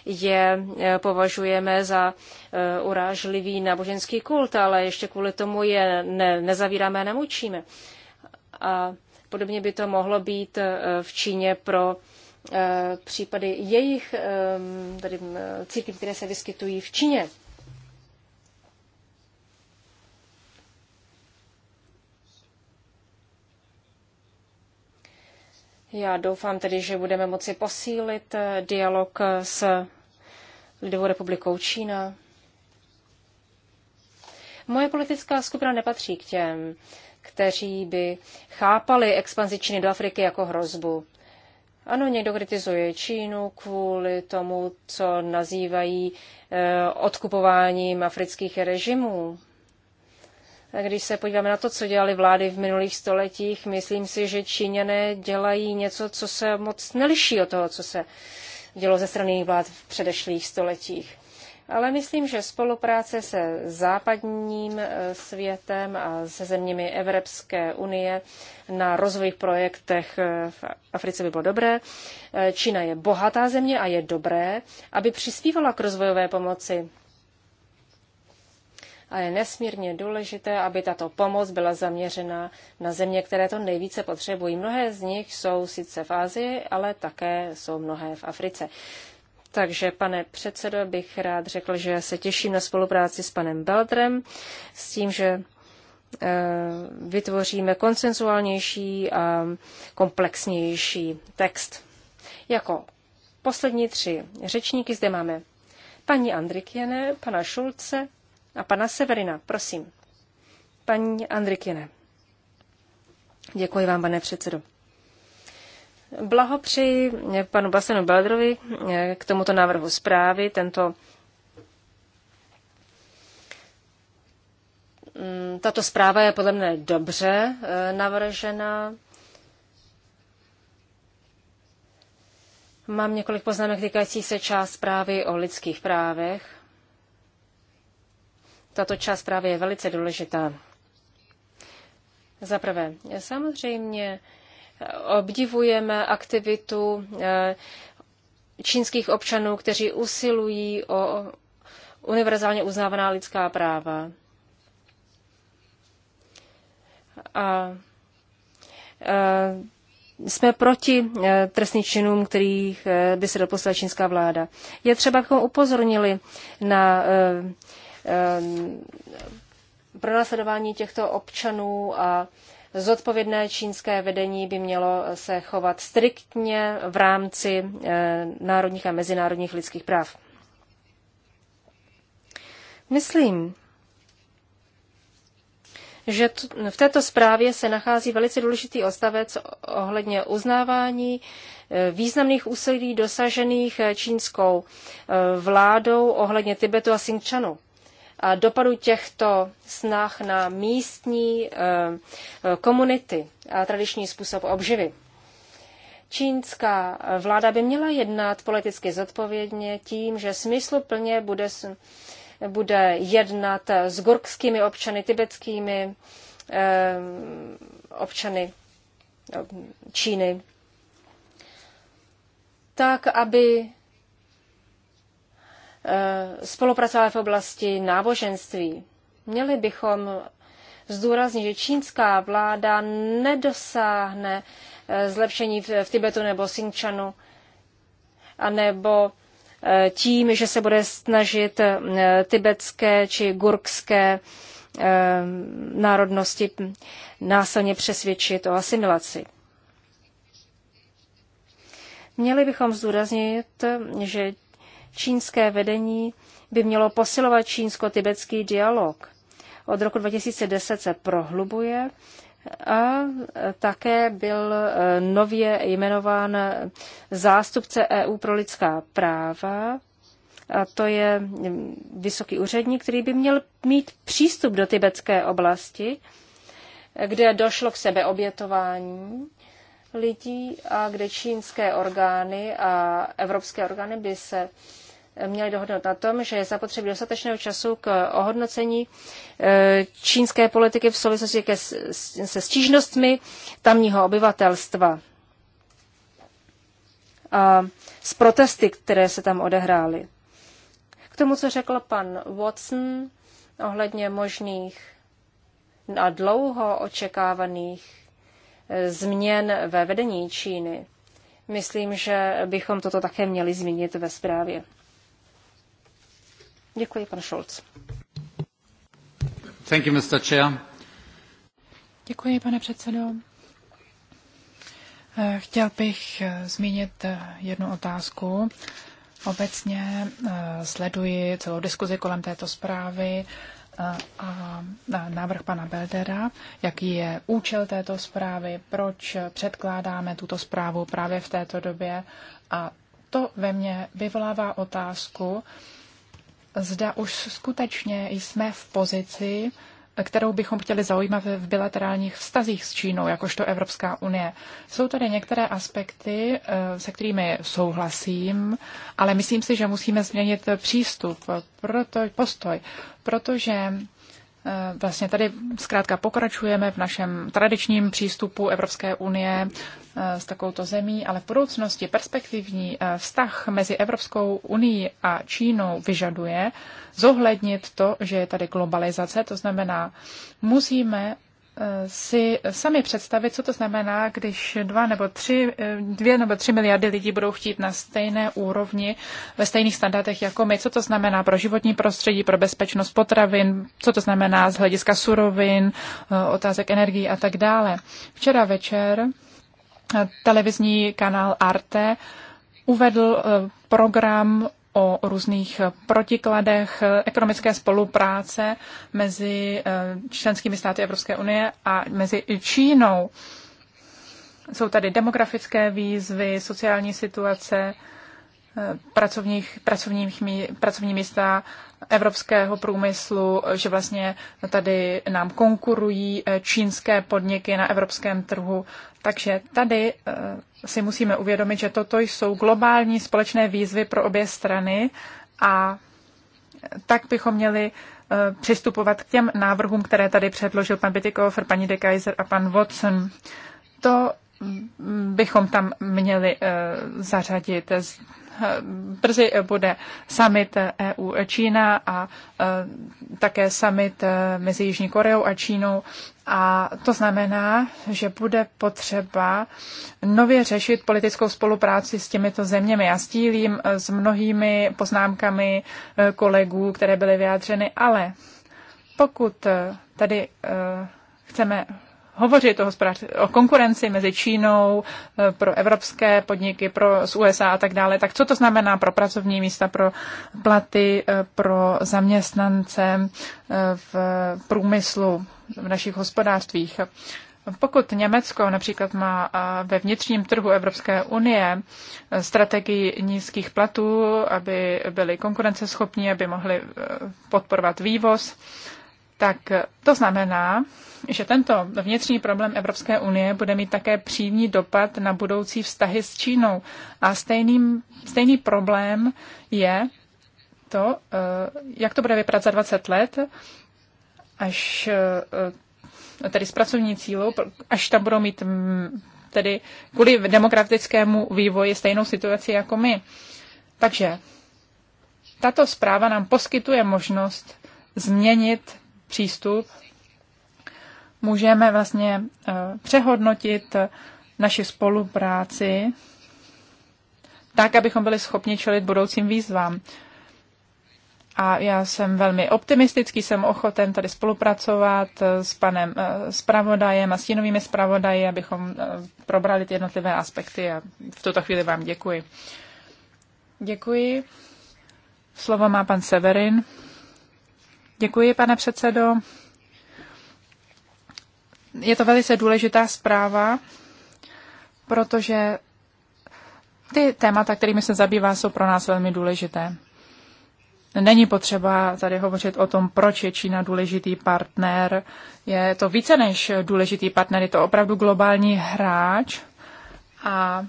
je e, považujeme za e, urážlivý náboženský kult, ale ještě kvůli tomu je ne, nezavíráme a nemučíme. A podobně by to mohlo být e, v Číně pro Eh, případy jejich eh, tady eh, církví, které se vyskytují v Číně. Já doufám tedy, že budeme moci posílit dialog s Lidovou republikou Čína. Moje politická skupina nepatří k těm, kteří by chápali expanzi Číny do Afriky jako hrozbu. Ano, někdo kritizuje Čínu kvůli tomu, co nazývají eh, odkupováním afrických režimů. A když se podíváme na to, co dělali vlády v minulých stoletích, myslím si, že Číňané dělají něco, co se moc neliší od toho, co se dělo ze strany vlád v předešlých stoletích. Ale myslím, že spolupráce se západním eh, světem a se zeměmi Evropské unie na rozvojích projektech eh, v Africe by bylo dobré. Eh, Čína je bohatá země a je dobré, aby přispívala k rozvojové pomoci. A je nesmírně důležité, aby tato pomoc byla zaměřena na země, které to nejvíce potřebují. Mnohé z nich jsou sice v Ázii, ale také jsou mnohé v Africe. Takže, pane předsedo, bych rád řekl, že se těším na spolupráci s panem Beltrem, s tím, že eh, vytvoříme konsenzuálnější a komplexnější text. Jako poslední tři řečníky zde máme paní Andrikjene, pana Šulce a pana Severina. Prosím. Paní Andrikjene. Děkuji vám, pane předsedo. Blahopřeji panu Basenu Belderovi eh, k tomuto návrhu zprávy. Tento mm, tato zpráva je podle mne dobře eh, navržena. Mám několik poznámek týkajících se část zprávy o lidských právech. Tato část zprávy je velice důležitá. Za prvé, samozřejmě obdivujeme aktivitu eh, čínských občanů, kteří usilují o univerzálně uznávaná lidská práva. A eh, jsme proti eh, trestným činům, kterých by se dopustila čínská vláda. Je třeba, abychom upozornili na pronásledování těchto občanů a Zodpovědné čínské vedení by mělo se chovat striktně v rámci eh, národních a mezinárodních lidských práv. Myslím, že v této zprávě se nachází velice důležitý odstavec ohledně uznávání eh, významných úsilí dosažených eh, čínskou vládou ohledně Tibetu a Xinjiangu a dopadu těchto snah na místní eh, komunity a tradiční způsob obživy. Čínská vláda by měla jednat politicky zodpovědně tím, že smysluplně bude, bude jednat s gurkskými občany, tibetskými eh, občany eh, Číny, tak aby Eh, spolupracovat v oblasti náboženství. Měli bychom zdůraznit, že čínská vláda nedosáhne eh, zlepšení v Tibetu nebo a anebo eh, tím, že se bude snažit tibetské či gurkské národnosti násilně přesvědčit o asimilaci. Měli bychom zdůraznit, že Čínské vedení by mělo posilovat čínsko-tibetský dialog. Od roku 2010 se prohlubuje a také byl eh, nově jmenován zástupce EU pro lidská práva. A to je hm, vysoký úředník, který by měl mít přístup do tibetské oblasti, kde došlo k sebeobětování lidí a kde čínské orgány a evropské orgány by se měli dohodnout na tom, že je zapotřebí dostatečného času k ohodnocení eh, čínské politiky v souvislosti se stížnostmi tamního obyvatelstva a s protesty, které se tam odehrály. K tomu, co řekl pan Watson ohledně možných a dlouho očekávaných eh, změn ve vedení Číny, myslím, že bychom toto také měli zmínit ve zprávě. Děkuji, pan Scholz. Thank you, Mr. Chair. Děkuji, pane předsedo. Eh, chtěl bych eh, zmínit eh, jednu otázku. Obecně sleduji celou diskuzi kolem této zprávy a návrh pana Beldera, jaký je účel této zprávy, proč předkládáme tuto zprávu právě v této době. A to ve mně vyvolává otázku, zda už skutečně jsme v pozici, kterou bychom chtěli zaujímat v bilaterálních vztazích s Čínou, jakožto Evropská unie. Jsou tady některé aspekty, eh, se kterými souhlasím, ale myslím si, že musíme změnit přístup, proto, postoj, protože Eh, vlastně tady zkrátka pokračujeme v našem tradičním přístupu Evropské unie eh, s takovouto zemí, ale v budoucnosti perspektivní eh, vztah mezi Evropskou unii a Čínou vyžaduje zohlednit to, že je tady globalizace, to znamená, musíme si sami představit, co to znamená, když dva nebo tři, dvě nebo tři miliardy lidí budou chtít na stejné úrovni, ve stejných standardech jako my, co to znamená pro životní prostředí, pro bezpečnost potravin, co to znamená z hlediska surovin, otázek energii a tak dále. Včera večer televizní kanál Arte uvedl eh, program o různých protikladech ekonomické spolupráce mezi eh, členskými státy Evropské unie a mezi Čínou. Jsou tady demografické výzvy, sociální situace, eh, pracovních, pracovních, pracovní místa, evropského průmyslu, že vlastně tady nám konkurují eh, čínské podniky na evropském trhu. Takže tady eh, si musíme uvědomit, že toto jsou globální společné výzvy pro obě strany a tak bychom měli eh, přistupovat k těm návrhům, které tady předložil pan Bitikofer, paní de Kaiser a pan Watson. To mm, bychom tam měli zařadit. Eh, brzy bude summit EU-Čína eh, e eh, a také summit mezi Jižní Koreou a Čínou. A to znamená, že bude potřeba nově řešit politickou spolupráci s těmito zeměmi. Já stílím s mnohými poznámkami kolegů, které byly vyjádřeny, ale pokud tady chceme hovořit o, o konkurenci mezi Čínou eh, pro evropské podniky, pro z USA a tak dále, tak co to znamená pro pracovní místa, pro platy, eh, pro zaměstnance eh, v průmyslu, v našich hospodářstvích. Pokud Německo například má ve vnitřním trhu Evropské unie strategii nízkých platů, aby byly konkurenceschopní, aby mohly podporovat vývoz, tak to znamená, že tento vnitřní problém Evropské unie bude mít také přímý dopad na budoucí vztahy s Čínou. A stejným, stejný problém je to, eh, jak to bude vypadat za 20 let, až eh, tedy pracovní cílou, až tam budou mít mm, tedy kvůli demokratickému vývoji stejnou situaci jako my. Takže tato zpráva nám poskytuje možnost změnit přístup, můžeme vlastně eh, přehodnotit naši spolupráci tak, abychom byli schopni čelit budoucím výzvám. A já jsem velmi optimistický, jsem ochoten tady spolupracovat eh, s panem eh, zpravodajem a stínovými zpravodaji, abychom probrali ty jednotlivé aspekty a v tuto chvíli vám děkuji. Děkuji. Slovo má pan Severin. Děkuji, pane předsedo. Je to velice důležitá zpráva, protože ty témata, kterými se zabývá, jsou pro nás velmi důležité. Není potřeba tady hovořit o tom, proč je Čína důležitý partner. Je to více než důležitý partner, je to opravdu globální hráč a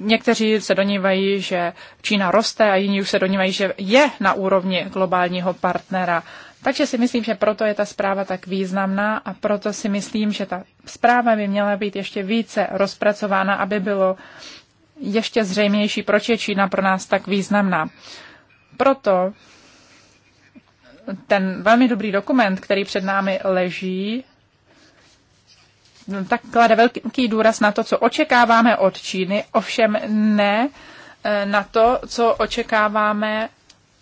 Někteří se donívají, že Čína roste a jiní už se donívají, že je na úrovni globálního partnera. Takže si myslím, že proto je ta zpráva tak významná a proto si myslím, že ta zpráva by měla být ještě více rozpracována, aby bylo ještě zřejmější, proč je Čína pro nás tak významná. Proto ten velmi dobrý dokument, který před námi leží, tak klade velký důraz na to, co očekáváme od Číny, ovšem ne eh, na to, co očekáváme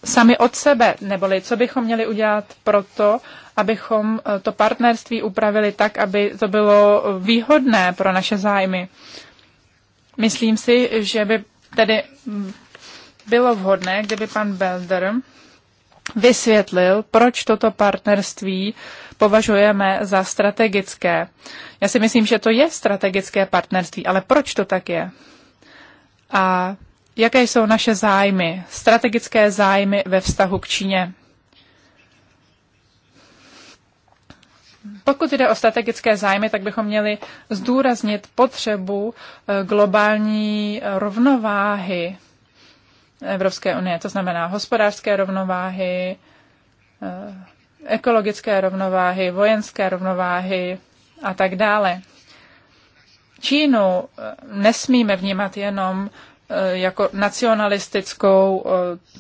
sami od sebe, neboli co bychom měli udělat pro to, abychom eh, to partnerství upravili tak, aby to bylo výhodné pro naše zájmy. Myslím si, že by tedy mm, bylo vhodné, kdyby pan Belder vysvětlil, proč toto partnerství považujeme za strategické. Já si myslím, že to je strategické partnerství, ale proč to tak je? A jaké jsou naše zájmy, strategické zájmy ve vztahu k Číně? Pokud jde o strategické zájmy, tak bychom měli zdůraznit potřebu eh, globální eh, rovnováhy Evropské unie, to znamená hospodářské rovnováhy, eh, ekologické rovnováhy, vojenské rovnováhy a tak dále. Čínu eh, nesmíme vnímat jenom eh, jako nacionalistickou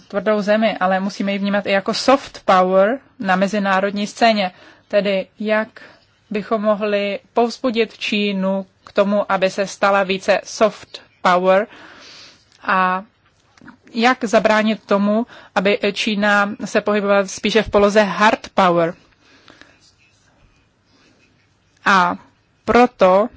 tvrdou zemi, ale musíme ji vnímat i jako soft power na mezinárodní scéně. Tedy jak bychom mohli povzbudit Čínu k tomu, aby se stala více soft power a jak zabránit tomu, aby Čína se pohybovala spíše v poloze hard power. A proto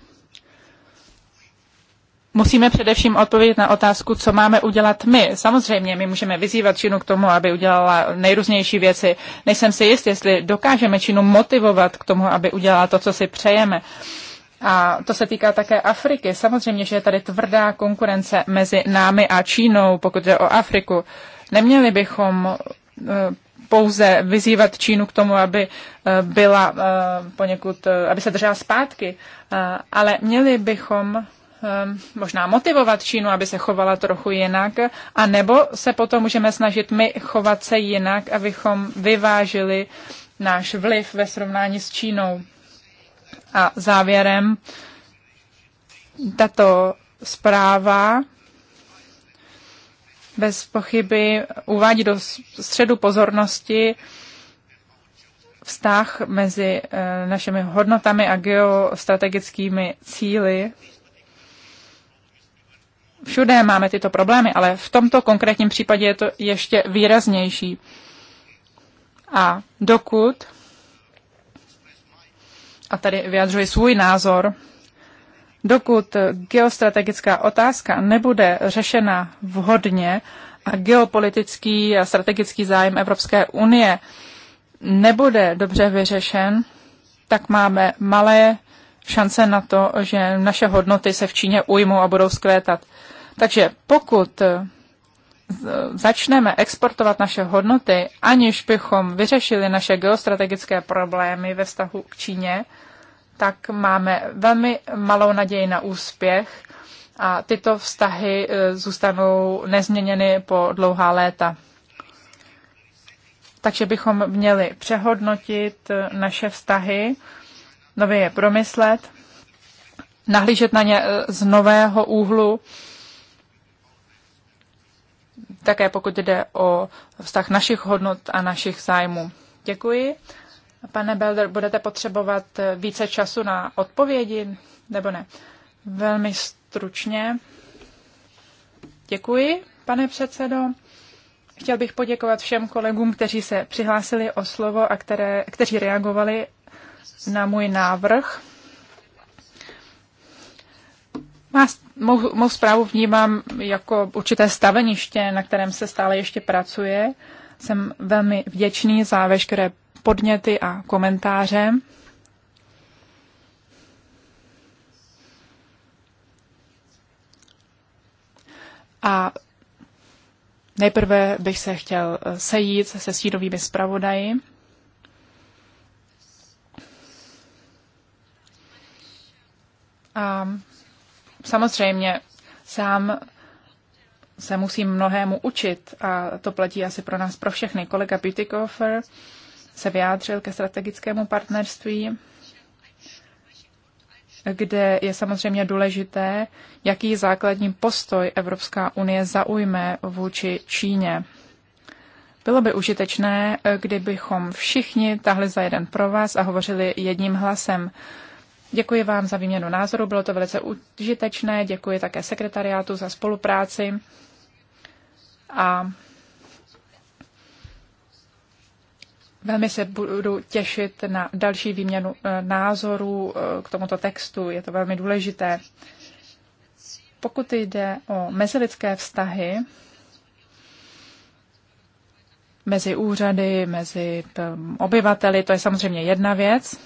musíme především odpovědět na otázku, co máme udělat my. Samozřejmě, my můžeme vyzývat Čínu k tomu, aby udělala nejrůznější věci. Nejsem si jist, jestli dokážeme Čínu motivovat k tomu, aby udělala to, co si přejeme. Uh, a to se týká také Afriky. Samozřejmě, že je tady tvrdá konkurence mezi námi a Čínou, pokud jde o Afriku. Neměli bychom eh, pouze vyzývat Čínu k tomu, aby eh, byla eh, poněkud, aby se držela zpátky, ale měli bychom možná motivovat Čínu, aby se chovala trochu jinak, a nebo se potom můžeme snažit my chovat se jinak, abychom vyvážili náš vliv ve srovnání s Čínou. A závěrem, tato zpráva bez pochyby uvádí do středu pozornosti vztah mezi eh, našimi hodnotami a geostrategickými cíly. Všude máme tyto problémy, ale v tomto konkrétním případě je to ještě výraznější. A dokud a tady vyjadřuji svůj názor, dokud geostrategická otázka nebude řešena vhodně a geopolitický a strategický zájem Evropské unie nebude dobře vyřešen, tak máme malé šance na to, že naše hodnoty se v Číně ujmou a budou skvétat. Takže pokud začneme exportovat naše hodnoty, aniž bychom vyřešili naše geostrategické problémy ve vztahu k Číně, tak máme velmi malou naději na úspěch a tyto vztahy e, zůstanou nezměněny po dlouhá léta. Takže bychom měli přehodnotit e, naše vztahy, nově je promyslet, nahlížet na ně e, z nového úhlu také pokud jde o vztah našich hodnot a našich zájmů. Děkuji. Pane Belder, budete potřebovat více času na odpovědi, nebo ne? Velmi stručně. Děkuji, pane předsedo. Chtěl bych poděkovat všem kolegům, kteří se přihlásili o slovo a které, kteří reagovali na můj návrh. Má, mou, mou zprávu vnímám jako určité staveniště, na kterém se stále ještě pracuje. Jsem velmi vděčný za veškeré podněty a komentáře. A nejprve bych se chtěl sejít se stínovými zpravodaji. A Samozřejmě sám se musím mnohému učit a to platí asi pro nás, pro všechny. Kolega Bütikofer se vyjádřil ke strategickému partnerství, kde je samozřejmě důležité, jaký základní postoj Evropská unie zaujme vůči Číně. Bylo by užitečné, kdybychom všichni tahli za jeden pro vás a hovořili jedním hlasem. Děkuji vám za výměnu názoru, bylo to velice užitečné. Děkuji také sekretariátu za spolupráci. A Velmi se budu těšit na další výměnu eh, názorů eh, k tomuto textu. Je to velmi důležité. Pokud jde o mezilidské vztahy mezi úřady, mezi eh, obyvateli, to je samozřejmě jedna věc.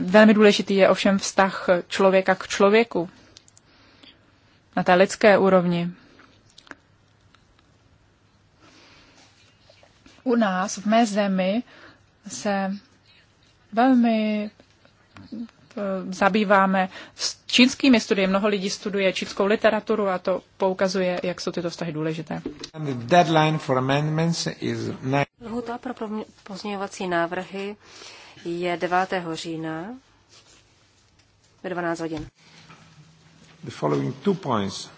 Velmi důležitý je ovšem vztah člověka k člověku na té lidské úrovni. U nás, v mé zemi, se velmi eh, zabýváme s čínskými studie. Mnoho lidí studuje čínskou literaturu a to poukazuje, jak jsou tyto vztahy důležité. Lhuta pro pozměňovací návrhy je 9. října ve 12 hodin. The following two points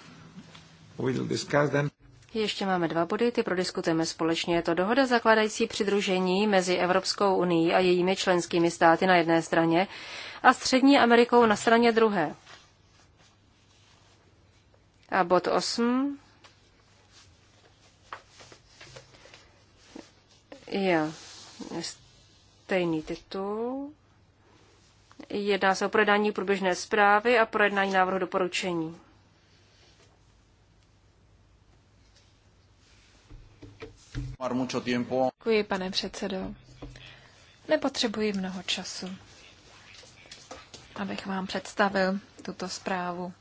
we'll discuss then. Ještě máme dva body, ty prodiskutujeme společně. Je to dohoda zakládající přidružení mezi Evropskou unii a jejími členskými státy na jedné straně a Střední Amerikou na straně druhé. A bod 8. Je stejný titul. Jedná se o projednání průběžné zprávy a projednání návrhu doporučení. Děkuji, pane předsedo. Nepotřebuji mnoho času, abych vám představil tuto zprávu.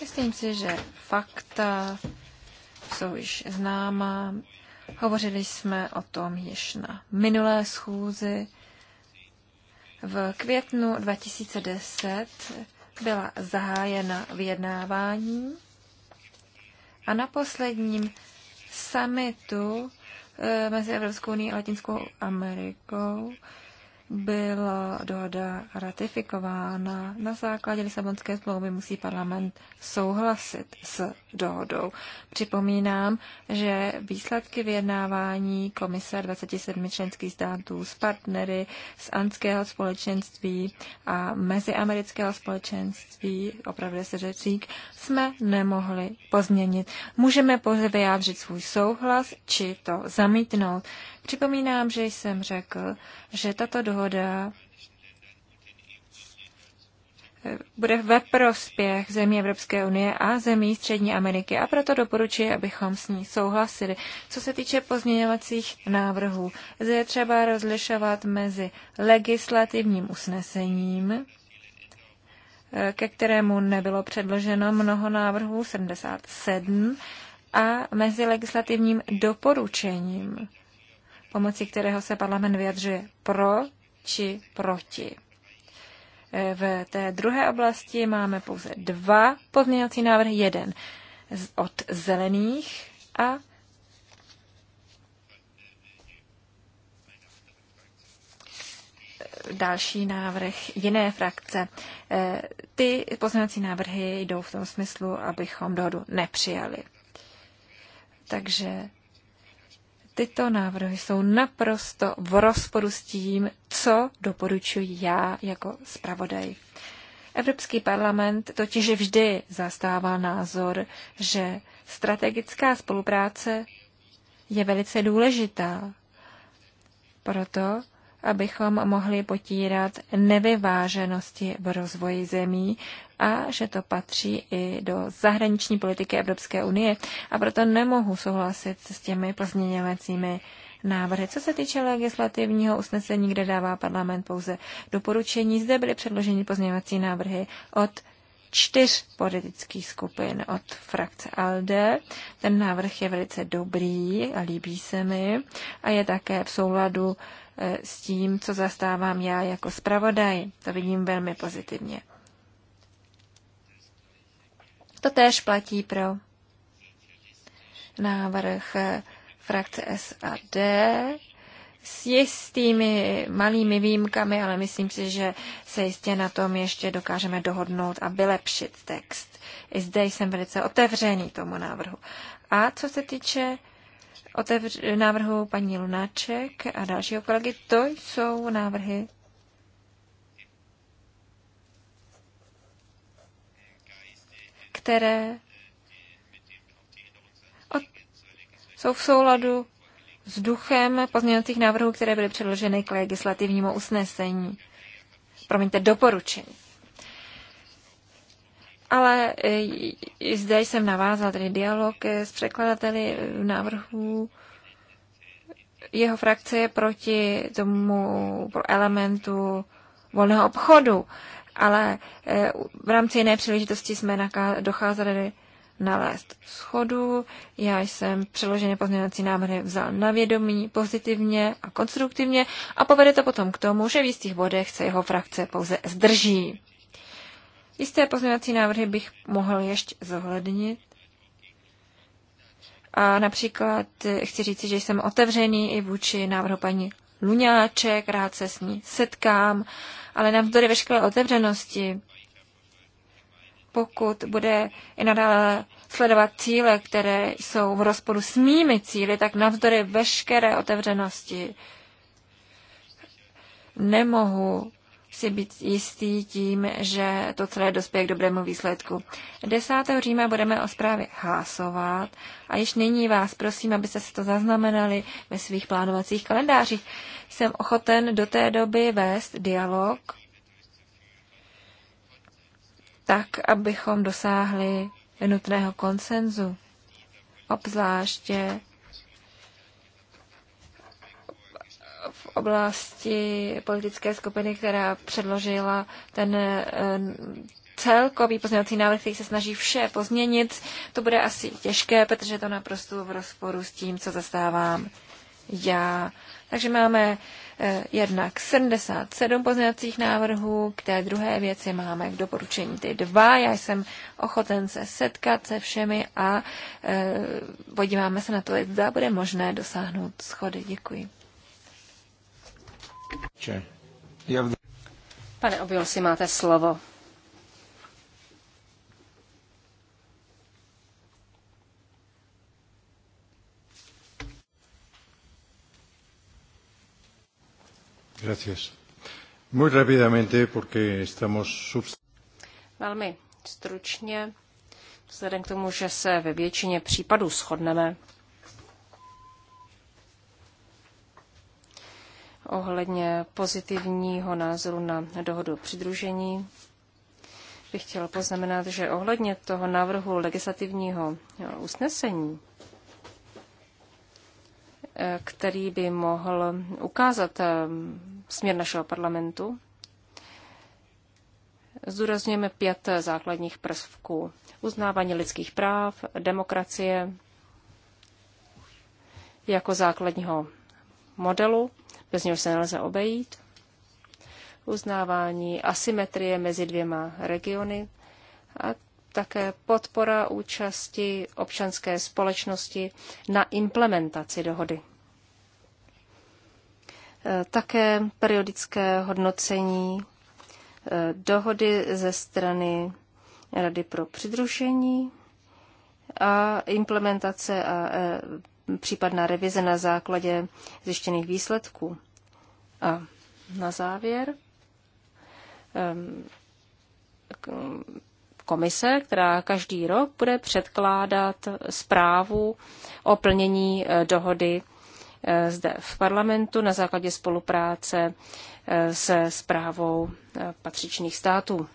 Myslím si, že fakta jsou již známá Hovořili jsme o tom již na minulé schůzi. V květnu 2010 byla zahájena vyjednávání a na posledním summitu eh, mezi Evropskou unii a Latinskou Amerikou byla dohoda ratifikována. Na základě Lisabonské smlouvy musí parlament souhlasit s dohodou. Připomínám, že výsledky vyjednávání komise 27 členských států s partnery z Anského společenství a Meziamerického společenství, opravdu se řečík, jsme nemohli pozměnit. Můžeme pouze vyjádřit svůj souhlas či to zamítnout. Připomínám, že jsem řekl, že tato dohoda eh, bude ve prospěch zemí Evropské unie a zemí Střední Ameriky a proto doporučuji, abychom s ní souhlasili. Co se týče pozměňovacích návrhů, zde je třeba rozlišovat mezi legislativním usnesením, eh, ke kterému nebylo předloženo mnoho návrhů, 77, a mezi legislativním doporučením pomocí kterého se parlament vyjadřuje pro či proti. E, v té druhé oblasti máme pouze dva pozměňovací návrhy. Jeden od zelených a další návrh jiné frakce. E, ty pozměňovací návrhy jdou v tom smyslu, abychom dohodu nepřijali. Takže Tyto návrhy jsou naprosto v rozporu s tím, co doporučuji já jako zpravodaj. Evropský parlament totiž vždy zastával názor, že strategická spolupráce je velice důležitá. Proto abychom mohli potírat nevyváženosti v rozvoji zemí a že to patří i do zahraniční politiky Evropské unie. A proto nemohu souhlasit s těmi pozměňovacími návrhy. Co se týče legislativního usnesení, kde dává parlament pouze doporučení, zde byly předloženy pozměňovací návrhy od čtyř politických skupin od frakce ALDE. Ten návrh je velice dobrý a líbí se mi a je také v souladu E, s tím, co zastávám já jako zpravodaj. To vidím velmi pozitivně. To též platí pro návrh e, frakce SAD s jistými malými výjimkami, ale myslím si, že se jistě na tom ještě dokážeme dohodnout a vylepšit text. I zde jsem velice otevřený tomu návrhu. A co se týče otevř- návrhu paní Lunáček a dalšího kolegy. To jsou návrhy které od, jsou v souladu s duchem pozměňovacích návrhů, které byly předloženy k legislativnímu usnesení. Promiňte, doporučení. Ale e, zde jsem navázal tedy dialog e, s překladateli e, návrhů. Jeho frakce je proti tomu elementu volného obchodu, ale v rámci jiné příležitosti jsme docházeli nalézt schodu. Já jsem přeložené pozměňovací návrhy vzal na vědomí pozitivně a konstruktivně a povede to potom k tomu, že v jistých bodech se jeho frakce pouze zdrží. Jisté pozměňovací návrhy bych mohl ještě zohlednit. A například eh, chci říct, že jsem otevřený i vůči návrhu paní Luňáček, rád se s ní setkám, ale navzdory veškeré otevřenosti, pokud bude i nadále sledovat cíle, které jsou v rozporu s mými cíly, tak navzdory veškeré otevřenosti nemohu si být jistý tím, že to celé dospěje k dobrému výsledku. 10. října budeme o zprávě hlasovat a již nyní vás prosím, abyste se to zaznamenali ve svých plánovacích kalendářích. Jsem ochoten do té doby vést dialog tak, abychom dosáhli nutného konsenzu, obzvláště v oblasti politické skupiny, která předložila ten eh, celkový pozměňovací návrh, který se snaží vše pozměnit, to bude asi těžké, protože je to naprosto v rozporu s tím, co zastávám já. Takže máme eh, jednak 77 pozměňovacích návrhů, k té druhé věci máme k doporučení ty dva. Já jsem ochoten se setkat se všemi a eh, podíváme se na to, zda bude možné dosáhnout schody. Děkuji. Pane Obil, si máte slovo. Gracias. Muy rápidamente, porque estamos Velmi stručně, vzhledem k tomu, že se ve většině případů shodneme, ohledně pozitivního názoru na dohodu přidružení bych chtěla poznamenat, že ohledně toho návrhu legislativního usnesení, který by mohl ukázat eh, směr našeho parlamentu, zdůrazňujeme pět základních prvků. Uznávání lidských práv, demokracie jako základního modelu, bez něho se nelze obejít, uznávání asymetrie mezi dvěma regiony a také podpora účasti občanské společnosti na implementaci dohody. E, také periodické hodnocení e, dohody ze strany Rady pro přidružení a implementace a e, případná revize na základě zjištěných výsledků. A na závěr ehm, komise, která každý rok bude předkládat zprávu o plnění e, dohody e, zde v parlamentu na základě spolupráce e, se zprávou patřičných států.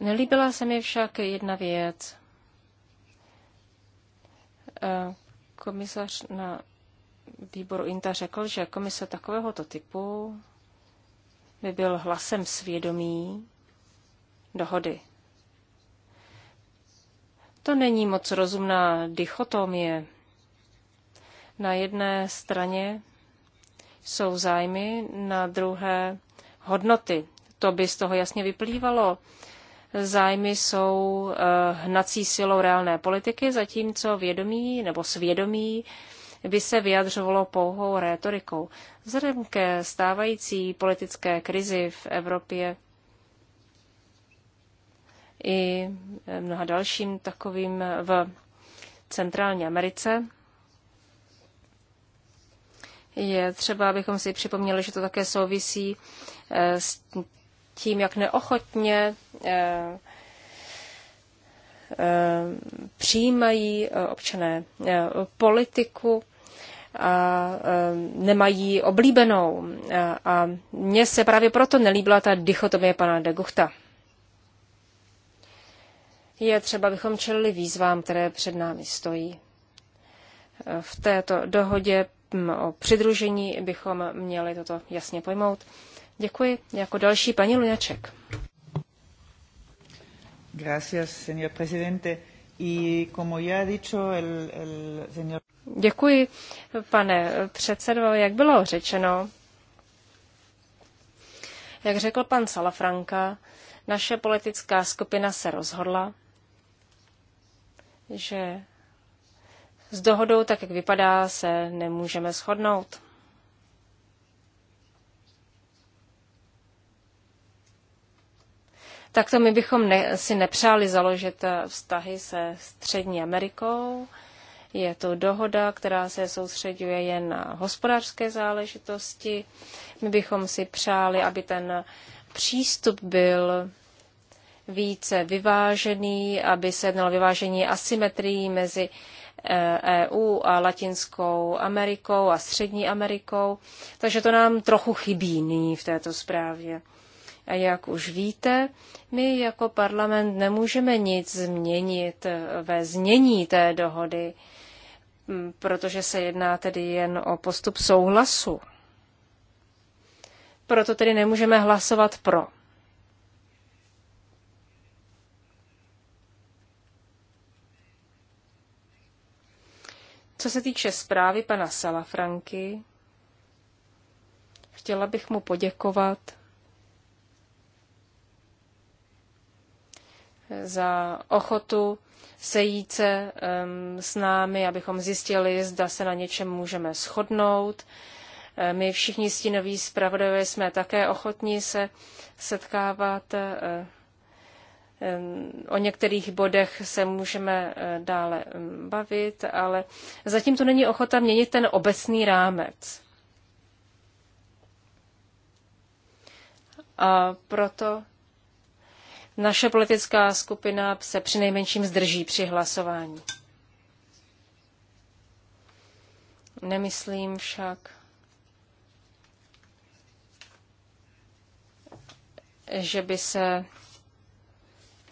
Nelíbila se mi však jedna věc. Eh, komisař na výboru INTA řekl, že komise takovéhoto typu by byl hlasem svědomí dohody. To není moc rozumná dichotomie. Na jedné straně jsou zájmy, na druhé hodnoty. To by z toho jasně vyplývalo, zájmy jsou eh, hnací silou reálné politiky, zatímco vědomí nebo svědomí by se vyjadřovalo pouhou rétorikou. Vzhledem ke stávající politické krizi v Evropě i mnoha dalším takovým v centrální Americe, je třeba, abychom si připomněli, že to také souvisí eh, s tím, jak neochotně eh, eh, přijímají eh, občané politiku a nemají oblíbenou. A mně se právě proto nelíbila ta dichotomie pana de Guchta. Je třeba, abychom čelili výzvám, které před námi stojí. V této dohodě hm, o přidružení bychom měli toto jasně pojmout. Děkuji. Jako další paní Lujaček. Gracias, señor presidente. Y como ya ha dicho el, el señor... Děkuji, pane předsedo. Jak bylo řečeno, jak řekl pan Salafranka, naše politická skupina se rozhodla, že s dohodou, tak jak vypadá, se nemůžeme shodnout. tak to my bychom ne, si nepřáli založit eh, vztahy se Střední Amerikou. Je to dohoda, která se soustředuje jen na hospodářské záležitosti. My bychom si přáli, aby ten přístup byl více vyvážený, aby se jednalo vyvážení asymetrií mezi EU eh, e a Latinskou Amerikou a Střední Amerikou. Takže to nám trochu chybí nyní v této zprávě. A jak už víte, my jako parlament nemůžeme nic změnit ve znění té dohody, protože se jedná tedy jen o postup souhlasu. Proto tedy nemůžeme hlasovat pro. Co se týče zprávy pana Salafranky, chtěla bych mu poděkovat za ochotu sejít se um, s námi, abychom zjistili, zda se na něčem můžeme shodnout. My všichni stínoví zpravodajové jsme také ochotní se setkávat. O některých bodech se můžeme eh, dále bavit, ale zatím to není ochota měnit ten obecný rámec. A proto naše politická skupina se přinejmenším zdrží při hlasování. Nemyslím však, že by se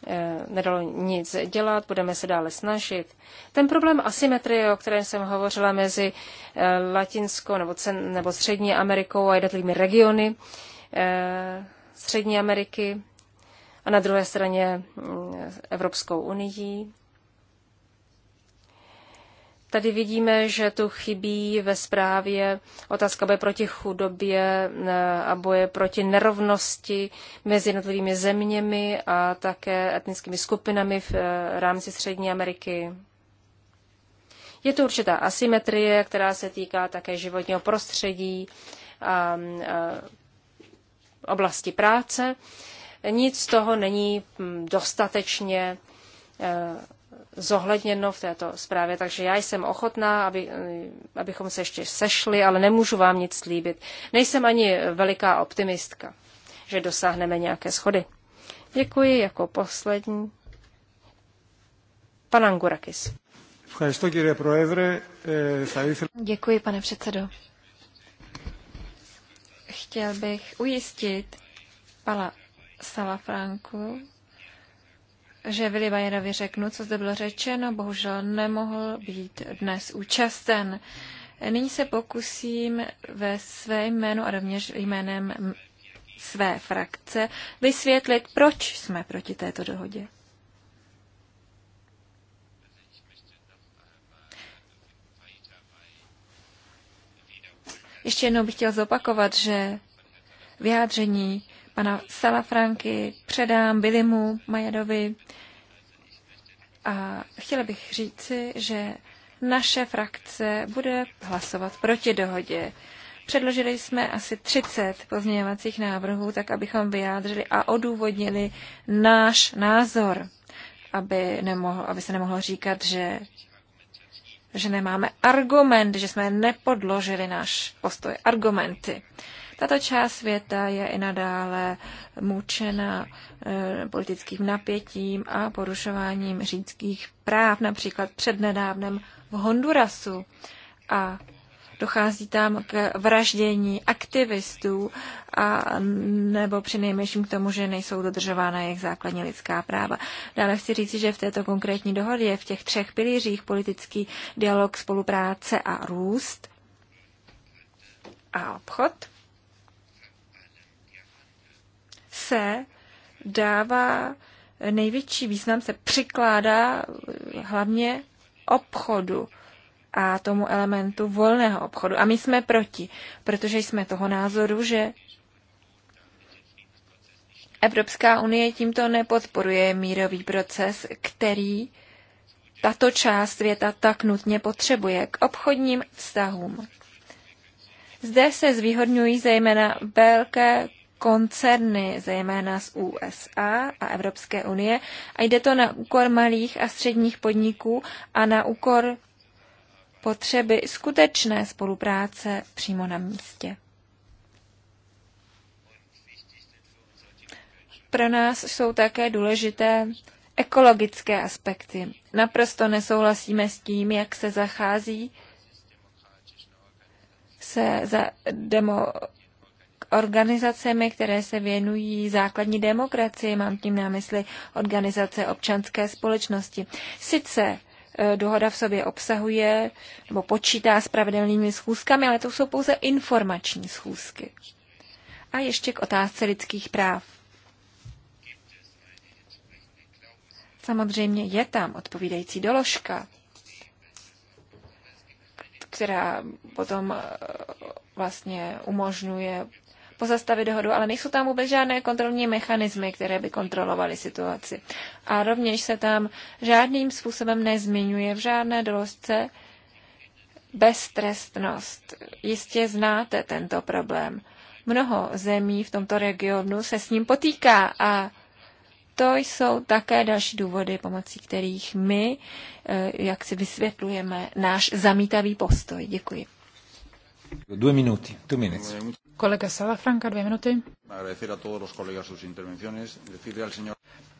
eh, nedalo nic dělat, budeme se dále snažit. Ten problém asymetrie, o kterém jsem hovořila mezi eh, Latinskou nebo, cen, nebo Střední Amerikou a jednotlivými regiony eh, Střední Ameriky, a na druhé straně mm, Evropskou unii. Tady vidíme, že tu chybí ve zprávě otázka boje proti chudobě mm, a boje proti nerovnosti mezi jednotlivými zeměmi a také etnickými skupinami v eh, rámci Střední Ameriky. Je to určitá asymetrie, která se týká také životního prostředí a mm, oblasti práce nic z toho není mm, dostatečně eh, zohledněno v této zprávě. Takže já jsem ochotná, aby, eh, abychom se ještě sešli, ale nemůžu vám nic slíbit. Nejsem ani veliká optimistka, že dosáhneme nějaké schody. Děkuji jako poslední. Pan Angurakis. Děkuji, pane předsedo. Chtěl bych ujistit pana, Salafranku, že Vili Bajerovi řeknu, co zde bylo řečeno, bohužel nemohl být dnes účasten. Nyní se pokusím ve své jménu a rovněž jménem své frakce vysvětlit, proč jsme proti této dohodě. Ještě jednou bych chtěl zopakovat, že vyjádření pana Salafranky, předám Bilimu Majadovi. A chtěla bych říci, že naše frakce bude hlasovat proti dohodě. Předložili jsme asi 30 pozměňovacích návrhů, tak abychom vyjádřili a odůvodnili náš názor, aby, nemohl, aby se nemohlo říkat, že, že nemáme argument, že jsme nepodložili náš postoj argumenty. Tato část světa je i nadále mučena eh, politickým napětím a porušováním řídských práv, například přednedávnem v Hondurasu. A dochází tam k vraždění aktivistů a nebo přinejmenším k tomu, že nejsou dodržována jejich základní lidská práva. Dále chci říci, že v této konkrétní dohodě, v těch třech pilířích politický dialog, spolupráce a růst a obchod, se dává největší význam, se přikládá hlavně obchodu a tomu elementu volného obchodu. A my jsme proti, protože jsme toho názoru, že Evropská unie tímto nepodporuje mírový proces, který tato část světa tak nutně potřebuje k obchodním vztahům. Zde se zvýhodňují zejména velké koncerny, zejména z USA a Evropské unie, a jde to na úkor malých a středních podniků a na úkor potřeby skutečné spolupráce přímo na místě. Pro nás jsou také důležité ekologické aspekty. Naprosto nesouhlasíme s tím, jak se zachází se za demo, organizacemi, které se věnují základní demokracii, mám tím na mysli organizace občanské společnosti. Sice e, dohoda v sobě obsahuje nebo počítá s pravidelnými schůzkami, ale to jsou pouze informační schůzky. A ještě k otázce lidských práv. Samozřejmě je tam odpovídající doložka, která potom e, vlastně umožňuje pozastavit dohodu, ale nejsou tam vůbec žádné kontrolní mechanismy, které by kontrolovaly situaci. A rovněž se tam žádným způsobem nezmiňuje v žádné doložce beztrestnost. Jistě znáte tento problém. Mnoho zemí v tomto regionu se s ním potýká a to jsou také další důvody, pomocí kterých my, eh, jak si vysvětlujeme, náš zamítavý postoj. Děkuji. Dvě minuty, two minutes. Kolega Salafranka, dvě minuty.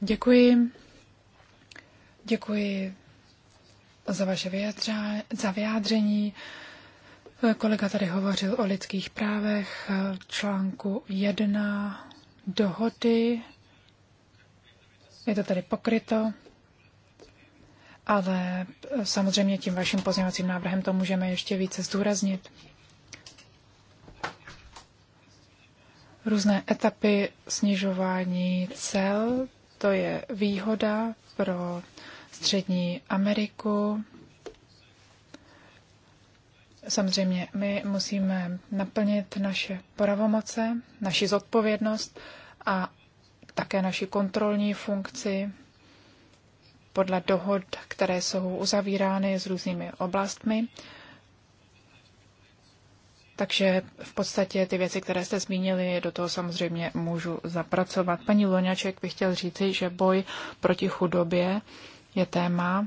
Děkuji. Děkuji za vaše vyjadře, za vyjádření. Kolega tady hovořil o lidských právech, článku 1 dohody. Je to tady pokryto, ale samozřejmě tím vaším pozměňovacím návrhem to můžeme ještě více zdůraznit. různé etapy snižování cel. To je výhoda pro Střední Ameriku. Samozřejmě my musíme naplnit naše pravomoce, naši zodpovědnost a také naši kontrolní funkci podle dohod, které jsou uzavírány s různými oblastmi. Takže v podstatě ty věci, které jste zmínili, do toho samozřejmě můžu zapracovat. Paní Loňaček bych chtěl říci, že boj proti chudobě je téma,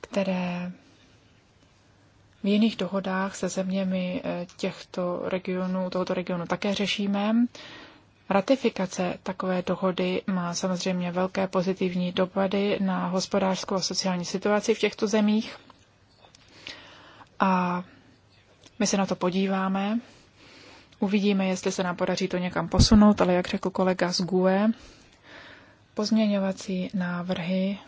které v jiných dohodách se zeměmi eh, těchto regionů, tohoto regionu také řešíme. Ratifikace takové dohody má samozřejmě velké pozitivní dopady na hospodářskou a sociální situaci v těchto zemích. A my se na to podíváme. Uvidíme, jestli se nám podaří to někam posunout, ale jak řekl kolega z GUE, pozměňovací návrhy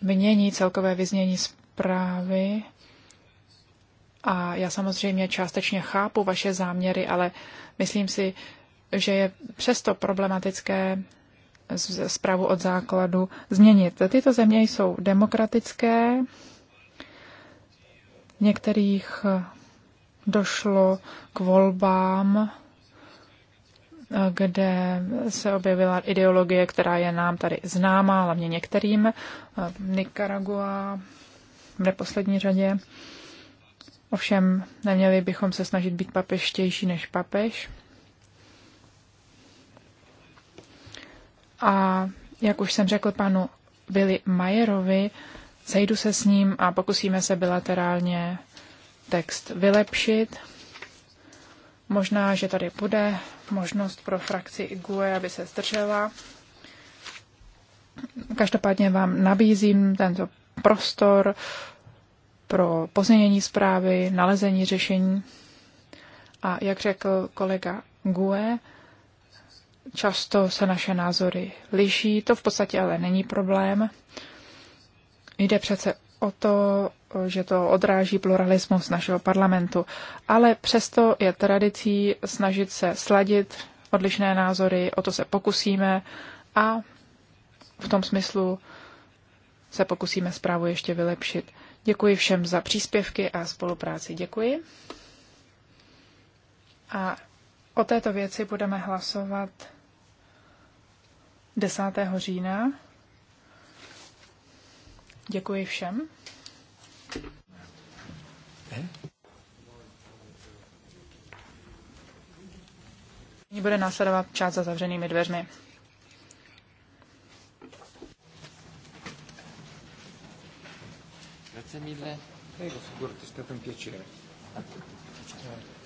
mění celkové vyznění zprávy. A já samozřejmě částečně chápu vaše záměry, ale myslím si, že je přesto problematické zprávu od základu změnit. Tyto země jsou demokratické, v některých došlo k volbám, kde se objevila ideologie, která je nám tady známá, hlavně některým, Nicaragua v neposlední řadě. Ovšem, neměli bychom se snažit být papeštější než papež. A jak už jsem řekl panu Billy Majerovi, sejdu se s ním a pokusíme se bilaterálně text vylepšit. Možná, že tady bude možnost pro frakci GUE, aby se zdržela. Každopádně vám nabízím tento prostor pro pozměnění zprávy, nalezení řešení. A jak řekl kolega GUE, Často se naše názory liší, to v podstatě ale není problém. Jde přece o to, že to odráží pluralismus našeho parlamentu, ale přesto je tradicí snažit se sladit odlišné názory, o to se pokusíme a v tom smyslu se pokusíme zprávu ještě vylepšit. Děkuji všem za příspěvky a spolupráci. Děkuji. A o této věci budeme hlasovat 10. října. Děkuji všem. Nyní bude následovat část za zavřenými dveřmi. Grazie mille. Prego, figurati, è stato un piacere. Ah,